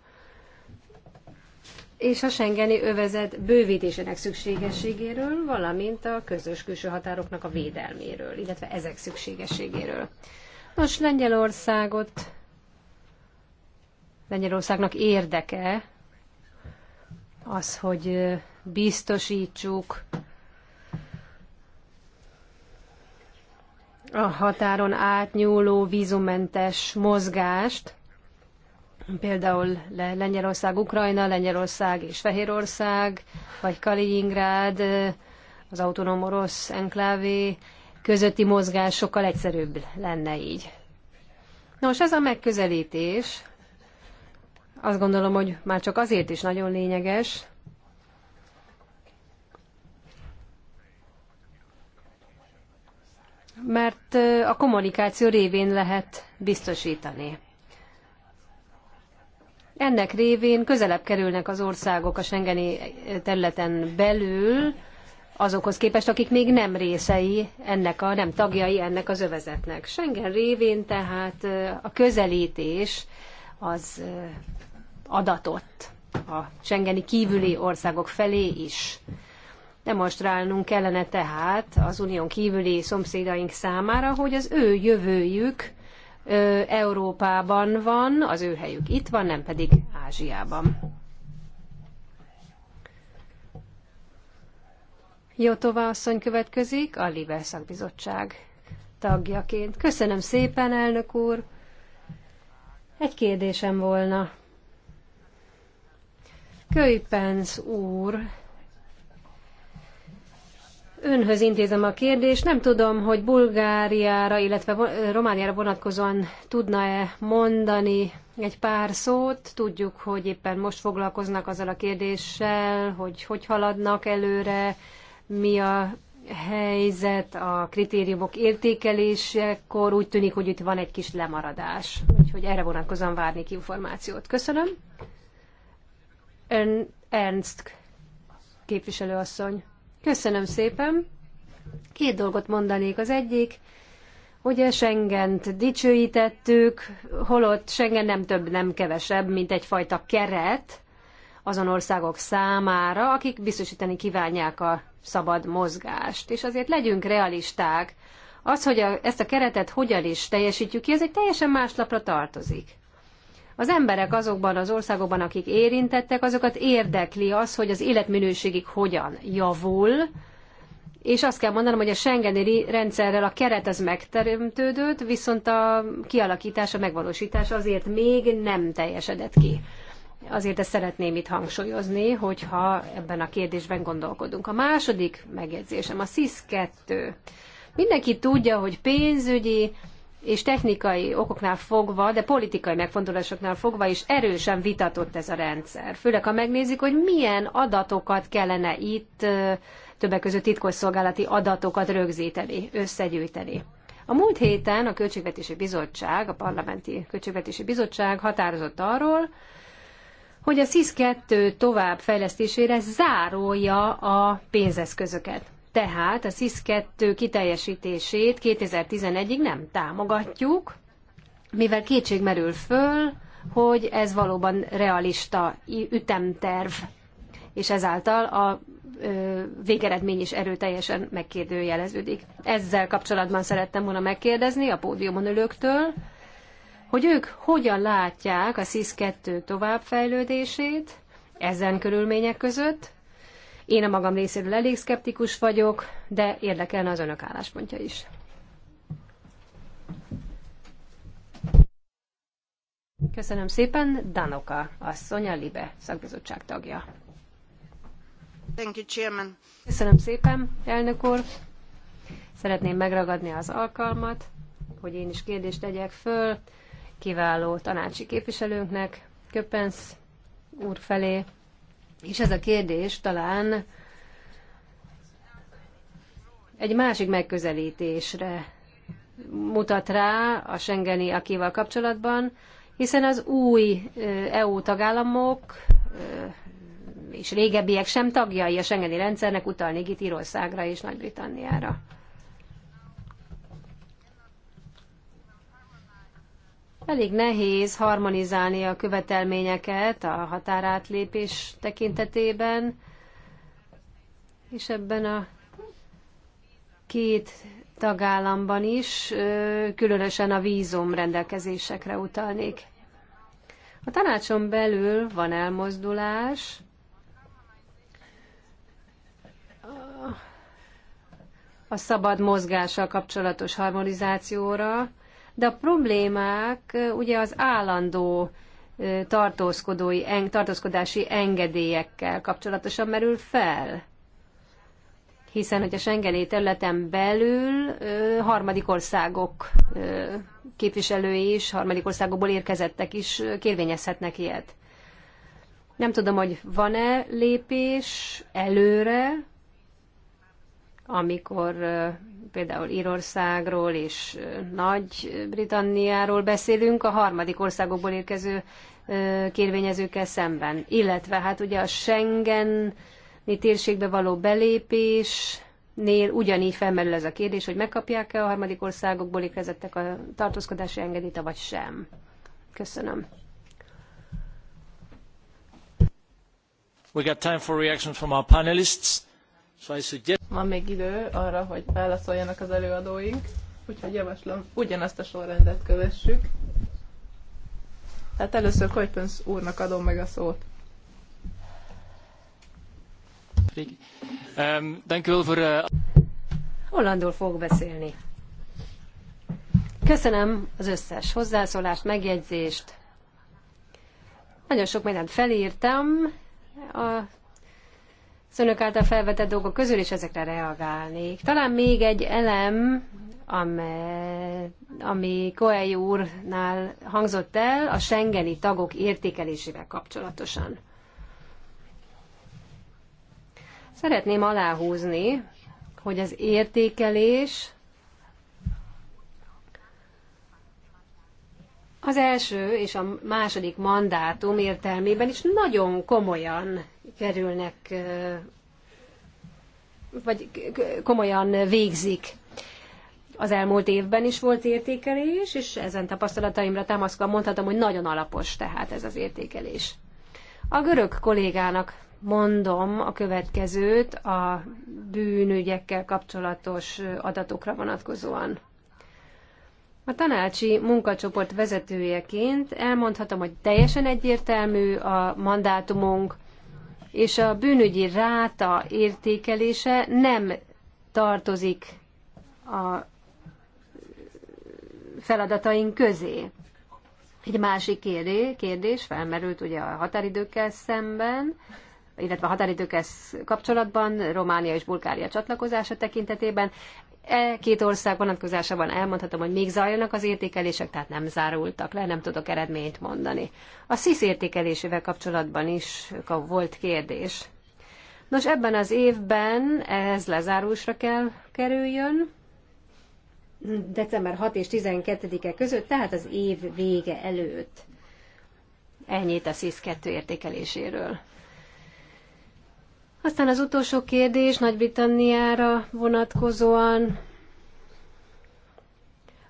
és a Schengeni övezet bővítésének szükségességéről, valamint a közös külső határoknak a védelméről, illetve ezek szükségességéről. Nos, Lengyelországot, Lengyelországnak érdeke az, hogy biztosítsuk a határon átnyúló vízumentes mozgást, például Lengyelország, Ukrajna, Lengyelország és Fehérország, vagy Kaliningrád, az autonóm orosz enklávé közötti mozgás sokkal egyszerűbb lenne így. Nos, ez a megközelítés azt gondolom, hogy már csak azért is nagyon lényeges, mert a kommunikáció révén lehet biztosítani ennek révén közelebb kerülnek az országok a Schengeni területen belül azokhoz képest, akik még nem részei ennek a, nem tagjai ennek az övezetnek. Schengen révén tehát a közelítés az adatott a Schengeni kívüli országok felé is. Demonstrálnunk kellene tehát az unión kívüli szomszédaink számára, hogy az ő jövőjük Európában van, az ő helyük itt van, nem pedig Ázsiában. Jótova asszony következik, a Liber szakbizottság tagjaként. Köszönöm szépen, elnök úr! Egy kérdésem volna. Kölypensz úr Önhöz intézem a kérdést. Nem tudom, hogy Bulgáriára, illetve Romániára vonatkozóan tudna-e mondani egy pár szót. Tudjuk, hogy éppen most foglalkoznak azzal a kérdéssel, hogy hogy haladnak előre, mi a helyzet, a kritériumok értékelésekor úgy tűnik, hogy itt van egy kis lemaradás. Úgyhogy erre vonatkozóan várnék információt. Köszönöm. Ernst képviselőasszony. Köszönöm szépen. Két dolgot mondanék. Az egyik, ugye Schengent dicsőítettük, holott Schengen nem több, nem kevesebb, mint egyfajta keret azon országok számára, akik biztosítani kívánják a szabad mozgást. És azért legyünk realisták, az, hogy a, ezt a keretet hogyan is teljesítjük ki, ez egy teljesen más lapra tartozik. Az emberek azokban az országokban, akik érintettek, azokat érdekli az, hogy az életminőségük hogyan javul, és azt kell mondanom, hogy a Schengeni rendszerrel a keret az megteremtődött, viszont a kialakítása, megvalósítása azért még nem teljesedett ki. Azért ezt szeretném itt hangsúlyozni, hogyha ebben a kérdésben gondolkodunk. A második megjegyzésem a sis 2. Mindenki tudja, hogy pénzügyi, és technikai okoknál fogva, de politikai megfontolásoknál fogva is erősen vitatott ez a rendszer. Főleg, ha megnézik, hogy milyen adatokat kellene itt, többek között titkosszolgálati adatokat rögzíteni, összegyűjteni. A múlt héten a Költségvetési Bizottság, a Parlamenti Költségvetési Bizottság határozott arról, hogy a SZIS-2 továbbfejlesztésére zárója a pénzeszközöket. Tehát a SZISZ-2 kiteljesítését 2011-ig nem támogatjuk, mivel kétség merül föl, hogy ez valóban realista ütemterv, és ezáltal a végeredmény is erőteljesen megkérdőjeleződik. Ezzel kapcsolatban szerettem volna megkérdezni a pódiumon ülőktől, hogy ők hogyan látják a SZISZ-2 továbbfejlődését ezen körülmények között, én a magam részéről elég szkeptikus vagyok, de érdekelne az önök álláspontja is. Köszönöm szépen, Danoka asszony, a Libe szakbizottság tagja. Thank you, Chairman. Köszönöm szépen, elnök úr. Szeretném megragadni az alkalmat, hogy én is kérdést tegyek föl kiváló tanácsi képviselőnknek, Köpensz úr felé, és ez a kérdés talán egy másik megközelítésre mutat rá a Schengeni akival kapcsolatban, hiszen az új EU tagállamok és régebbiek sem tagjai a Schengeni rendszernek utalnék itt Írországra és Nagy-Britanniára. Elég nehéz harmonizálni a követelményeket a határátlépés tekintetében, és ebben a két tagállamban is, különösen a vízum rendelkezésekre utalnék. A tanácson belül van elmozdulás, a szabad mozgással kapcsolatos harmonizációra, de a problémák ugye az állandó tartózkodói, tartózkodási engedélyekkel kapcsolatosan merül fel. Hiszen, hogy a Schengeni területen belül harmadik országok képviselői is, harmadik országokból érkezettek is kérvényezhetnek ilyet. Nem tudom, hogy van-e lépés előre amikor például Írországról és Nagy-Britanniáról beszélünk a harmadik országokból érkező kérvényezőkkel szemben. Illetve hát ugye a Schengen térségbe való belépés, Nél ugyanígy felmerül ez a kérdés, hogy megkapják-e a harmadik országokból érkezettek a tartózkodási engedélyt, vagy sem. Köszönöm. We got time for reactions from our panelists. Van még idő arra, hogy válaszoljanak az előadóink, úgyhogy javaslom, ugyanazt a sorrendet kövessük. Tehát először Kojpönsz úrnak adom meg a szót. Um, dank for. wel uh, Hollandul fog beszélni. Köszönöm az összes hozzászólást, megjegyzést. Nagyon sok mindent felírtam, a az önök által felvetett dolgok közül, és ezekre reagálnék. Talán még egy elem, amely, ami Koei úrnál hangzott el, a Schengeni tagok értékelésével kapcsolatosan. Szeretném aláhúzni, hogy az értékelés az első és a második mandátum értelmében is nagyon komolyan kerülnek, vagy komolyan végzik. Az elmúlt évben is volt értékelés, és ezen tapasztalataimra támaszkodva mondhatom, hogy nagyon alapos tehát ez az értékelés. A görög kollégának mondom a következőt a bűnügyekkel kapcsolatos adatokra vonatkozóan. A tanácsi munkacsoport vezetőjeként elmondhatom, hogy teljesen egyértelmű a mandátumunk, és a bűnügyi ráta értékelése nem tartozik a feladataink közé. Egy másik kérdés felmerült ugye a határidőkkel szemben, illetve a határidőkkel kapcsolatban, Románia és Bulgária csatlakozása tekintetében. E két ország vonatkozásában elmondhatom, hogy még zajlanak az értékelések, tehát nem zárultak le, nem tudok eredményt mondani. A SZISZ értékelésével kapcsolatban is volt kérdés. Nos, ebben az évben ez lezárulsra kell kerüljön, december 6 és 12-e között, tehát az év vége előtt. Ennyit a SZISZ 2 értékeléséről. Aztán az utolsó kérdés Nagy-Britanniára vonatkozóan.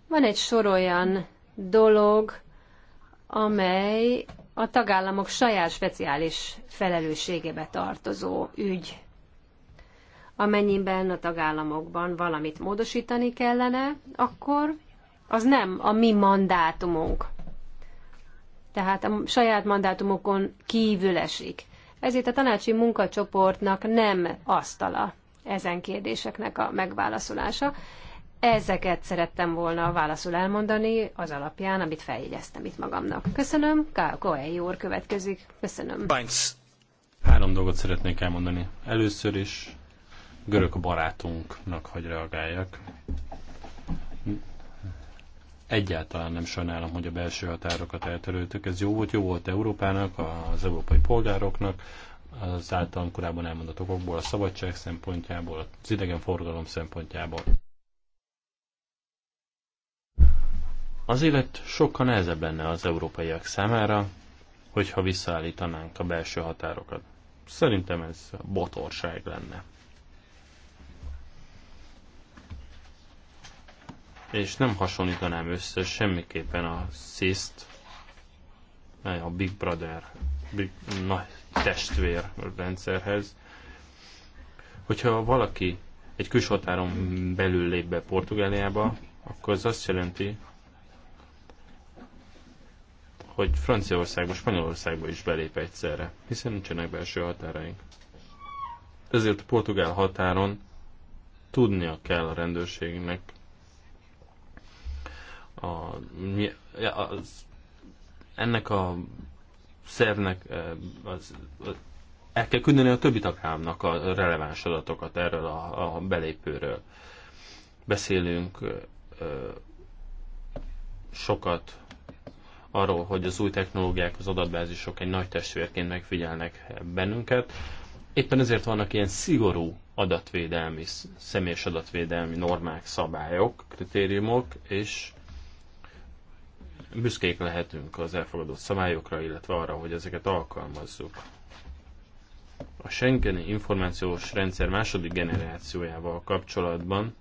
Van egy sor olyan dolog, amely a tagállamok saját speciális felelősségebe tartozó ügy, amennyiben a tagállamokban valamit módosítani kellene, akkor az nem a mi mandátumunk. Tehát a saját mandátumokon kívül esik. Ezért a tanácsi munkacsoportnak nem asztala ezen kérdéseknek a megválaszolása. Ezeket szerettem volna válaszul elmondani az alapján, amit feljegyeztem itt magamnak. Köszönöm, Koei úr következik. Köszönöm. Bainz. Három dolgot szeretnék elmondani. Először is görög barátunknak, hogy reagáljak. Egyáltalán nem sajnálom, hogy a belső határokat eltöröltük. Ez jó volt, jó volt Európának, az európai polgároknak, az általán korábban elmondott okokból, a szabadság szempontjából, az idegenforgalom szempontjából. Az élet sokkal nehezebb lenne az európaiak számára, hogyha visszaállítanánk a belső határokat. Szerintem ez botorság lenne. és nem hasonlítanám össze semmiképpen a szisz a Big Brother, Big, nagy testvér rendszerhez. Hogyha valaki egy külshatáron belül lép be Portugáliába, akkor az azt jelenti, hogy Franciaországba, Spanyolországba is belép egyszerre, hiszen nincsenek belső határaink. Ezért a portugál határon tudnia kell a rendőrségnek a, az, ennek a szervnek e, az, az, el kell küldeni a többi tagállamnak a releváns adatokat erről a, a belépőről. Beszélünk ö, e, e, sokat arról, hogy az új technológiák, az adatbázisok egy nagy testvérként megfigyelnek bennünket. Éppen ezért vannak ilyen szigorú adatvédelmi, személyes adatvédelmi normák, szabályok, kritériumok, és büszkék lehetünk az elfogadott szabályokra, illetve arra, hogy ezeket alkalmazzuk. A Schengeni információs rendszer második generációjával kapcsolatban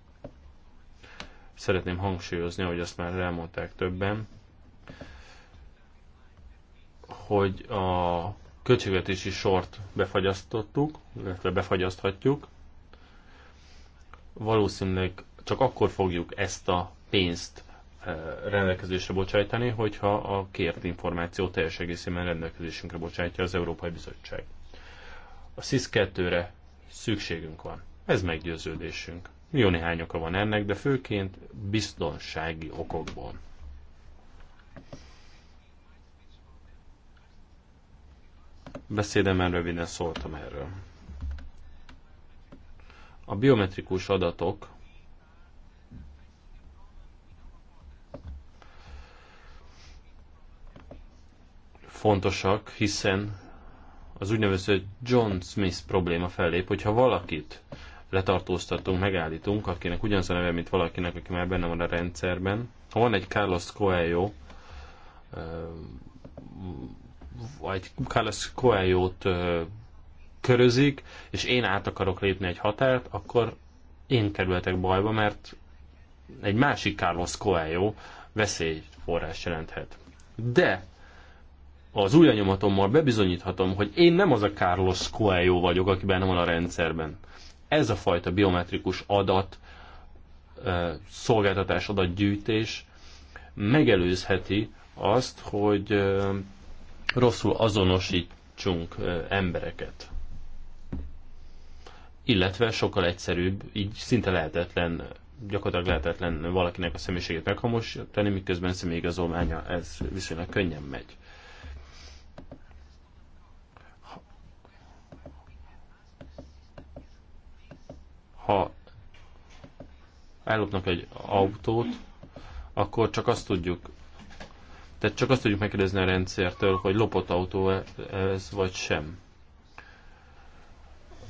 szeretném hangsúlyozni, hogy azt már elmondták többen, hogy a költségvetési sort befagyasztottuk, illetve befagyaszthatjuk. Valószínűleg csak akkor fogjuk ezt a pénzt rendelkezésre bocsájtani, hogyha a kért információ teljes egészében rendelkezésünkre bocsájtja az Európai Bizottság. A SZIS-2-re szükségünk van. Ez meggyőződésünk. Jó néhány oka van ennek, de főként biztonsági okokból. Beszédemben röviden szóltam erről. A biometrikus adatok fontosak, hiszen az úgynevezett John Smith probléma fellép, hogyha valakit letartóztatunk, megállítunk, akinek ugyanaz a neve, mint valakinek, aki már benne van a rendszerben. Ha van egy Carlos Coelho, vagy Carlos Coelho-t körözik, és én át akarok lépni egy határt, akkor én kerülhetek bajba, mert egy másik Carlos Coelho veszélyforrás jelenthet. De az új nyomatommal bebizonyíthatom, hogy én nem az a Carlos Coelho vagyok, aki benne van a rendszerben. Ez a fajta biometrikus adat, szolgáltatás adatgyűjtés megelőzheti azt, hogy rosszul azonosítsunk embereket. Illetve sokkal egyszerűbb, így szinte lehetetlen, gyakorlatilag lehetetlen valakinek a személyiségét meghamosítani, miközben személyigazolványa ez viszonylag könnyen megy ha ellopnak egy autót, akkor csak azt tudjuk, tehát csak azt tudjuk megkérdezni a rendszertől, hogy lopott autó ez vagy sem.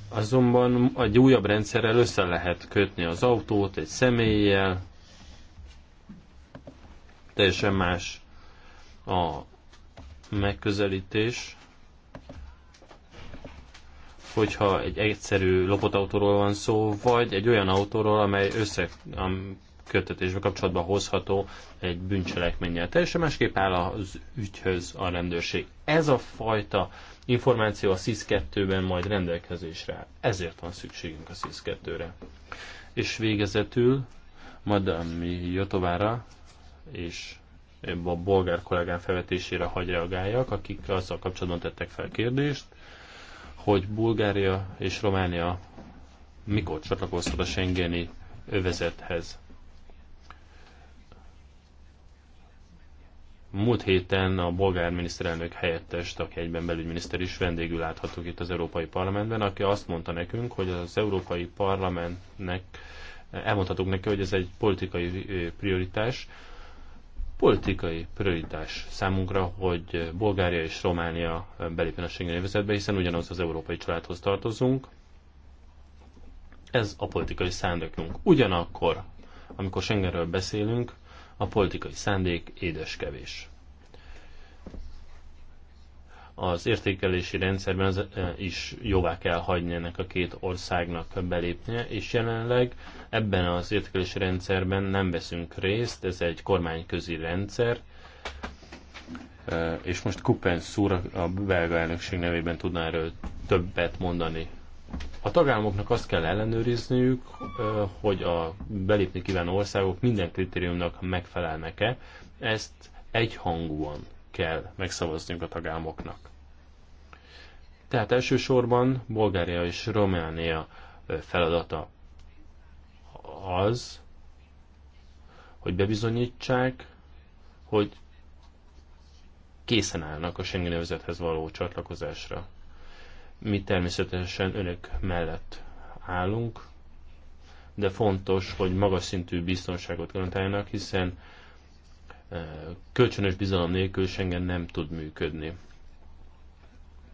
Azonban egy újabb rendszerrel össze lehet kötni az autót egy személlyel, teljesen más a megközelítés hogyha egy egyszerű lopott autóról van szó, vagy egy olyan autóról, amely kötetésbe kapcsolatba hozható egy bűncselekménnyel. Teljesen másképp áll az ügyhöz a rendőrség. Ez a fajta információ a SIS-2-ben majd rendelkezésre áll. Ezért van szükségünk a SIS-2-re. És végezetül Madame Jotovára és a bolgár kollégám felvetésére hagy reagáljak, akik azzal kapcsolatban tettek fel kérdést, hogy Bulgária és Románia mikor csatlakozhat a Schengeni övezethez. Múlt héten a bolgár miniszterelnök helyettes, aki egyben belügyminiszter is vendégül láthatók itt az Európai Parlamentben, aki azt mondta nekünk, hogy az Európai Parlamentnek elmondhatók neki, hogy ez egy politikai prioritás, politikai prioritás számunkra, hogy Bulgária és Románia belépjen a Schengen övezetbe, hiszen ugyanaz az európai családhoz tartozunk. Ez a politikai szándékunk. Ugyanakkor, amikor Schengenről beszélünk, a politikai szándék édeskevés az értékelési rendszerben az, e, is jóvá kell hagyni ennek a két országnak belépnie, és jelenleg ebben az értékelési rendszerben nem veszünk részt, ez egy kormányközi rendszer, e, és most Kupen Szúr a belga elnökség nevében tudná erről többet mondani. A tagállamoknak azt kell ellenőrizniük, e, hogy a belépni kívánó országok minden kritériumnak megfelelnek-e, ezt egyhangúan kell megszavazniuk a tagállamoknak. Tehát elsősorban Bulgária és Románia feladata az, hogy bebizonyítsák, hogy készen állnak a Schengen övezethez való csatlakozásra. Mi természetesen önök mellett állunk, de fontos, hogy magas szintű biztonságot garantáljanak, hiszen kölcsönös bizalom nélkül Schengen nem tud működni.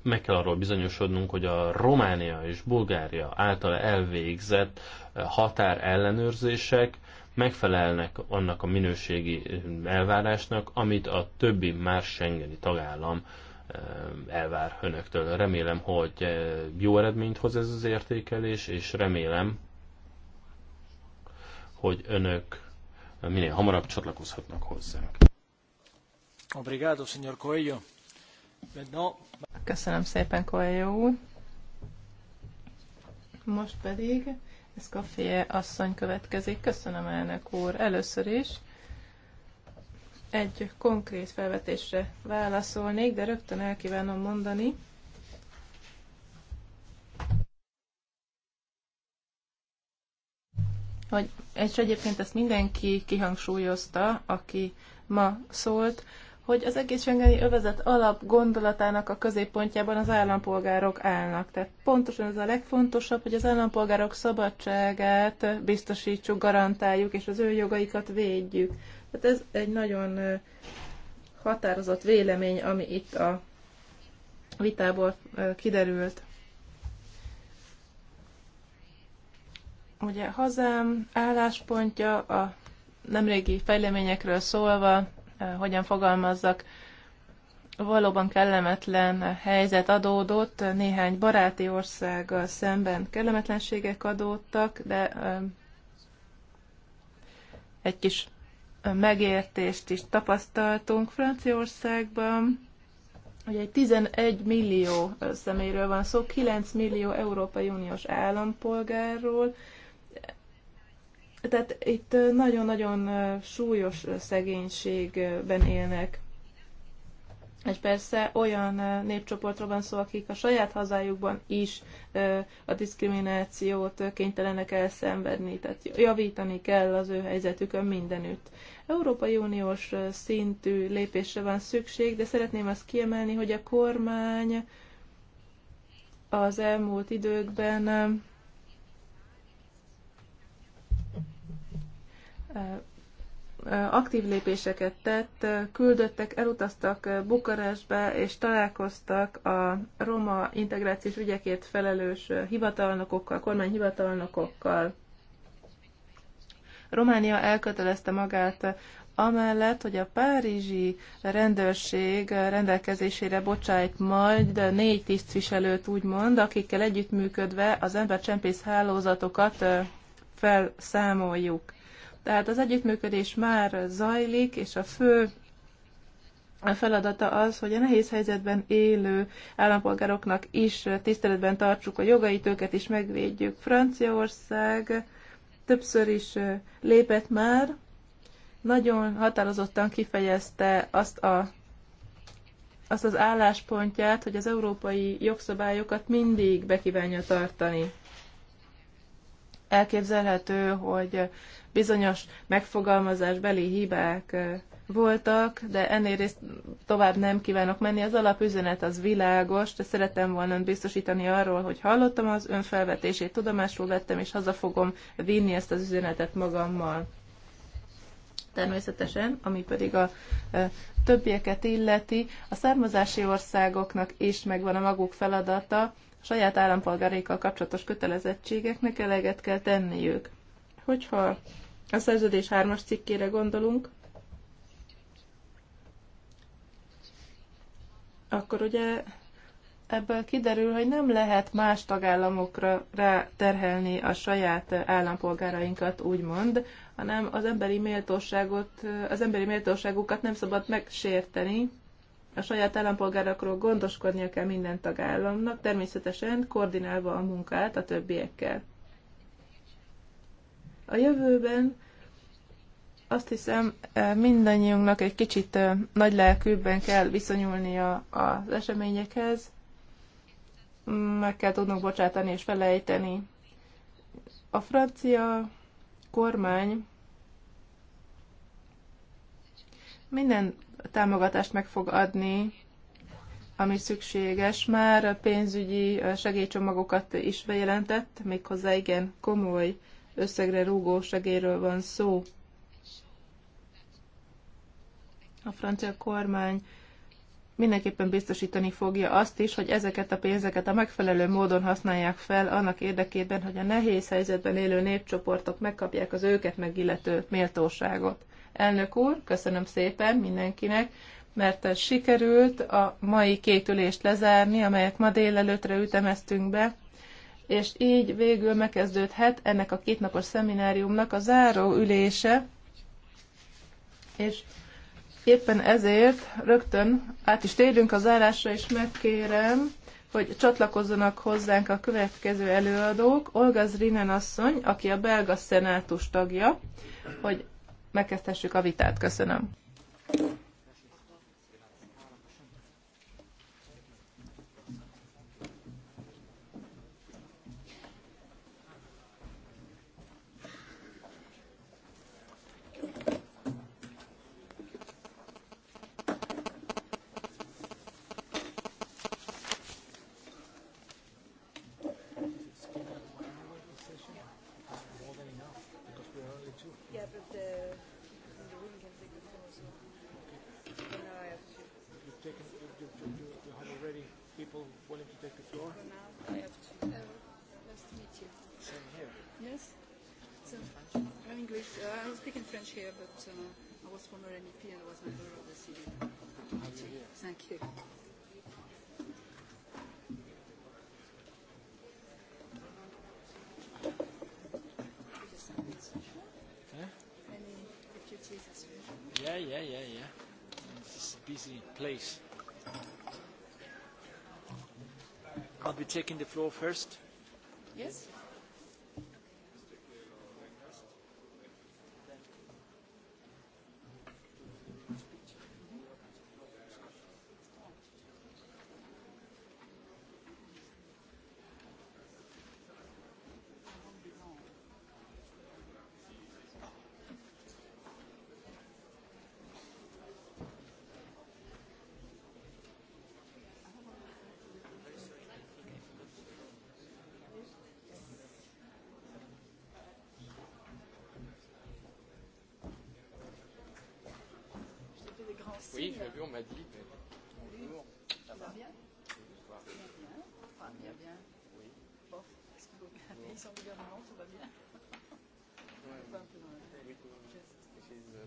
Meg kell arról bizonyosodnunk, hogy a Románia és Bulgária által elvégzett határ ellenőrzések megfelelnek annak a minőségi elvárásnak, amit a többi már Schengeni tagállam elvár önöktől. Remélem, hogy jó eredményt hoz ez az értékelés, és remélem, hogy önök minél hamarabb csatlakozhatnak hozzánk. Obrigado, señor Coelho. No. Köszönöm szépen, Coelho úr. Most pedig ez Kafé asszony következik. Köszönöm, elnök úr. Először is egy konkrét felvetésre válaszolnék, de rögtön elkívánom mondani, hogy és egyébként ezt mindenki kihangsúlyozta, aki ma szólt, hogy az egész Schengeni övezet alap gondolatának a középpontjában az állampolgárok állnak. Tehát pontosan ez a legfontosabb, hogy az állampolgárok szabadságát biztosítsuk, garantáljuk, és az ő jogaikat védjük. Tehát ez egy nagyon határozott vélemény, ami itt a vitából kiderült. Ugye hazám álláspontja a nemrégi fejleményekről szólva, eh, hogyan fogalmazzak, valóban kellemetlen helyzet adódott, néhány baráti országgal szemben kellemetlenségek adódtak, de eh, egy kis eh, megértést is tapasztaltunk Franciaországban. Ugye egy 11 millió személyről van szó, 9 millió Európai Uniós állampolgárról, tehát itt nagyon-nagyon súlyos szegénységben élnek. És persze olyan népcsoportról van szó, akik a saját hazájukban is a diszkriminációt kénytelenek elszenvedni, tehát javítani kell az ő helyzetükön mindenütt. Európai Uniós szintű lépésre van szükség, de szeretném azt kiemelni, hogy a kormány az elmúlt időkben aktív lépéseket tett, küldöttek, elutaztak Bukarestbe, és találkoztak a roma integrációs ügyekért felelős hivatalnokokkal, kormányhivatalnokokkal. Románia elkötelezte magát amellett, hogy a párizsi rendőrség rendelkezésére bocsájt majd négy tisztviselőt, úgymond, akikkel együttműködve az embercsempész hálózatokat felszámoljuk. Tehát az együttműködés már zajlik, és a fő a feladata az, hogy a nehéz helyzetben élő állampolgároknak is tiszteletben tartsuk a jogait, őket is megvédjük. Franciaország többször is lépett már, nagyon határozottan kifejezte azt a azt az álláspontját, hogy az európai jogszabályokat mindig bekívánja tartani. Elképzelhető, hogy bizonyos megfogalmazásbeli hibák voltak, de ennél részt tovább nem kívánok menni. Az alapüzenet az világos, de szeretem volna biztosítani arról, hogy hallottam az ön felvetését, tudomásul vettem, és haza fogom vinni ezt az üzenetet magammal. Természetesen, ami pedig a többieket illeti, a származási országoknak is megvan a maguk feladata, a saját állampolgárékkal kapcsolatos kötelezettségeknek eleget kell tenniük. Hogyha a szerződés hármas cikkére gondolunk, akkor ugye ebből kiderül, hogy nem lehet más tagállamokra ráterhelni a saját állampolgárainkat, úgymond, hanem az emberi méltóságot, az emberi méltóságukat nem szabad megsérteni, a saját állampolgárakról gondoskodnia kell minden tagállamnak, természetesen koordinálva a munkát a többiekkel. A jövőben azt hiszem eh, mindannyiunknak egy kicsit eh, nagy lelkűbben kell viszonyulnia az eseményekhez, meg kell tudnunk bocsátani és felejteni. A francia kormány minden támogatást meg fog adni, ami szükséges. Már pénzügyi eh, segélycsomagokat is bejelentett, méghozzá igen komoly összegre rúgó segéről van szó. A francia kormány mindenképpen biztosítani fogja azt is, hogy ezeket a pénzeket a megfelelő módon használják fel annak érdekében, hogy a nehéz helyzetben élő népcsoportok megkapják az őket megillető méltóságot. Elnök úr, köszönöm szépen mindenkinek, mert sikerült a mai két ülést lezárni, amelyet ma délelőtre ütemeztünk be és így végül megkezdődhet ennek a kétnapos szemináriumnak a záró ülése, és éppen ezért rögtön át is térünk az zárásra, és megkérem, hogy csatlakozzanak hozzánk a következő előadók, Olga Zrinen asszony, aki a belga szenátus tagja, hogy megkezdhessük a vitát. Köszönöm. Thank you. Yeah, yeah, yeah, yeah. It's a busy place. I'll be taking the floor first. Yes.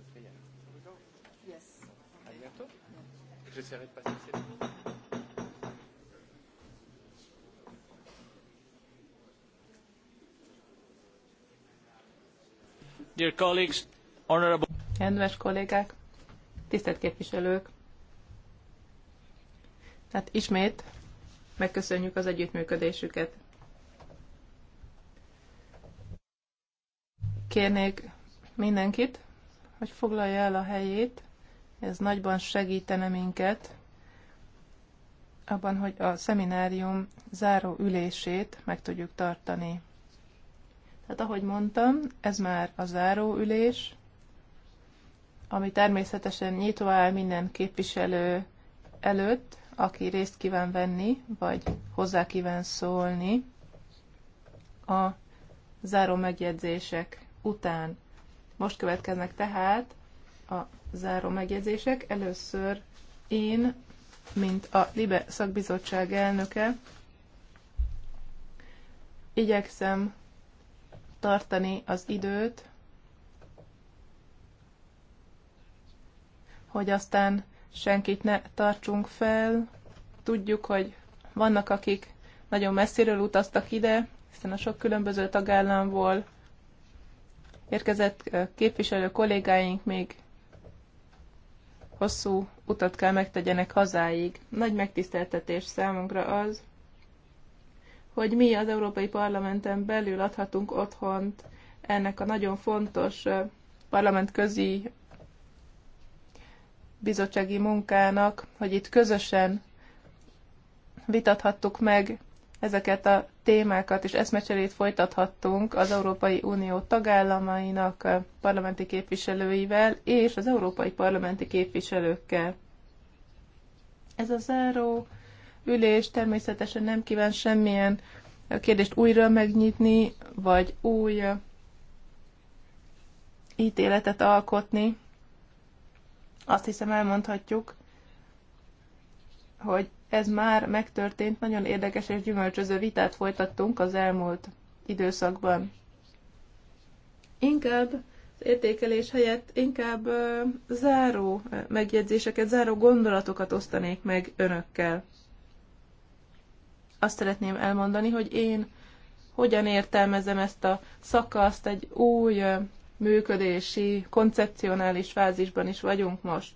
Brienne. Yes. À bientôt. J'essaierai de passer cette Dear colleagues, honorable... Kedves kollégák, tisztelt képviselők! Tehát ismét megköszönjük az együttműködésüket. Kérnék mindenkit, hogy foglalja el a helyét, ez nagyban segítene minket abban, hogy a szeminárium záró ülését meg tudjuk tartani. Tehát ahogy mondtam, ez már a záró ülés, ami természetesen nyitva áll minden képviselő előtt, aki részt kíván venni, vagy hozzá kíván szólni a záró megjegyzések után. Most következnek tehát a záró megjegyzések. Először én, mint a LIBE szakbizottság elnöke, igyekszem tartani az időt, hogy aztán senkit ne tartsunk fel. Tudjuk, hogy vannak, akik nagyon messziről utaztak ide, hiszen a sok különböző tagállamból érkezett képviselő kollégáink még hosszú utat kell megtegyenek hazáig. Nagy megtiszteltetés számunkra az, hogy mi az Európai Parlamenten belül adhatunk otthont ennek a nagyon fontos parlamentközi bizottsági munkának, hogy itt közösen vitathattuk meg ezeket a témákat és eszmecserét folytathattunk az Európai Unió tagállamainak eh, parlamenti képviselőivel és az európai parlamenti képviselőkkel. Ez a záró ülés természetesen nem kíván semmilyen eh, kérdést újra megnyitni, vagy új eh, ítéletet alkotni. Azt hiszem elmondhatjuk, hogy ez már megtörtént, nagyon érdekes és gyümölcsöző vitát folytattunk az elmúlt időszakban. Inkább az értékelés helyett inkább ö, záró megjegyzéseket, záró gondolatokat osztanék meg önökkel. Azt szeretném elmondani, hogy én hogyan értelmezem ezt a szakaszt, egy új működési, koncepcionális fázisban is vagyunk most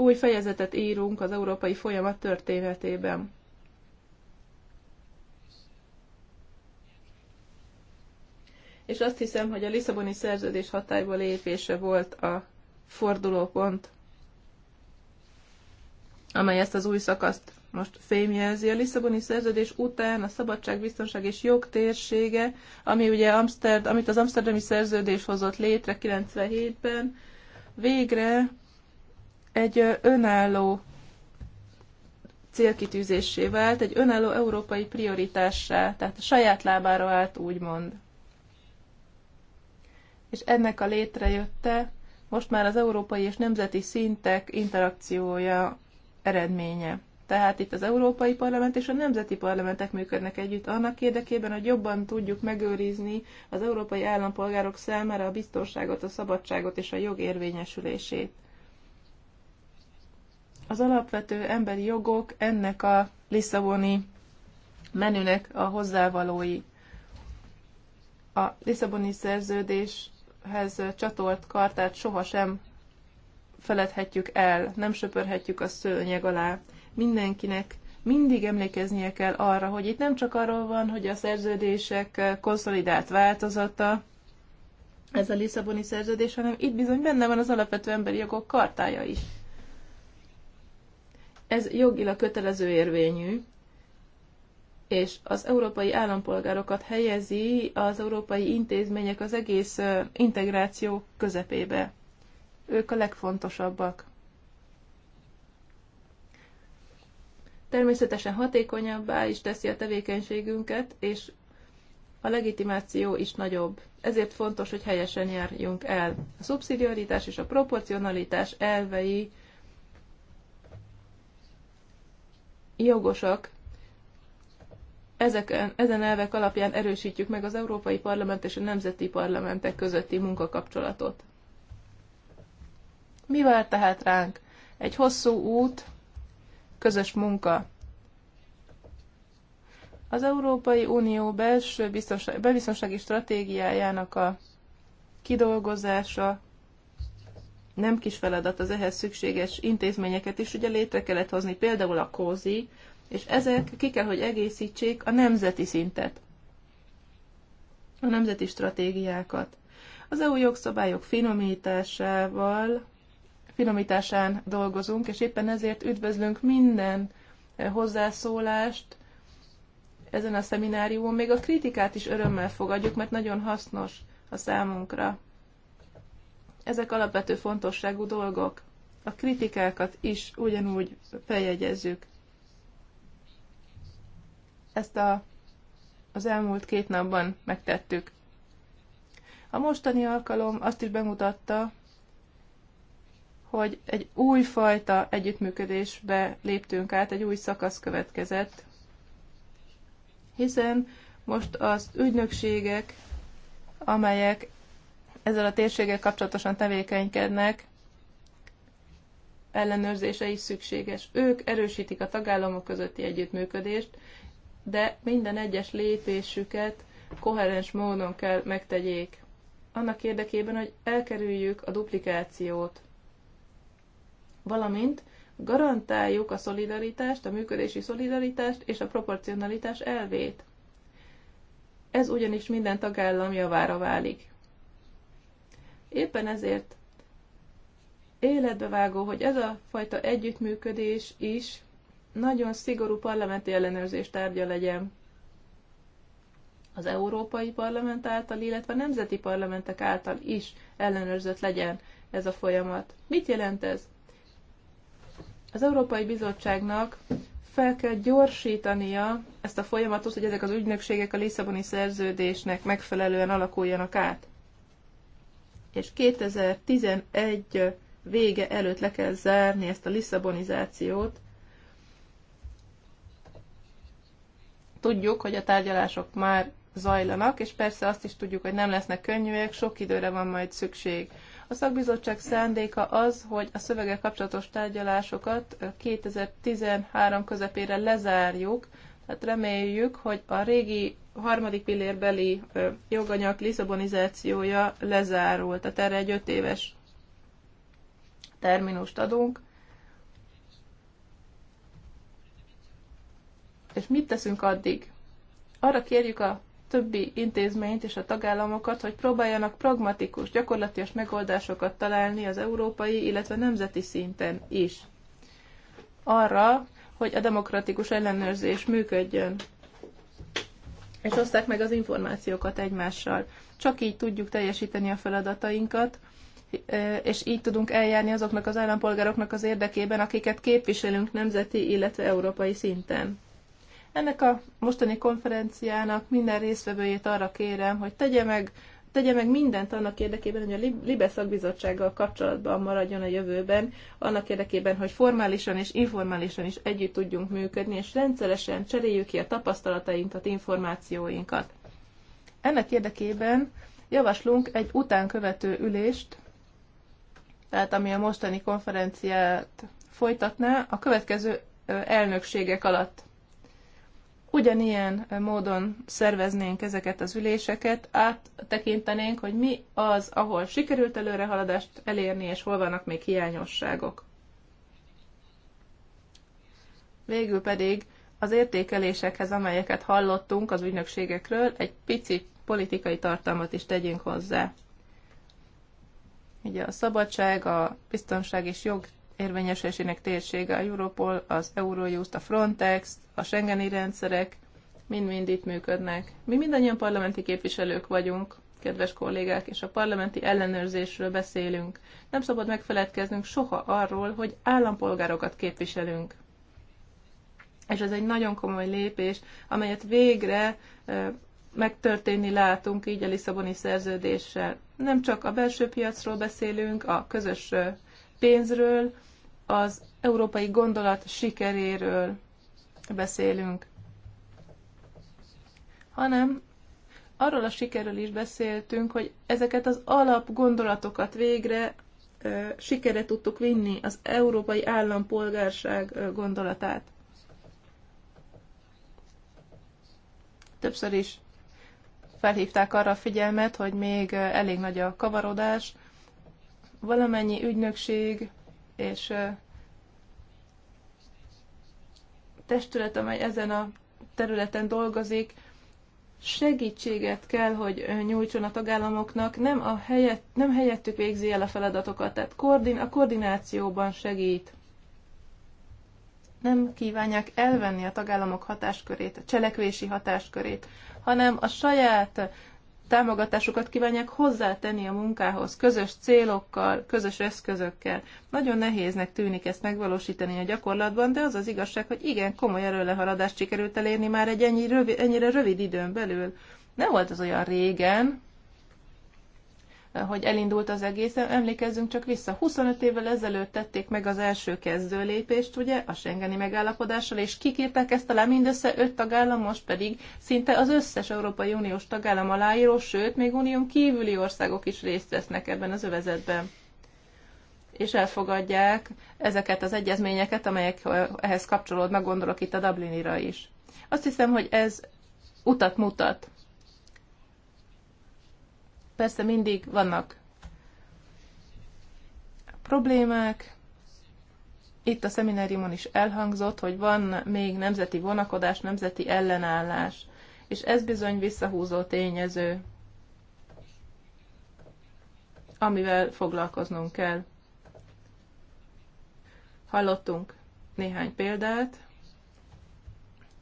új fejezetet írunk az európai folyamat történetében. És azt hiszem, hogy a Lisszaboni szerződés hatályba lépése volt a fordulópont, amely ezt az új szakaszt most fémjelzi. A Lisszaboni szerződés után a szabadság, biztonság és jog térsége, ami ugye Amsterd, amit az Amsterdami szerződés hozott létre 97-ben, végre egy önálló célkitűzésé vált, egy önálló európai prioritássá, tehát a saját lábára állt, úgymond. És ennek a létrejötte most már az európai és nemzeti szintek interakciója eredménye. Tehát itt az Európai Parlament és a nemzeti parlamentek működnek együtt annak érdekében, hogy jobban tudjuk megőrizni az európai állampolgárok számára a biztonságot, a szabadságot és a jog érvényesülését. Az alapvető emberi jogok ennek a Lisszaboni menünek a hozzávalói. A Lisszaboni szerződéshez csatolt kartát sohasem feledhetjük el, nem söpörhetjük a szőnyeg alá. Mindenkinek mindig emlékeznie kell arra, hogy itt nem csak arról van, hogy a szerződések konszolidált változata, ez a Lisszaboni szerződés, hanem itt bizony benne van az alapvető emberi jogok kartája is. Ez jogilag kötelező érvényű, és az európai állampolgárokat helyezi az európai intézmények az egész integráció közepébe. Ők a legfontosabbak. Természetesen hatékonyabbá is teszi a tevékenységünket, és a legitimáció is nagyobb. Ezért fontos, hogy helyesen járjunk el. A szubszidiaritás és a proporcionalitás elvei jogosak. Ezek, ezen elvek alapján erősítjük meg az Európai Parlament és a Nemzeti Parlamentek közötti munkakapcsolatot. Mi vár tehát ránk? Egy hosszú út, közös munka. Az Európai Unió belső biztonsági, stratégiájának a kidolgozása nem kis feladat az ehhez szükséges intézményeket is ugye létre kellett hozni, például a kózi, és ezek ki kell, hogy egészítsék a nemzeti szintet, a nemzeti stratégiákat. Az EU jogszabályok finomításával, finomításán dolgozunk, és éppen ezért üdvözlünk minden eh, hozzászólást ezen a szemináriumon. Még a kritikát is örömmel fogadjuk, mert nagyon hasznos a számunkra. Ezek alapvető fontosságú dolgok. A kritikákat is ugyanúgy feljegyezzük. Ezt a, az elmúlt két napban megtettük. A mostani alkalom azt is bemutatta, hogy egy új fajta együttműködésbe léptünk át, egy új szakasz következett, hiszen most az ügynökségek, amelyek ezzel a térséggel kapcsolatosan tevékenykednek, ellenőrzése is szükséges. Ők erősítik a tagállamok közötti együttműködést, de minden egyes lépésüket koherens módon kell megtegyék. Annak érdekében, hogy elkerüljük a duplikációt. Valamint garantáljuk a szolidaritást, a működési szolidaritást és a proporcionalitás elvét. Ez ugyanis minden tagállam javára válik. Éppen ezért életbevágó, hogy ez a fajta együttműködés is nagyon szigorú parlamenti ellenőrzés tárgya legyen az Európai Parlament által, illetve a nemzeti parlamentek által is ellenőrzött legyen ez a folyamat. Mit jelent ez? Az Európai Bizottságnak fel kell gyorsítania ezt a folyamatot, hogy ezek az ügynökségek a Lisszaboni szerződésnek megfelelően alakuljanak át és 2011 vége előtt le kell zárni ezt a Lisszabonizációt. Tudjuk, hogy a tárgyalások már zajlanak, és persze azt is tudjuk, hogy nem lesznek könnyűek, sok időre van majd szükség. A szakbizottság szándéka az, hogy a szövegek kapcsolatos tárgyalásokat 2013 közepére lezárjuk, tehát reméljük, hogy a régi harmadik pillérbeli joganyag liszabonizációja lezárult. Tehát erre egy öt éves terminust adunk. És mit teszünk addig? Arra kérjük a többi intézményt és a tagállamokat, hogy próbáljanak pragmatikus, gyakorlatilag megoldásokat találni az európai, illetve nemzeti szinten is. Arra, hogy a demokratikus ellenőrzés működjön és oszták meg az információkat egymással. Csak így tudjuk teljesíteni a feladatainkat, e, és így tudunk eljárni azoknak az állampolgároknak az érdekében, akiket képviselünk nemzeti, illetve európai szinten. Ennek a mostani konferenciának minden résztvevőjét arra kérem, hogy tegye meg tegye meg mindent annak érdekében, hogy a Libe szakbizottsággal kapcsolatban maradjon a jövőben, annak érdekében, hogy formálisan és informálisan is együtt tudjunk működni, és rendszeresen cseréljük ki a tapasztalatainkat, információinkat. Ennek érdekében javaslunk egy utánkövető ülést, tehát ami a mostani konferenciát folytatná, a következő elnökségek alatt ugyanilyen módon szerveznénk ezeket az üléseket, áttekintenénk, hogy mi az, ahol sikerült előrehaladást elérni, és hol vannak még hiányosságok. Végül pedig az értékelésekhez, amelyeket hallottunk az ügynökségekről, egy pici politikai tartalmat is tegyünk hozzá. Ugye a szabadság, a biztonság és jog érvényesülésének térsége a Europol, az Eurojust, a Frontex, a Schengeni rendszerek, mind-mind itt működnek. Mi mindannyian parlamenti képviselők vagyunk, kedves kollégák, és a parlamenti ellenőrzésről beszélünk. Nem szabad megfeledkeznünk soha arról, hogy állampolgárokat képviselünk. És ez egy nagyon komoly lépés, amelyet végre megtörténni látunk így a Lisszaboni szerződéssel. Nem csak a belső piacról beszélünk, a közös pénzről, az európai gondolat sikeréről beszélünk, hanem arról a sikerről is beszéltünk, hogy ezeket az alapgondolatokat végre ö, sikere tudtuk vinni, az európai állampolgárság ö, gondolatát. Többször is felhívták arra a figyelmet, hogy még elég nagy a kavarodás. Valamennyi ügynökség és testület, amely ezen a területen dolgozik, segítséget kell, hogy nyújtson a tagállamoknak, nem, a helyet, nem helyettük végzi el a feladatokat, tehát koordin, a koordinációban segít. Nem kívánják elvenni a tagállamok hatáskörét, a cselekvési hatáskörét, hanem a saját támogatásukat kívánják hozzátenni a munkához, közös célokkal, közös eszközökkel. Nagyon nehéznek tűnik ezt megvalósítani a gyakorlatban, de az az igazság, hogy igen, komoly erőlehaladást sikerült elérni már egy ennyi rövid, ennyire rövid időn belül. Nem volt az olyan régen, hogy elindult az egész. Emlékezzünk csak vissza, 25 évvel ezelőtt tették meg az első kezdő lépést, ugye, a Schengeni megállapodással, és kikírták ezt alá mindössze öt tagállam, most pedig szinte az összes Európai Uniós tagállam aláíró, sőt, még unión kívüli országok is részt vesznek ebben az övezetben és elfogadják ezeket az egyezményeket, amelyek ehhez kapcsolódnak, gondolok itt a Dublinira is. Azt hiszem, hogy ez utat mutat Persze mindig vannak problémák, itt a szemináriumon is elhangzott, hogy van még nemzeti vonakodás, nemzeti ellenállás, és ez bizony visszahúzó tényező, amivel foglalkoznunk kell. Hallottunk néhány példát,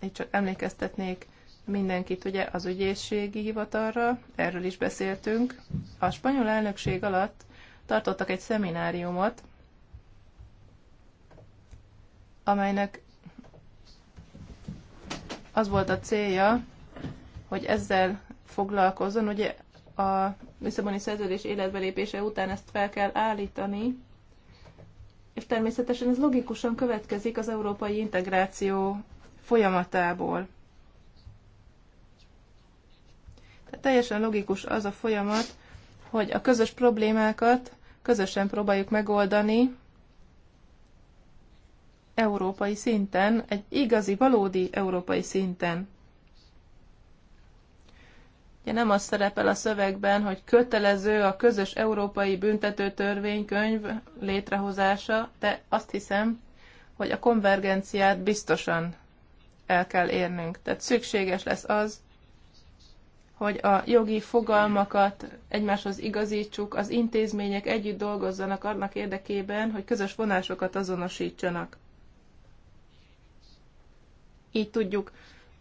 én csak emlékeztetnék mindenkit ugye az ügyészségi hivatalra, erről is beszéltünk. A spanyol elnökség alatt tartottak egy szemináriumot, amelynek az volt a célja, hogy ezzel foglalkozzon. Ugye a Lisszaboni szerződés életbelépése után ezt fel kell állítani, és természetesen ez logikusan következik az európai integráció folyamatából. Tehát teljesen logikus az a folyamat, hogy a közös problémákat közösen próbáljuk megoldani európai szinten, egy igazi, valódi európai szinten. Ugye nem az szerepel a szövegben, hogy kötelező a közös európai büntető törvénykönyv létrehozása, de azt hiszem, hogy a konvergenciát biztosan el kell érnünk. Tehát szükséges lesz az, hogy a jogi fogalmakat egymáshoz igazítsuk, az intézmények együtt dolgozzanak annak érdekében, hogy közös vonásokat azonosítsanak. Így tudjuk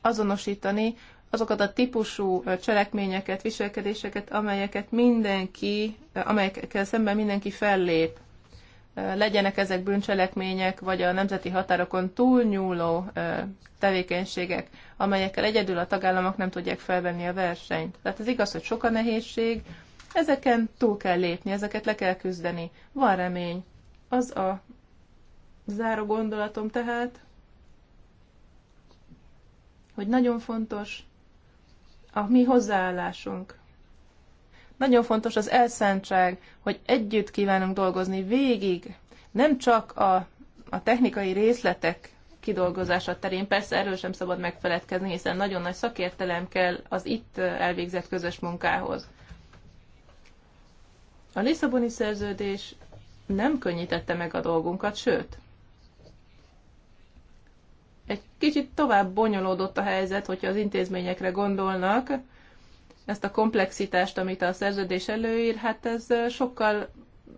azonosítani azokat a típusú cselekményeket, viselkedéseket, amelyeket mindenki, amelyekkel szemben mindenki fellép legyenek ezek bűncselekmények, vagy a nemzeti határokon túlnyúló tevékenységek, amelyekkel egyedül a tagállamok nem tudják felvenni a versenyt. Tehát ez igaz, hogy sok a nehézség, ezeken túl kell lépni, ezeket le kell küzdeni. Van remény. Az a záró gondolatom tehát, hogy nagyon fontos a mi hozzáállásunk nagyon fontos az elszántság, hogy együtt kívánunk dolgozni végig, nem csak a, a technikai részletek kidolgozása terén. Persze erről sem szabad megfeledkezni, hiszen nagyon nagy szakértelem kell az itt elvégzett közös munkához. A Lisszaboni szerződés nem könnyítette meg a dolgunkat, sőt, egy kicsit tovább bonyolódott a helyzet, hogyha az intézményekre gondolnak, ezt a komplexitást, amit a szerződés előír, hát ez sokkal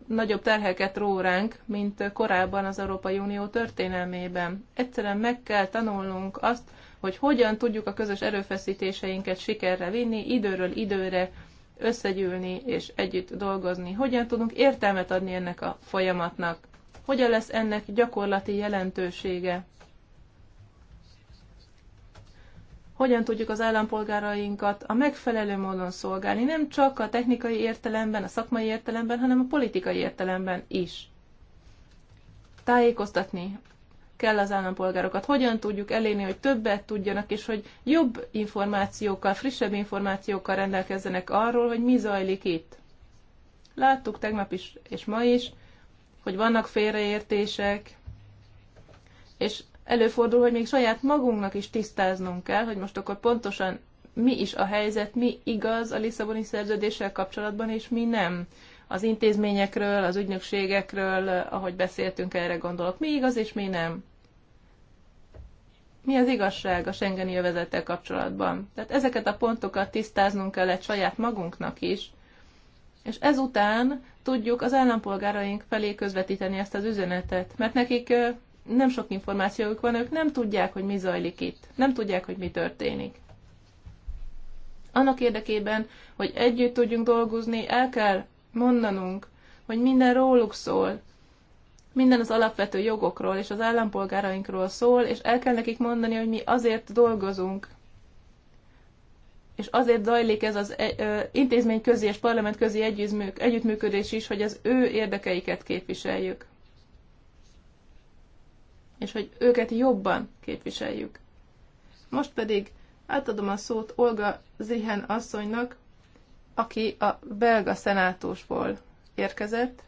nagyobb terheket ró ránk, mint korábban az Európai Unió történelmében. Egyszerűen meg kell tanulnunk azt, hogy hogyan tudjuk a közös erőfeszítéseinket sikerre vinni, időről időre összegyűlni és együtt dolgozni. Hogyan tudunk értelmet adni ennek a folyamatnak? Hogyan lesz ennek gyakorlati jelentősége? hogyan tudjuk az állampolgárainkat a megfelelő módon szolgálni, nem csak a technikai értelemben, a szakmai értelemben, hanem a politikai értelemben is. Tájékoztatni kell az állampolgárokat, hogyan tudjuk elérni, hogy többet tudjanak, és hogy jobb információkkal, frissebb információkkal rendelkezzenek arról, hogy mi zajlik itt. Láttuk tegnap is, és ma is, hogy vannak félreértések, és előfordul, hogy még saját magunknak is tisztáznunk kell, hogy most akkor pontosan mi is a helyzet, mi igaz a Lisszaboni szerződéssel kapcsolatban, és mi nem. Az intézményekről, az ügynökségekről, ahogy beszéltünk, erre gondolok. Mi igaz, és mi nem. Mi az igazság a Schengeni övezettel kapcsolatban? Tehát ezeket a pontokat tisztáznunk egy saját magunknak is, és ezután tudjuk az állampolgáraink felé közvetíteni ezt az üzenetet, mert nekik nem sok információjuk van, ők nem tudják, hogy mi zajlik itt, nem tudják, hogy mi történik. Annak érdekében, hogy együtt tudjunk dolgozni, el kell mondanunk, hogy minden róluk szól, minden az alapvető jogokról és az állampolgárainkról szól, és el kell nekik mondani, hogy mi azért dolgozunk, és azért zajlik ez az e, intézmény közé és parlament együttműködés is, hogy az ő érdekeiket képviseljük és hogy őket jobban képviseljük. Most pedig átadom a szót Olga Zihen asszonynak, aki a belga szenátusból érkezett,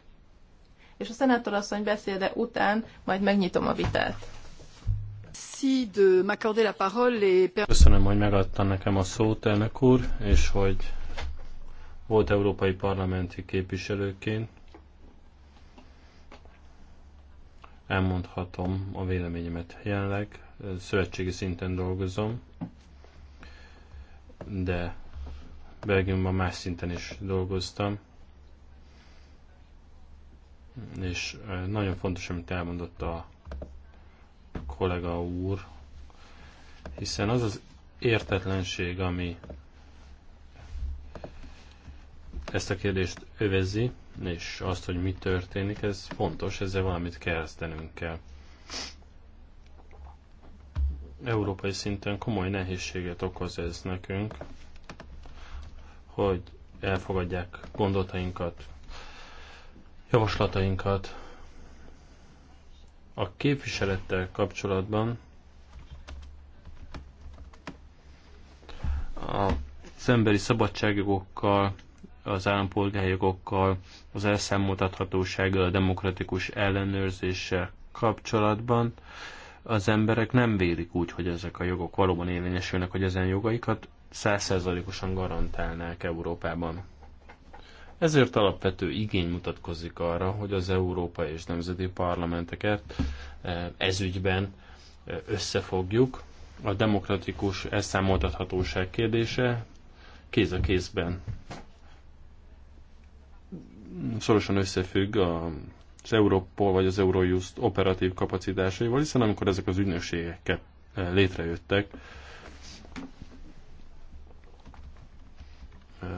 és a szenátorasszony beszéde után majd megnyitom a vitát. Köszönöm, hogy megadta nekem a szót, elnök úr, és hogy volt európai parlamenti képviselőként, elmondhatom a véleményemet. Jelenleg szövetségi szinten dolgozom, de Belgiumban más szinten is dolgoztam, és nagyon fontos, amit elmondott a kollega úr, hiszen az az értetlenség, ami ezt a kérdést övezi, és azt, hogy mi történik, ez fontos, ezzel valamit kezdenünk kell. Európai szinten komoly nehézséget okoz ez nekünk, hogy elfogadják gondolatainkat, javaslatainkat. A képviselettel kapcsolatban az emberi szabadságokkal az állampolgárjogokkal, az elszámoltathatósággal, a demokratikus ellenőrzéssel kapcsolatban az emberek nem védik úgy, hogy ezek a jogok valóban érvényesülnek, hogy ezen jogaikat százszerzalékosan garantálnák Európában. Ezért alapvető igény mutatkozik arra, hogy az európai és nemzeti parlamenteket eh, ezügyben eh, összefogjuk. A demokratikus elszámoltathatóság kérdése kéz a kézben szorosan összefügg a az Europol vagy az Eurojust operatív kapacitásaival, hiszen amikor ezek az ügynökségek eh, létrejöttek, eh,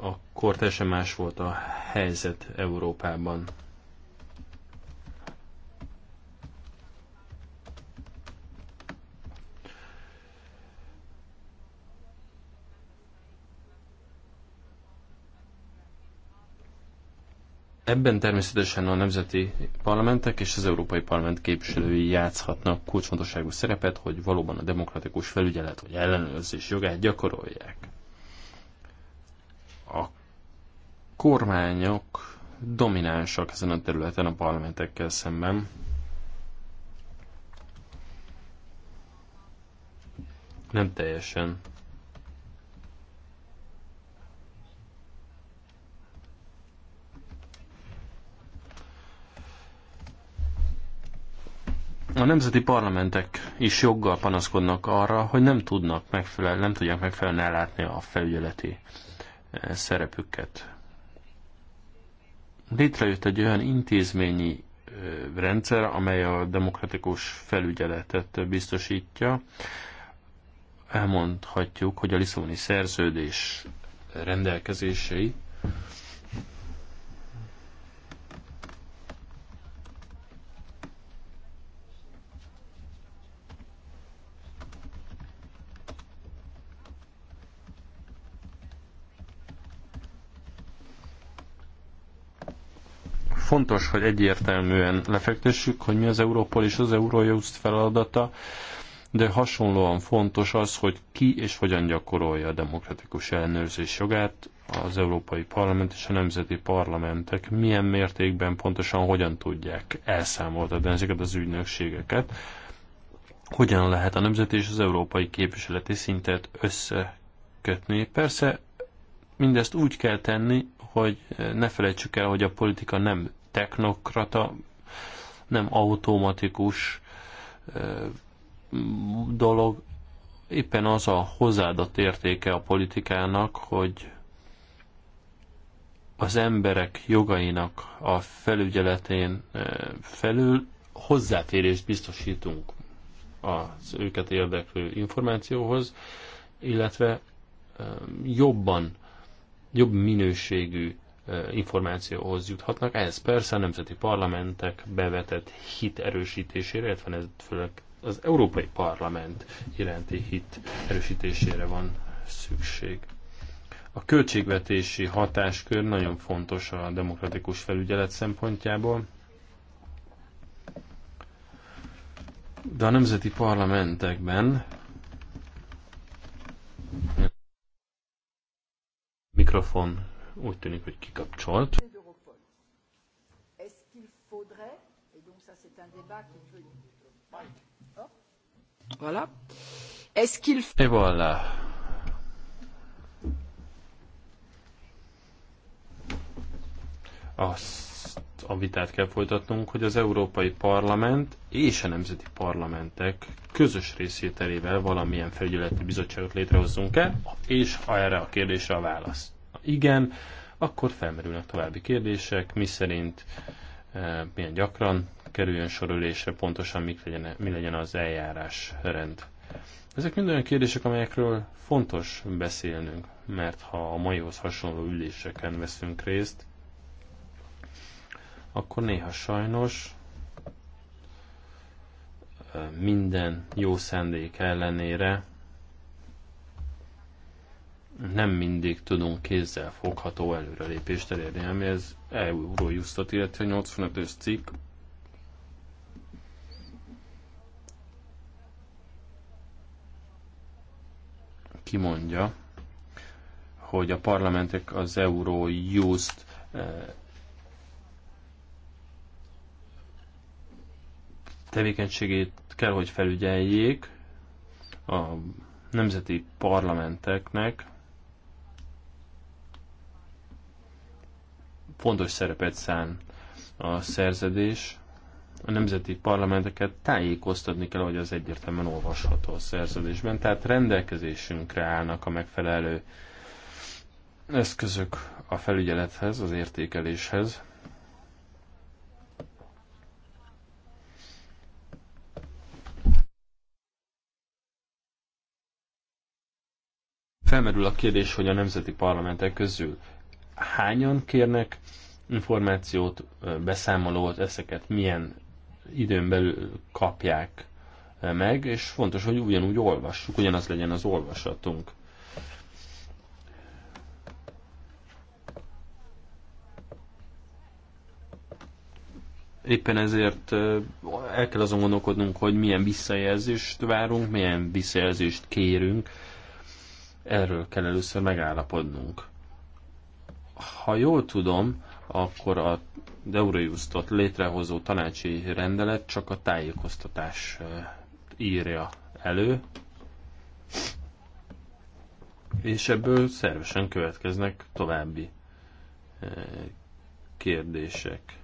akkor teljesen más volt a helyzet Európában. Ebben természetesen a nemzeti parlamentek és az Európai Parlament képviselői játszhatnak kulcsfontosságú szerepet, hogy valóban a demokratikus felügyelet vagy ellenőrzés jogát gyakorolják. A kormányok dominánsak ezen a területen a parlamentekkel szemben. Nem teljesen A nemzeti parlamentek is joggal panaszkodnak arra, hogy nem tudnak megfelel, nem tudják megfelelően ellátni a felügyeleti eh, szerepüket. Létrejött egy olyan intézményi eh, rendszer, amely a demokratikus felügyeletet biztosítja. Elmondhatjuk, hogy a Lisszaboni szerződés rendelkezései Fontos, hogy egyértelműen lefektessük, hogy mi az Európol és az Eurojust feladata, de hasonlóan fontos az, hogy ki és hogyan gyakorolja a demokratikus ellenőrzés jogát, az Európai Parlament és a nemzeti parlamentek milyen mértékben pontosan hogyan tudják elszámoltatni ezeket az ügynökségeket, hogyan lehet a nemzeti és az európai képviseleti szintet összekötni. Persze mindezt úgy kell tenni, hogy ne felejtsük el, hogy a politika nem technokrata, nem automatikus dolog. Éppen az a hozzáadott értéke a politikának, hogy az emberek jogainak a felügyeletén felül hozzáférést biztosítunk az őket érdeklő információhoz, illetve jobban jobb minőségű információhoz juthatnak. Ez persze a nemzeti parlamentek bevetett hit erősítésére, illetve ez főleg az Európai Parlament iránti hit erősítésére van szükség. A költségvetési hatáskör nagyon fontos a demokratikus felügyelet szempontjából, de a nemzeti parlamentekben Mikrofon úgy tűnik, hogy kikapcsolt. Voilà. Est-ce qu'il Et voilà. Azt a vitát kell folytatnunk, hogy az Európai Parlament és a nemzeti parlamentek közös részvételével valamilyen felügyeleti bizottságot létrehozzunk-e, és erre a kérdésre a válasz. Igen, akkor felmerülnek további kérdések, mi szerint e, milyen gyakran kerüljön sorülésre? pontosan mik legyen, mi legyen az eljárás rend. Ezek mind olyan kérdések, amelyekről fontos beszélnünk, mert ha a maihoz hasonló üléseken veszünk részt, akkor néha sajnos minden jó szándék ellenére nem mindig tudunk kézzel fogható előrelépést elérni, ami ez Eurojustot, illetve 85-ös cikk kimondja, hogy a parlamentek az Eurojust tevékenységét kell, hogy felügyeljék a nemzeti parlamenteknek fontos szerepet szán a szerződés. A nemzeti parlamenteket tájékoztatni kell, hogy az egyértelműen olvasható a szerződésben. Tehát rendelkezésünkre állnak a megfelelő eszközök a felügyelethez, az értékeléshez. felmerül a kérdés, hogy a nemzeti parlamentek közül hányan kérnek információt, beszámolót, ezeket milyen időn belül kapják meg, és fontos, hogy ugyanúgy olvassuk, ugyanaz legyen az olvasatunk. éppen ezért el kell azon gondolkodnunk, hogy milyen visszajelzést várunk, milyen visszajelzést kérünk Erről kell először megállapodnunk. Ha jól tudom, akkor a Eurojustot létrehozó tanácsi rendelet csak a tájékoztatás írja elő, és ebből szervesen következnek további kérdések.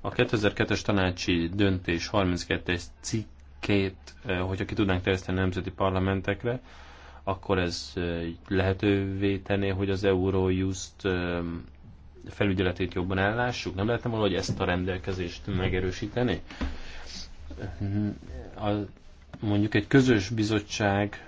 A 2002-es tanácsi döntés 32-es cikk két, eh, hogyha ki tudnánk terjeszteni nemzeti parlamentekre, akkor ez eh, lehetővé tenné, hogy az Eurojust eh, felügyeletét jobban ellássuk? Nem lehetne valahogy ezt a rendelkezést megerősíteni? A, mondjuk egy közös bizottság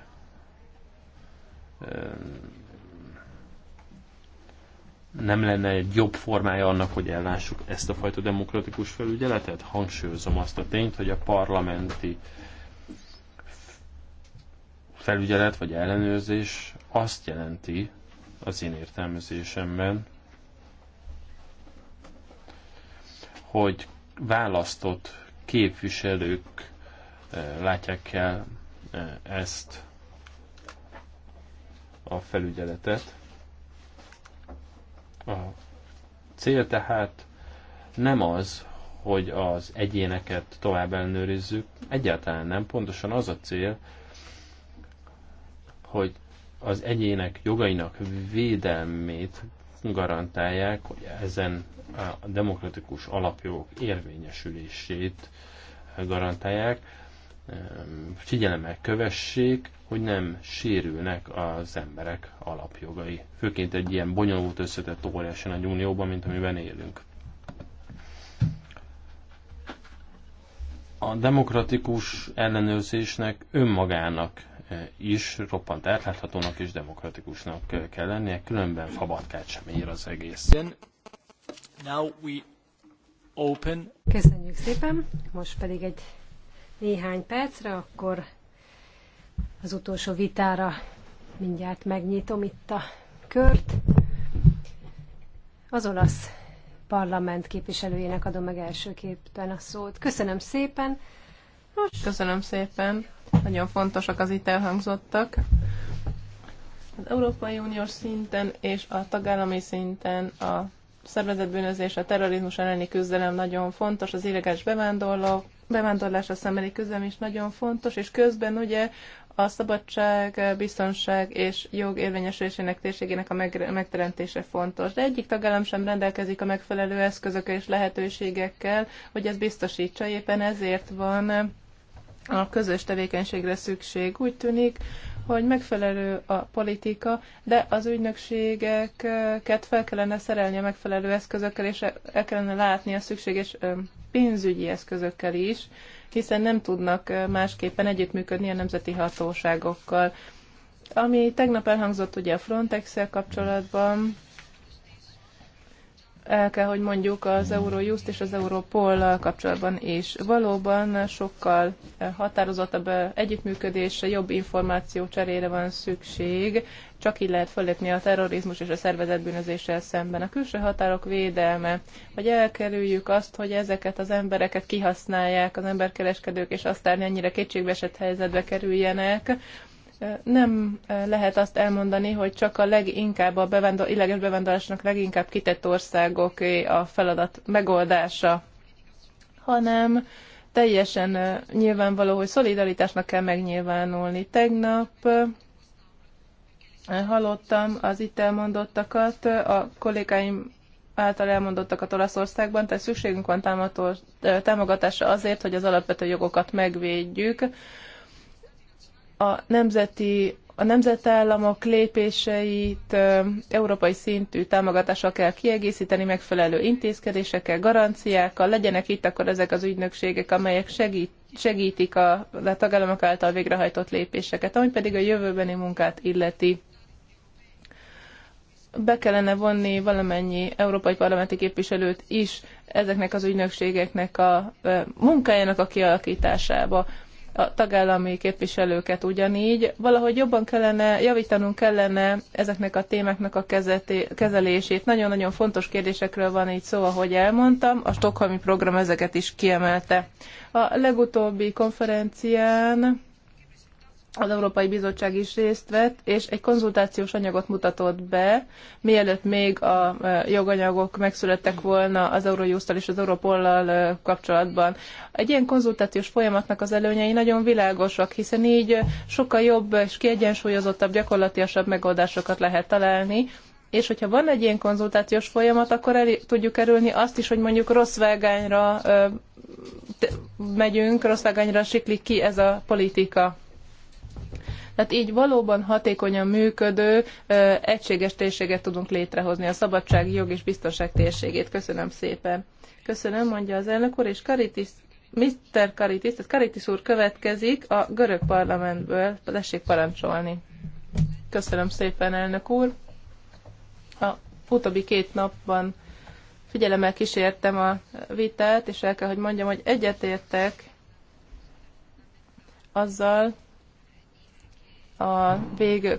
nem lenne egy jobb formája annak, hogy ellássuk ezt a fajta demokratikus felügyeletet? Hangsúlyozom azt a tényt, hogy a parlamenti felügyelet vagy ellenőrzés azt jelenti az én értelmezésemben, hogy választott képviselők eh, látják el eh, ezt a felügyeletet, a cél tehát nem az, hogy az egyéneket tovább ellenőrizzük, egyáltalán nem. Pontosan az a cél, hogy az egyének jogainak védelmét garantálják, hogy ezen a demokratikus alapjogok érvényesülését garantálják, ehm, figyelemmel kövessék hogy nem sérülnek az emberek alapjogai. Főként egy ilyen bonyolult összetett óriási nagy unióban, mint amiben élünk. A demokratikus ellenőrzésnek önmagának eh, is roppant átláthatónak és demokratikusnak kell lennie, különben fabatkát sem ír az egész. Köszönjük szépen, most pedig egy néhány percre, akkor az utolsó vitára. Mindjárt megnyitom itt a kört. Az olasz parlament képviselőjének adom meg elsőképpen a szót. Köszönöm szépen. Most... Köszönöm szépen. Nagyon fontosak az itt elhangzottak. Az Európai Uniós szinten és a tagállami szinten a szervezetbűnözés, a terrorizmus elleni küzdelem nagyon fontos, az illegális bevándorló, bevándorlás a szemeli küzdelem is nagyon fontos, és közben ugye a szabadság, biztonság és jog érvényesülésének térségének a megteremtése fontos. De egyik tagállam sem rendelkezik a megfelelő eszközök és lehetőségekkel, hogy ez biztosítsa. Éppen ezért van a közös tevékenységre szükség. Úgy tűnik, hogy megfelelő a politika, de az ügynökségeket fel kellene szerelni a megfelelő eszközökkel, és el kellene látni a szükséges pénzügyi eszközökkel is, hiszen nem tudnak másképpen együttműködni a nemzeti hatóságokkal. Ami tegnap elhangzott ugye a Frontex-el kapcsolatban, el kell, hogy mondjuk az Eurojust és az Europol kapcsolatban is. Valóban sokkal határozottabb együttműködésre, jobb információ cserére van szükség, csak így lehet fölépni a terrorizmus és a szervezetbűnözéssel szemben. A külső határok védelme, hogy elkerüljük azt, hogy ezeket az embereket kihasználják az emberkereskedők, és aztán ennyire kétségbeesett helyzetbe kerüljenek, nem lehet azt elmondani, hogy csak a leginkább a bevándor, illeges bevándorlásnak leginkább kitett országoké a feladat megoldása, hanem teljesen nyilvánvaló, hogy szolidaritásnak kell megnyilvánulni. Tegnap hallottam az itt elmondottakat, a kollégáim által elmondottakat Olaszországban, tehát szükségünk van támogatásra azért, hogy az alapvető jogokat megvédjük a nemzeti a nemzetállamok lépéseit európai szintű támogatással kell kiegészíteni, megfelelő intézkedésekkel, garanciákkal, legyenek itt akkor ezek az ügynökségek, amelyek segít, segítik a, a tagállamok által végrehajtott lépéseket, ami pedig a jövőbeni munkát illeti. Be kellene vonni valamennyi európai parlamenti képviselőt is ezeknek az ügynökségeknek a munkájának a kialakításába a tagállami képviselőket ugyanígy. Valahogy jobban kellene, javítanunk kellene ezeknek a témáknak a kezeti, kezelését. Nagyon-nagyon fontos kérdésekről van így szó, ahogy elmondtam. A Stockholmi program ezeket is kiemelte. A legutóbbi konferencián az Európai Bizottság is részt vett, és egy konzultációs anyagot mutatott be, mielőtt még a e, joganyagok megszülettek volna az eurojust és az Europollal e, kapcsolatban. Egy ilyen konzultációs folyamatnak az előnyei nagyon világosak, hiszen így sokkal jobb és kiegyensúlyozottabb, gyakorlatilasabb megoldásokat lehet találni, és hogyha van egy ilyen konzultációs folyamat, akkor el tudjuk kerülni azt is, hogy mondjuk rossz vágányra e, megyünk, rossz vágányra siklik ki ez a politika. Tehát így valóban hatékonyan működő egységes térséget tudunk létrehozni, a szabadság, jog és biztonság térségét. Köszönöm szépen. Köszönöm, mondja az elnök úr, és Karitis Mr. Karitis, tehát Karitis úr következik a görög parlamentből. Tessék parancsolni. Köszönöm szépen, elnök úr. A utóbbi két napban figyelemmel kísértem a vitát, és el kell, hogy mondjam, hogy egyetértek azzal, a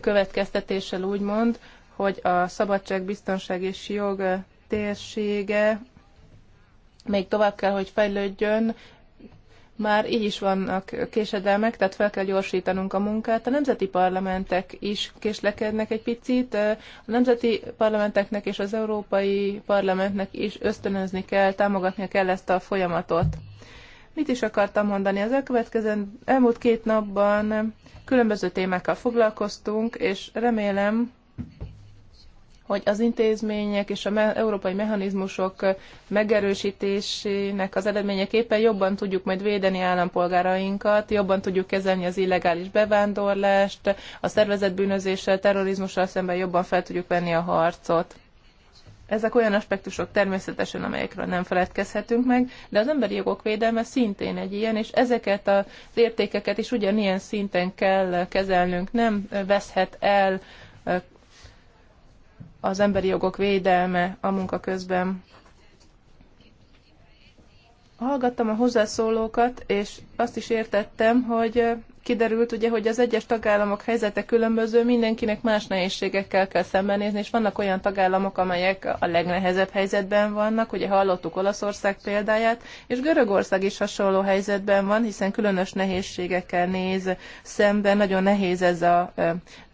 következtetéssel úgy mond, hogy a szabadság, biztonság és jog térsége még tovább kell, hogy fejlődjön, már így is vannak késedelmek, tehát fel kell gyorsítanunk a munkát. A nemzeti parlamentek is késlekednek egy picit. A nemzeti parlamenteknek és az Európai Parlamentnek is ösztönözni kell, támogatnia kell ezt a folyamatot. Mit is akartam mondani? Az elkövetkező elmúlt két napban különböző témákkal foglalkoztunk, és remélem, hogy az intézmények és a me- európai mechanizmusok megerősítésének az eredményeképpen jobban tudjuk majd védeni állampolgárainkat, jobban tudjuk kezelni az illegális bevándorlást, a szervezetbűnözéssel, terrorizmussal szemben jobban fel tudjuk venni a harcot. Ezek olyan aspektusok természetesen, amelyekről nem feledkezhetünk meg, de az emberi jogok védelme szintén egy ilyen, és ezeket az értékeket is ugyanilyen szinten kell kezelnünk, nem veszhet el eh, az emberi jogok védelme a munka közben. Hallgattam a hozzászólókat, és azt is értettem, hogy eh, kiderült ugye, hogy az egyes tagállamok helyzete különböző, mindenkinek más nehézségekkel kell szembenézni, és vannak olyan tagállamok, amelyek a legnehezebb helyzetben vannak, ugye hallottuk Olaszország példáját, és Görögország is hasonló helyzetben van, hiszen különös nehézségekkel néz szemben, nagyon nehéz ez a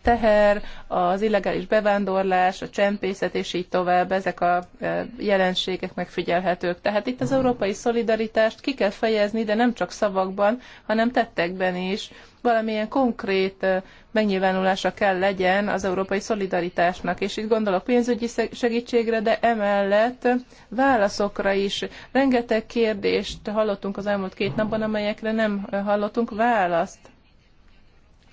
teher, az illegális bevándorlás, a csempészet és így tovább, ezek a e, jelenségek megfigyelhetők. Tehát itt az európai szolidaritást ki kell fejezni, de nem csak szavakban, hanem tettekben is. Valamilyen konkrét e, megnyilvánulása kell legyen az európai szolidaritásnak, és itt gondolok pénzügyi segítségre, de emellett válaszokra is. Rengeteg kérdést hallottunk az elmúlt két napban, amelyekre nem hallottunk választ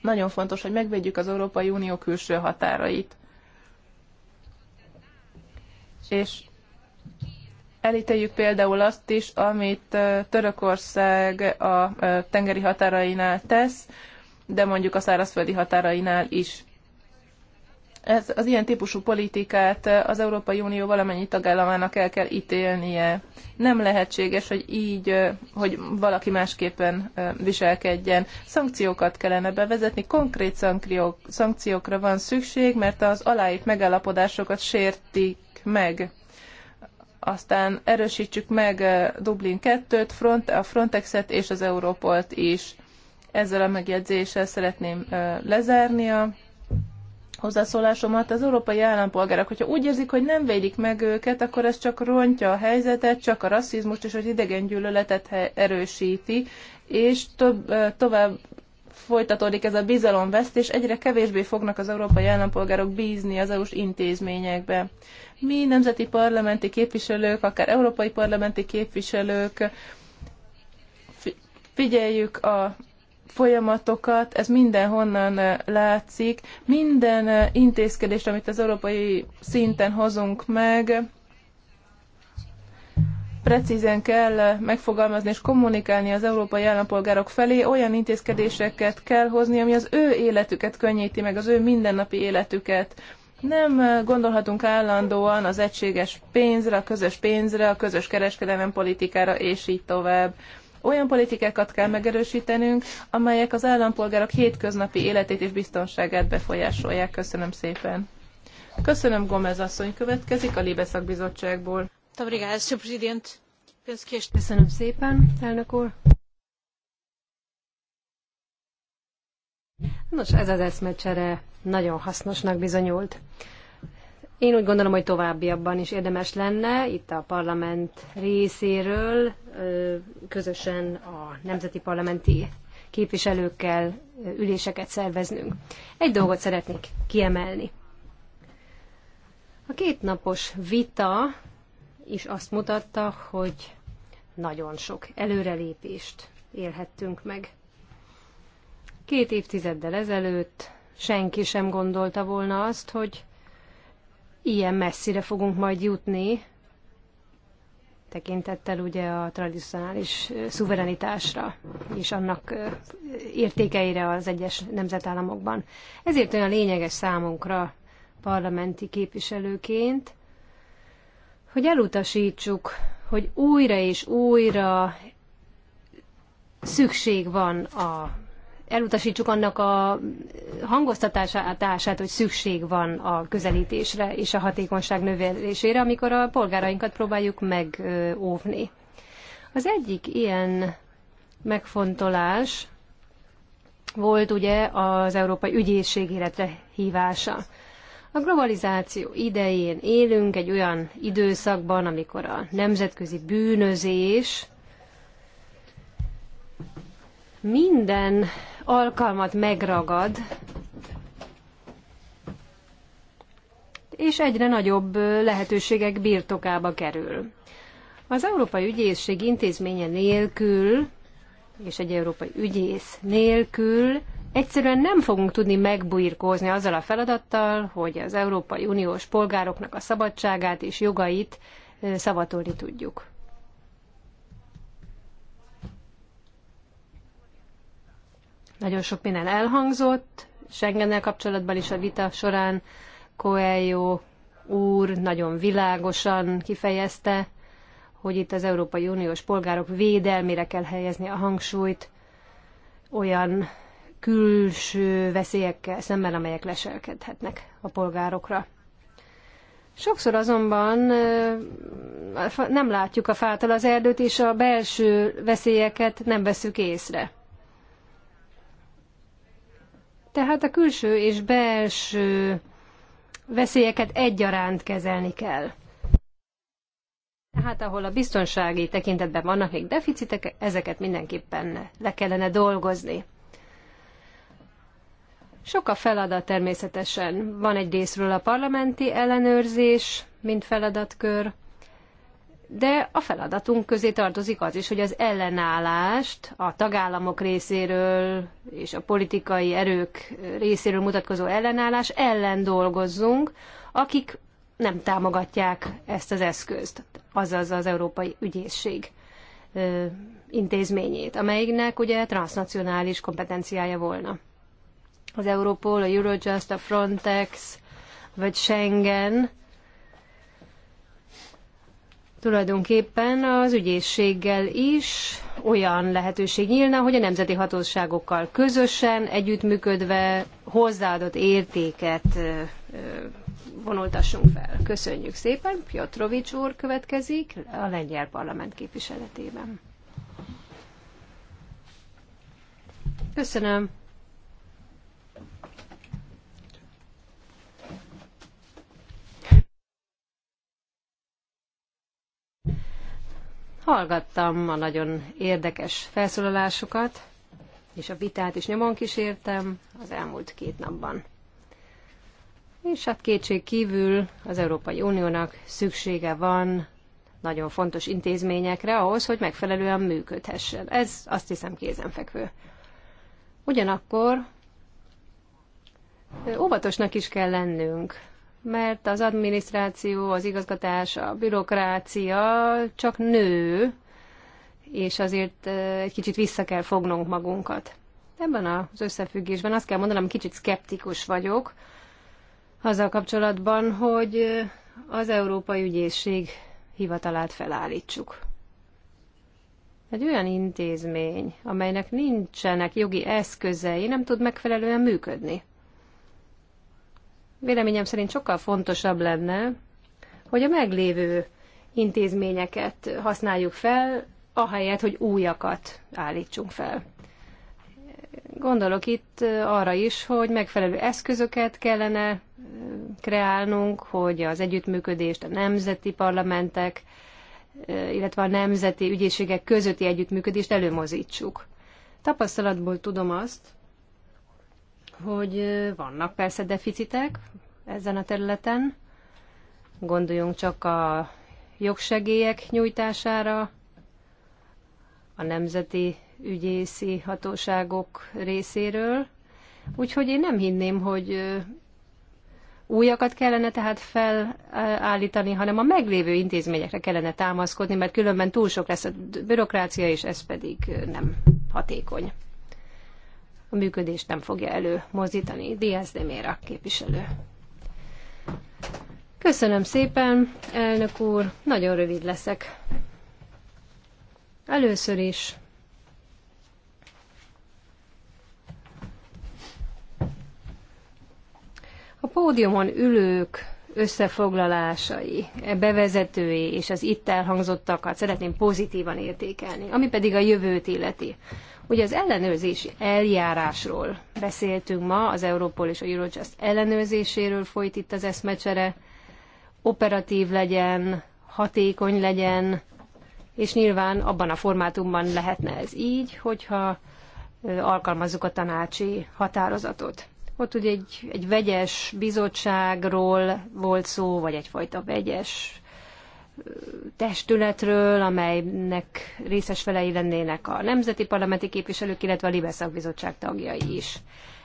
nagyon fontos, hogy megvédjük az Európai Unió külső határait. És elítéljük például azt is, amit Törökország a tengeri határainál tesz, de mondjuk a szárazföldi határainál is ez, az ilyen típusú politikát az Európai Unió valamennyi tagállamának el kell ítélnie. Nem lehetséges, hogy így, hogy valaki másképpen viselkedjen. Szankciókat kellene bevezetni, konkrét szankciók, szankciókra van szükség, mert az aláírt megállapodásokat sértik meg. Aztán erősítsük meg Dublin 2-t, front, a Frontexet és az Európolt is. Ezzel a megjegyzéssel szeretném lezárnia hozzászólásomat, az európai állampolgárok, hogyha úgy érzik, hogy nem védik meg őket, akkor ez csak rontja a helyzetet, csak a rasszizmust és az gyűlöletet erősíti, és több, tovább folytatódik ez a bizalomvesztés, egyre kevésbé fognak az európai állampolgárok bízni az EU-s intézményekbe. Mi nemzeti parlamenti képviselők, akár európai parlamenti képviselők, figyeljük a folyamatokat, ez mindenhonnan eh, látszik. Minden eh, intézkedést, amit az európai szinten hozunk meg, precízen kell eh, megfogalmazni és kommunikálni az európai állampolgárok felé, olyan intézkedéseket kell hozni, ami az ő életüket könnyíti meg, az ő mindennapi életüket. Nem gondolhatunk állandóan az egységes pénzre, a közös pénzre, a közös kereskedelem politikára, és így tovább. Olyan politikákat kell megerősítenünk, amelyek az állampolgárok hétköznapi életét és biztonságát befolyásolják. Köszönöm szépen. Köszönöm, Gomez asszony következik a Libe bizottságból. Köszönöm szépen, elnök úr. Nos, ez az eszmecsere nagyon hasznosnak bizonyult. Én úgy gondolom, hogy továbbiabban is érdemes lenne itt a parlament részéről közösen a nemzeti parlamenti képviselőkkel üléseket szerveznünk. Egy dolgot szeretnék kiemelni. A kétnapos vita is azt mutatta, hogy nagyon sok előrelépést élhettünk meg. Két évtizeddel ezelőtt senki sem gondolta volna azt, hogy ilyen messzire fogunk majd jutni, tekintettel ugye a tradicionális szuverenitásra és annak értékeire az egyes nemzetállamokban. Ezért olyan lényeges számunkra parlamenti képviselőként, hogy elutasítsuk, hogy újra és újra szükség van a elutasítsuk annak a hangoztatását, hogy szükség van a közelítésre és a hatékonyság növelésére, amikor a polgárainkat próbáljuk megóvni. Az egyik ilyen megfontolás volt ugye az Európai Ügyészség életre hívása. A globalizáció idején élünk egy olyan időszakban, amikor a nemzetközi bűnözés minden alkalmat megragad, és egyre nagyobb lehetőségek birtokába kerül. Az Európai Ügyészség intézménye nélkül, és egy európai ügyész nélkül egyszerűen nem fogunk tudni megbújirkózni azzal a feladattal, hogy az Európai Uniós polgároknak a szabadságát és jogait szavatolni tudjuk. Nagyon sok minden elhangzott, Schengennel kapcsolatban is a vita során Coelho úr nagyon világosan kifejezte, hogy itt az Európai Uniós polgárok védelmére kell helyezni a hangsúlyt olyan külső veszélyekkel szemben, amelyek leselkedhetnek a polgárokra. Sokszor azonban nem látjuk a fától az erdőt, és a belső veszélyeket nem veszük észre. Tehát a külső és belső veszélyeket egyaránt kezelni kell. Tehát ahol a biztonsági tekintetben vannak még deficitek, ezeket mindenképpen le kellene dolgozni. Sok a feladat természetesen. Van egy részről a parlamenti ellenőrzés, mint feladatkör, de a feladatunk közé tartozik az is, hogy az ellenállást a tagállamok részéről és a politikai erők részéről mutatkozó ellenállás ellen dolgozzunk, akik nem támogatják ezt az eszközt, azaz az Európai Ügyészség intézményét, amelyiknek ugye transnacionális kompetenciája volna. Az Europol, a Eurojust, a Frontex vagy Schengen tulajdonképpen az ügyészséggel is olyan lehetőség nyílna, hogy a nemzeti hatóságokkal közösen, együttműködve hozzáadott értéket vonultassunk fel. Köszönjük szépen. Piotrovics úr következik a lengyel parlament képviseletében. Köszönöm. Hallgattam a nagyon érdekes felszólalásokat, és a vitát is nyomon kísértem az elmúlt két napban. És hát kétség kívül az Európai Uniónak szüksége van nagyon fontos intézményekre ahhoz, hogy megfelelően működhessen. Ez azt hiszem kézenfekvő. Ugyanakkor óvatosnak is kell lennünk mert az adminisztráció, az igazgatás, a bürokrácia csak nő, és azért egy kicsit vissza kell fognunk magunkat. Ebben az összefüggésben azt kell mondanom, kicsit szkeptikus vagyok azzal kapcsolatban, hogy az Európai Ügyészség hivatalát felállítsuk. Egy olyan intézmény, amelynek nincsenek jogi eszközei, nem tud megfelelően működni. Véleményem szerint sokkal fontosabb lenne, hogy a meglévő intézményeket használjuk fel, ahelyett, hogy újakat állítsunk fel. Gondolok itt arra is, hogy megfelelő eszközöket kellene kreálnunk, hogy az együttműködést a nemzeti parlamentek, illetve a nemzeti ügyészségek közötti együttműködést előmozítsuk. Tapasztalatból tudom azt, hogy vannak persze deficitek ezen a területen. Gondoljunk csak a jogsegélyek nyújtására, a nemzeti ügyészi hatóságok részéről. Úgyhogy én nem hinném, hogy újakat kellene tehát felállítani, hanem a meglévő intézményekre kellene támaszkodni, mert különben túl sok lesz a bürokrácia, és ez pedig nem hatékony a működést nem fogja előmozdítani. Diaz de Mera képviselő. Köszönöm szépen, elnök úr, nagyon rövid leszek. Először is a pódiumon ülők összefoglalásai, bevezetői és az itt elhangzottakat szeretném pozitívan értékelni, ami pedig a jövőt illeti. Ugye az ellenőrzési eljárásról beszéltünk ma, az Europol és a Eurojust ellenőrzéséről folyt itt az eszmecsere, operatív legyen, hatékony legyen, és nyilván abban a formátumban lehetne ez így, hogyha alkalmazzuk a tanácsi határozatot. Ott ugye egy, egy vegyes bizottságról volt szó, vagy egyfajta vegyes testületről, amelynek részes felei lennének a nemzeti parlamenti képviselők, illetve a Libe szakbizottság tagjai is.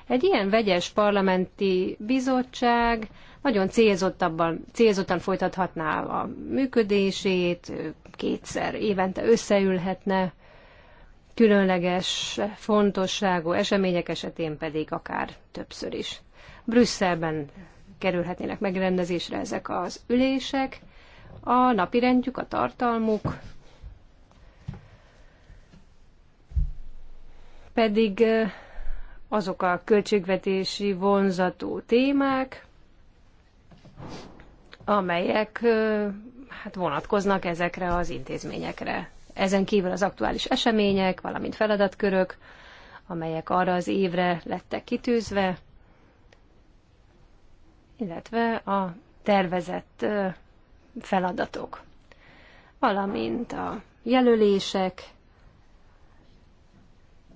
Egy ilyen vegyes parlamenti bizottság nagyon célzottabban, célzottan folytathatná a működését, kétszer évente összeülhetne, különleges, fontosságú események esetén pedig akár többször is. Brüsszelben kerülhetnének megrendezésre ezek az ülések, a napirendjük, a tartalmuk, pedig azok a költségvetési vonzató témák, amelyek hát vonatkoznak ezekre az intézményekre. Ezen kívül az aktuális események, valamint feladatkörök, amelyek arra az évre lettek kitűzve, illetve a tervezett feladatok, valamint a jelölések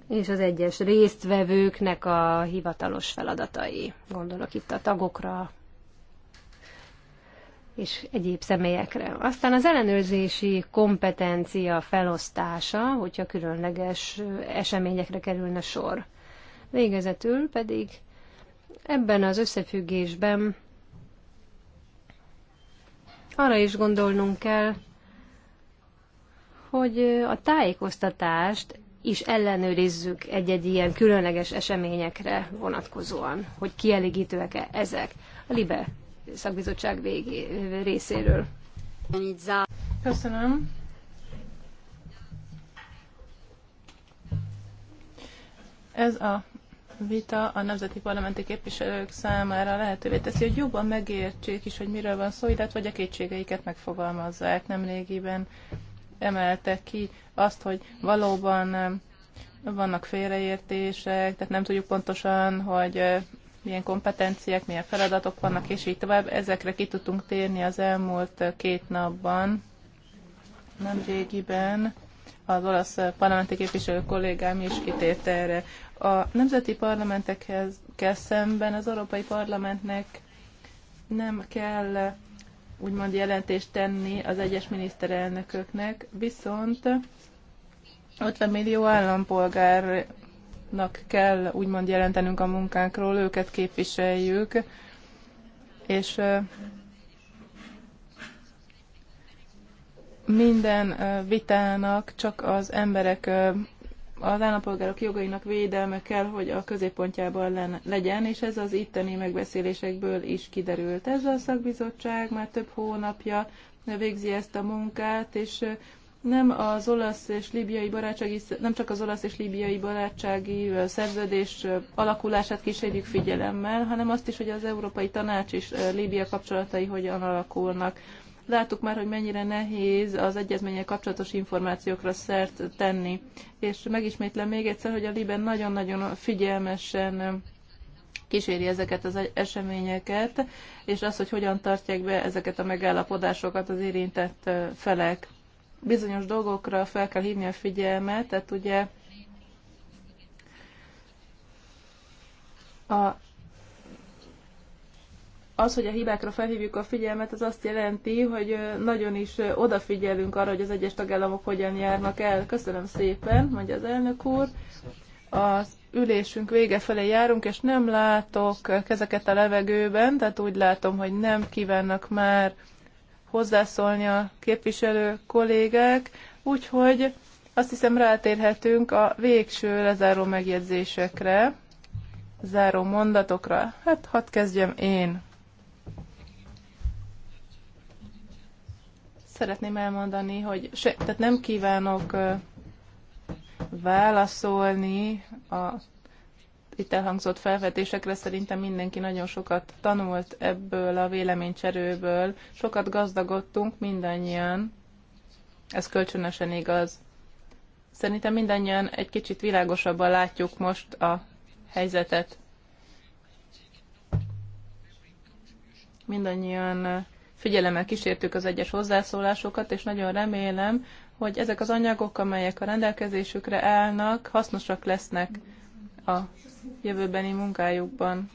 és az egyes résztvevőknek a hivatalos feladatai. Gondolok itt a tagokra, és egyéb személyekre. Aztán az ellenőrzési kompetencia felosztása, hogyha különleges eseményekre kerülne sor. Végezetül pedig ebben az összefüggésben arra is gondolnunk kell, hogy a tájékoztatást is ellenőrizzük egy-egy ilyen különleges eseményekre vonatkozóan, hogy kielégítőek-e ezek. A LIBE szakbizottság végé, részéről. Köszönöm. Ez a vita a nemzeti parlamenti képviselők számára lehetővé teszi, hogy jobban megértsék is, hogy miről van szó, illetve hogy a kétségeiket megfogalmazzák. Nemrégiben emelte ki azt, hogy valóban eh, vannak félreértések, tehát nem tudjuk pontosan, hogy eh, milyen kompetenciák, milyen feladatok vannak, és így tovább. Ezekre ki tudtunk térni az elmúlt két napban, nem régiben. Az olasz parlamenti képviselő kollégám is kitért erre. A nemzeti parlamentekhez kell szemben az Európai Parlamentnek nem kell úgymond jelentést tenni az egyes miniszterelnököknek, viszont 50 millió állampolgár nak kell úgymond jelentenünk a munkánkról, őket képviseljük, és minden vitának csak az emberek, az állampolgárok jogainak védelme kell, hogy a középpontjában legyen, és ez az itteni megbeszélésekből is kiderült. Ez a szakbizottság már több hónapja végzi ezt a munkát, és nem az olasz és libiai barátsági, nem csak az olasz és libiai barátsági szerződés alakulását kísérjük figyelemmel, hanem azt is, hogy az Európai Tanács és Líbia kapcsolatai hogyan alakulnak. Láttuk már, hogy mennyire nehéz az egyezménye kapcsolatos információkra szert tenni. És megismétlem még egyszer, hogy a Liben nagyon-nagyon figyelmesen kíséri ezeket az e- eseményeket, és az, hogy hogyan tartják be ezeket a megállapodásokat az érintett felek bizonyos dolgokra fel kell hívni a figyelmet, tehát ugye a, az, hogy a hibákra felhívjuk a figyelmet, az azt jelenti, hogy nagyon is odafigyelünk arra, hogy az egyes tagállamok hogyan járnak el. Köszönöm szépen, mondja az elnök úr. Az ülésünk vége felé járunk, és nem látok kezeket a levegőben, tehát úgy látom, hogy nem kívánnak már hozzászólni a képviselő kollégák, úgyhogy azt hiszem rátérhetünk a végső lezáró megjegyzésekre, záró mondatokra. Hát hadd kezdjem én. Szeretném elmondani, hogy se, tehát nem kívánok válaszolni a itt elhangzott felvetésekre szerintem mindenki nagyon sokat tanult ebből a véleménycserőből, sokat gazdagodtunk mindannyian, ez kölcsönösen igaz. Szerintem mindannyian egy kicsit világosabban látjuk most a helyzetet. Mindannyian figyelemmel kísértük az egyes hozzászólásokat, és nagyon remélem, hogy ezek az anyagok, amelyek a rendelkezésükre állnak, hasznosak lesznek a jövőbeni munkájukban.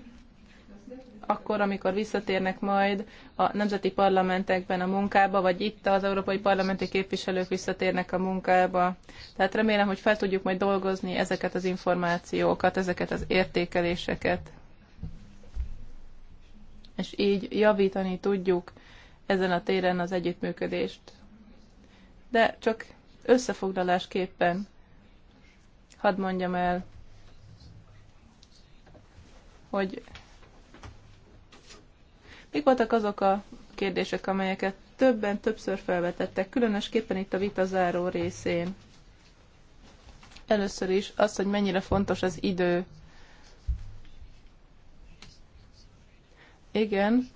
Akkor, amikor visszatérnek majd a nemzeti parlamentekben a munkába, vagy itt az európai parlamenti képviselők visszatérnek a munkába. Tehát remélem, hogy fel tudjuk majd dolgozni ezeket az információkat, ezeket az értékeléseket. És így javítani tudjuk ezen a téren az együttműködést. De csak összefoglalásképpen hadd mondjam el, hogy mik voltak azok a kérdések, amelyeket többen többször felvetettek, különösképpen itt a vita záró részén. Először is az, hogy mennyire fontos az idő. Igen,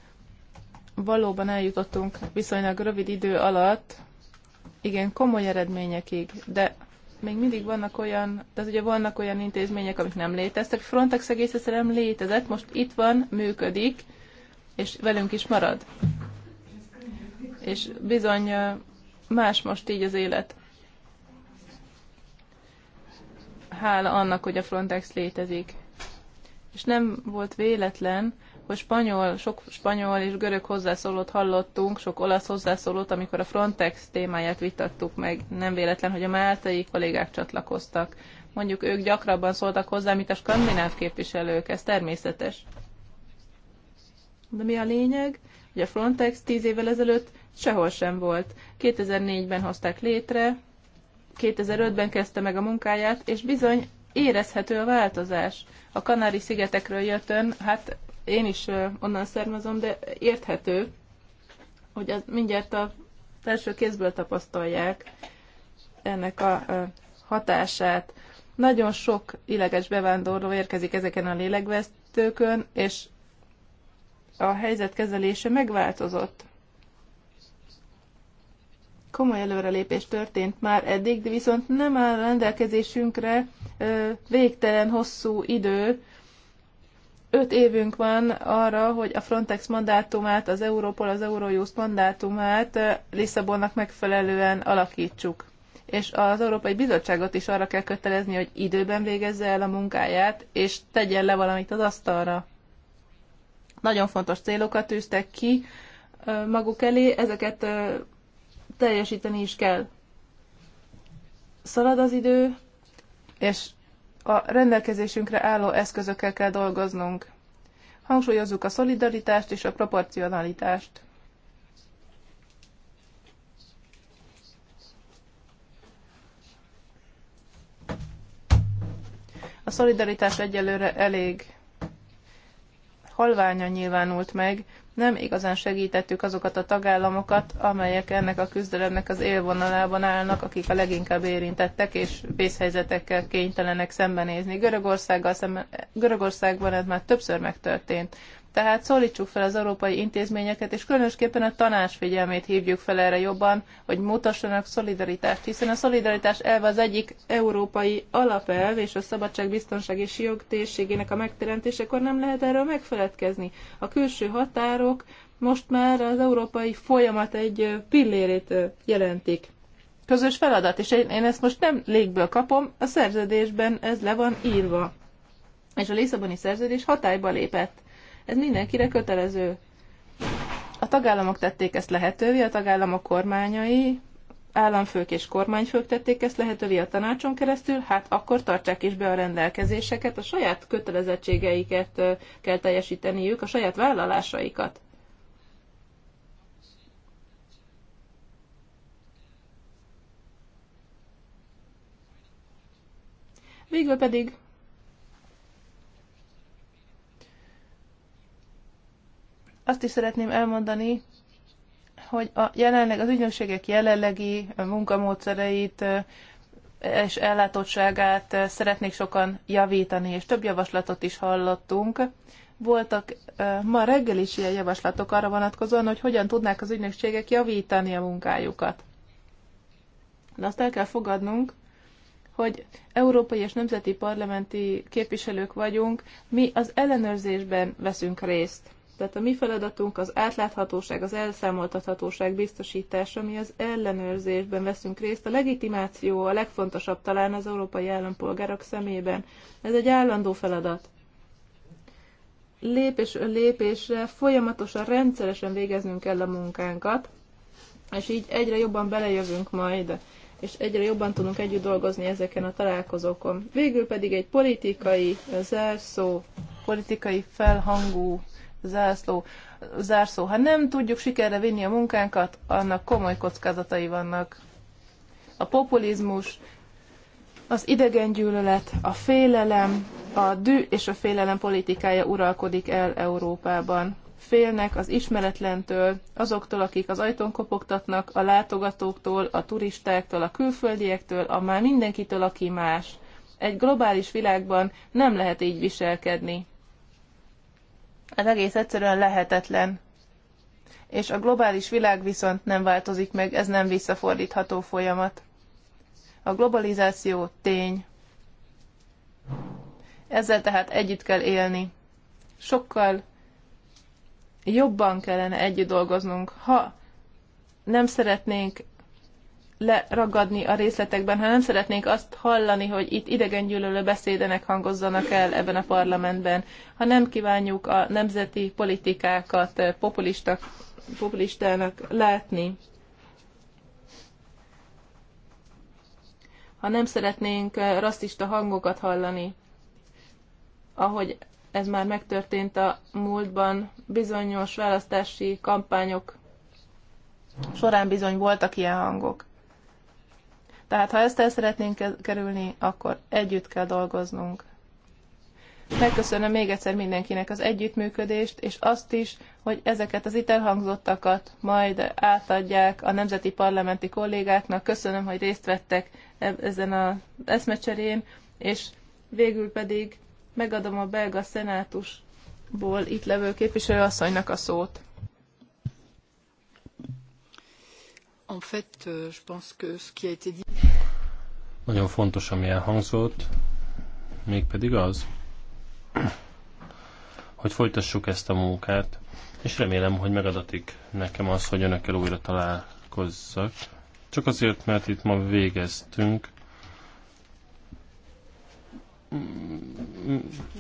valóban eljutottunk viszonylag rövid idő alatt igen komoly eredményekig, de még mindig vannak olyan, tehát ugye vannak olyan intézmények, amik nem léteztek, Frontex egész egyszerűen létezett, most itt van, működik, és velünk is marad. És bizony más most így az élet. Hála annak, hogy a Frontex létezik. És nem volt véletlen, hogy spanyol, sok spanyol és görög hozzászólót hallottunk, sok olasz hozzászólót, amikor a Frontex témáját vitattuk meg. Nem véletlen, hogy a máltai kollégák csatlakoztak. Mondjuk ők gyakrabban szóltak hozzá, mint a skandináv képviselők, ez természetes. De mi a lényeg? Hogy a Frontex tíz évvel ezelőtt sehol sem volt. 2004-ben hozták létre, 2005-ben kezdte meg a munkáját, és bizony érezhető a változás. A Kanári-szigetekről jöttön, hát én is onnan származom, de érthető, hogy az mindjárt a első kézből tapasztalják ennek a hatását. Nagyon sok ileges bevándorló érkezik ezeken a lélegvesztőkön, és a helyzet kezelése megváltozott. Komoly előrelépés történt már eddig, de viszont nem áll a rendelkezésünkre végtelen hosszú idő, öt évünk van arra, hogy a Frontex mandátumát, az Europol, az Eurojust mandátumát Lisszabonnak megfelelően alakítsuk. És az Európai Bizottságot is arra kell kötelezni, hogy időben végezze el a munkáját, és tegyen le valamit az asztalra. Nagyon fontos célokat tűztek ki maguk elé, ezeket teljesíteni is kell. Szalad az idő, és a rendelkezésünkre álló eszközökkel kell dolgoznunk. Hangsúlyozzuk a szolidaritást és a proporcionalitást. A szolidaritás egyelőre elég halványan nyilvánult meg, nem igazán segítettük azokat a tagállamokat, amelyek ennek a küzdelemnek az élvonalában állnak, akik a leginkább érintettek és vészhelyzetekkel kénytelenek szembenézni. Görögországgal szemben, Görögországban ez már többször megtörtént. Tehát szólítsuk fel az európai intézményeket, és különösképpen a tanács figyelmét hívjuk fel erre jobban, hogy mutassanak szolidaritást, hiszen a szolidaritás elve az egyik európai alapelv, és a szabadság, biztonság és jog térségének a megteremtésekor nem lehet erről megfeledkezni. A külső határok most már az európai folyamat egy pillérét jelentik. Közös feladat, és én ezt most nem légből kapom, a szerződésben ez le van írva. És a Lisszaboni szerződés hatályba lépett. Ez mindenkire kötelező. A tagállamok tették ezt lehetővé, a tagállamok kormányai, államfők és kormányfők tették ezt lehetővé a tanácson keresztül, hát akkor tartsák is be a rendelkezéseket, a saját kötelezettségeiket kell teljesíteniük, a saját vállalásaikat. Végül pedig Azt is szeretném elmondani, hogy a jelenleg, az ügynökségek jelenlegi munkamódszereit és ellátottságát szeretnék sokan javítani, és több javaslatot is hallottunk. Voltak ma reggel is ilyen javaslatok arra vonatkozóan, hogy hogyan tudnák az ügynökségek javítani a munkájukat. De azt el kell fogadnunk, hogy európai és nemzeti parlamenti képviselők vagyunk, mi az ellenőrzésben veszünk részt. Tehát a mi feladatunk az átláthatóság, az elszámoltathatóság biztosítása, mi az ellenőrzésben veszünk részt. A legitimáció a legfontosabb talán az európai állampolgárok szemében. Ez egy állandó feladat. Lépésről lépésre folyamatosan, rendszeresen végeznünk kell a munkánkat, és így egyre jobban belejövünk majd és egyre jobban tudunk együtt dolgozni ezeken a találkozókon. Végül pedig egy politikai eh, zárszó, politikai felhangú zászló, zárszó. Ha nem tudjuk sikerre vinni a munkánkat, annak komoly kockázatai vannak. A populizmus, az idegengyűlölet, a félelem, a dű és a félelem politikája uralkodik el Európában. Félnek az ismeretlentől, azoktól, akik az ajtón kopogtatnak, a látogatóktól, a turistáktól, a külföldiektől, a már mindenkitől, aki más. Egy globális világban nem lehet így viselkedni. Ez egész egyszerűen lehetetlen. És a globális világ viszont nem változik meg, ez nem visszafordítható folyamat. A globalizáció tény. Ezzel tehát együtt kell élni. Sokkal jobban kellene együtt dolgoznunk. Ha nem szeretnénk leragadni a részletekben, ha nem szeretnénk azt hallani, hogy itt idegengyűlölő beszédenek hangozzanak el ebben a parlamentben, ha nem kívánjuk a nemzeti politikákat populista, populistának látni, ha nem szeretnénk eh, rasszista hangokat hallani, ahogy ez már megtörtént a múltban, bizonyos választási kampányok során bizony voltak ilyen hangok. Tehát ha ezt el szeretnénk kerülni, akkor együtt kell dolgoznunk. Megköszönöm még egyszer mindenkinek az együttműködést, és azt is, hogy ezeket az itt elhangzottakat majd átadják a nemzeti parlamenti kollégáknak. Köszönöm, hogy részt vettek ezen az eszmecserén, és végül pedig megadom a belga szenátusból itt levő képviselőasszonynak a szót. Euh, a Nagyon fontos, ami elhangzott, mégpedig az, hogy folytassuk ezt a munkát, és remélem, hogy megadatik nekem az, hogy önökkel újra találkozzak. Csak azért, mert itt ma végeztünk.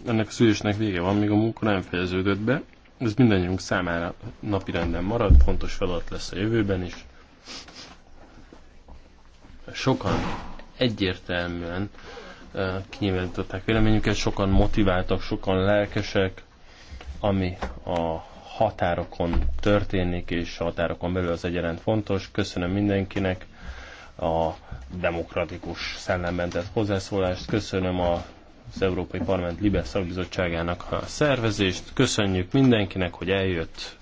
Ennek a szülésnek vége van, még a munka nem fejeződött be. Ez mindannyiunk számára napirenden marad, fontos feladat lesz a jövőben is sokan egyértelműen kinyilvánították véleményüket, sokan motiváltak, sokan lelkesek, ami a határokon történik, és a határokon belül az egyaránt fontos. Köszönöm mindenkinek a demokratikus szellemben tett hozzászólást, köszönöm a az Európai Parlament Libe Szakbizottságának a szervezést. Köszönjük mindenkinek, hogy eljött.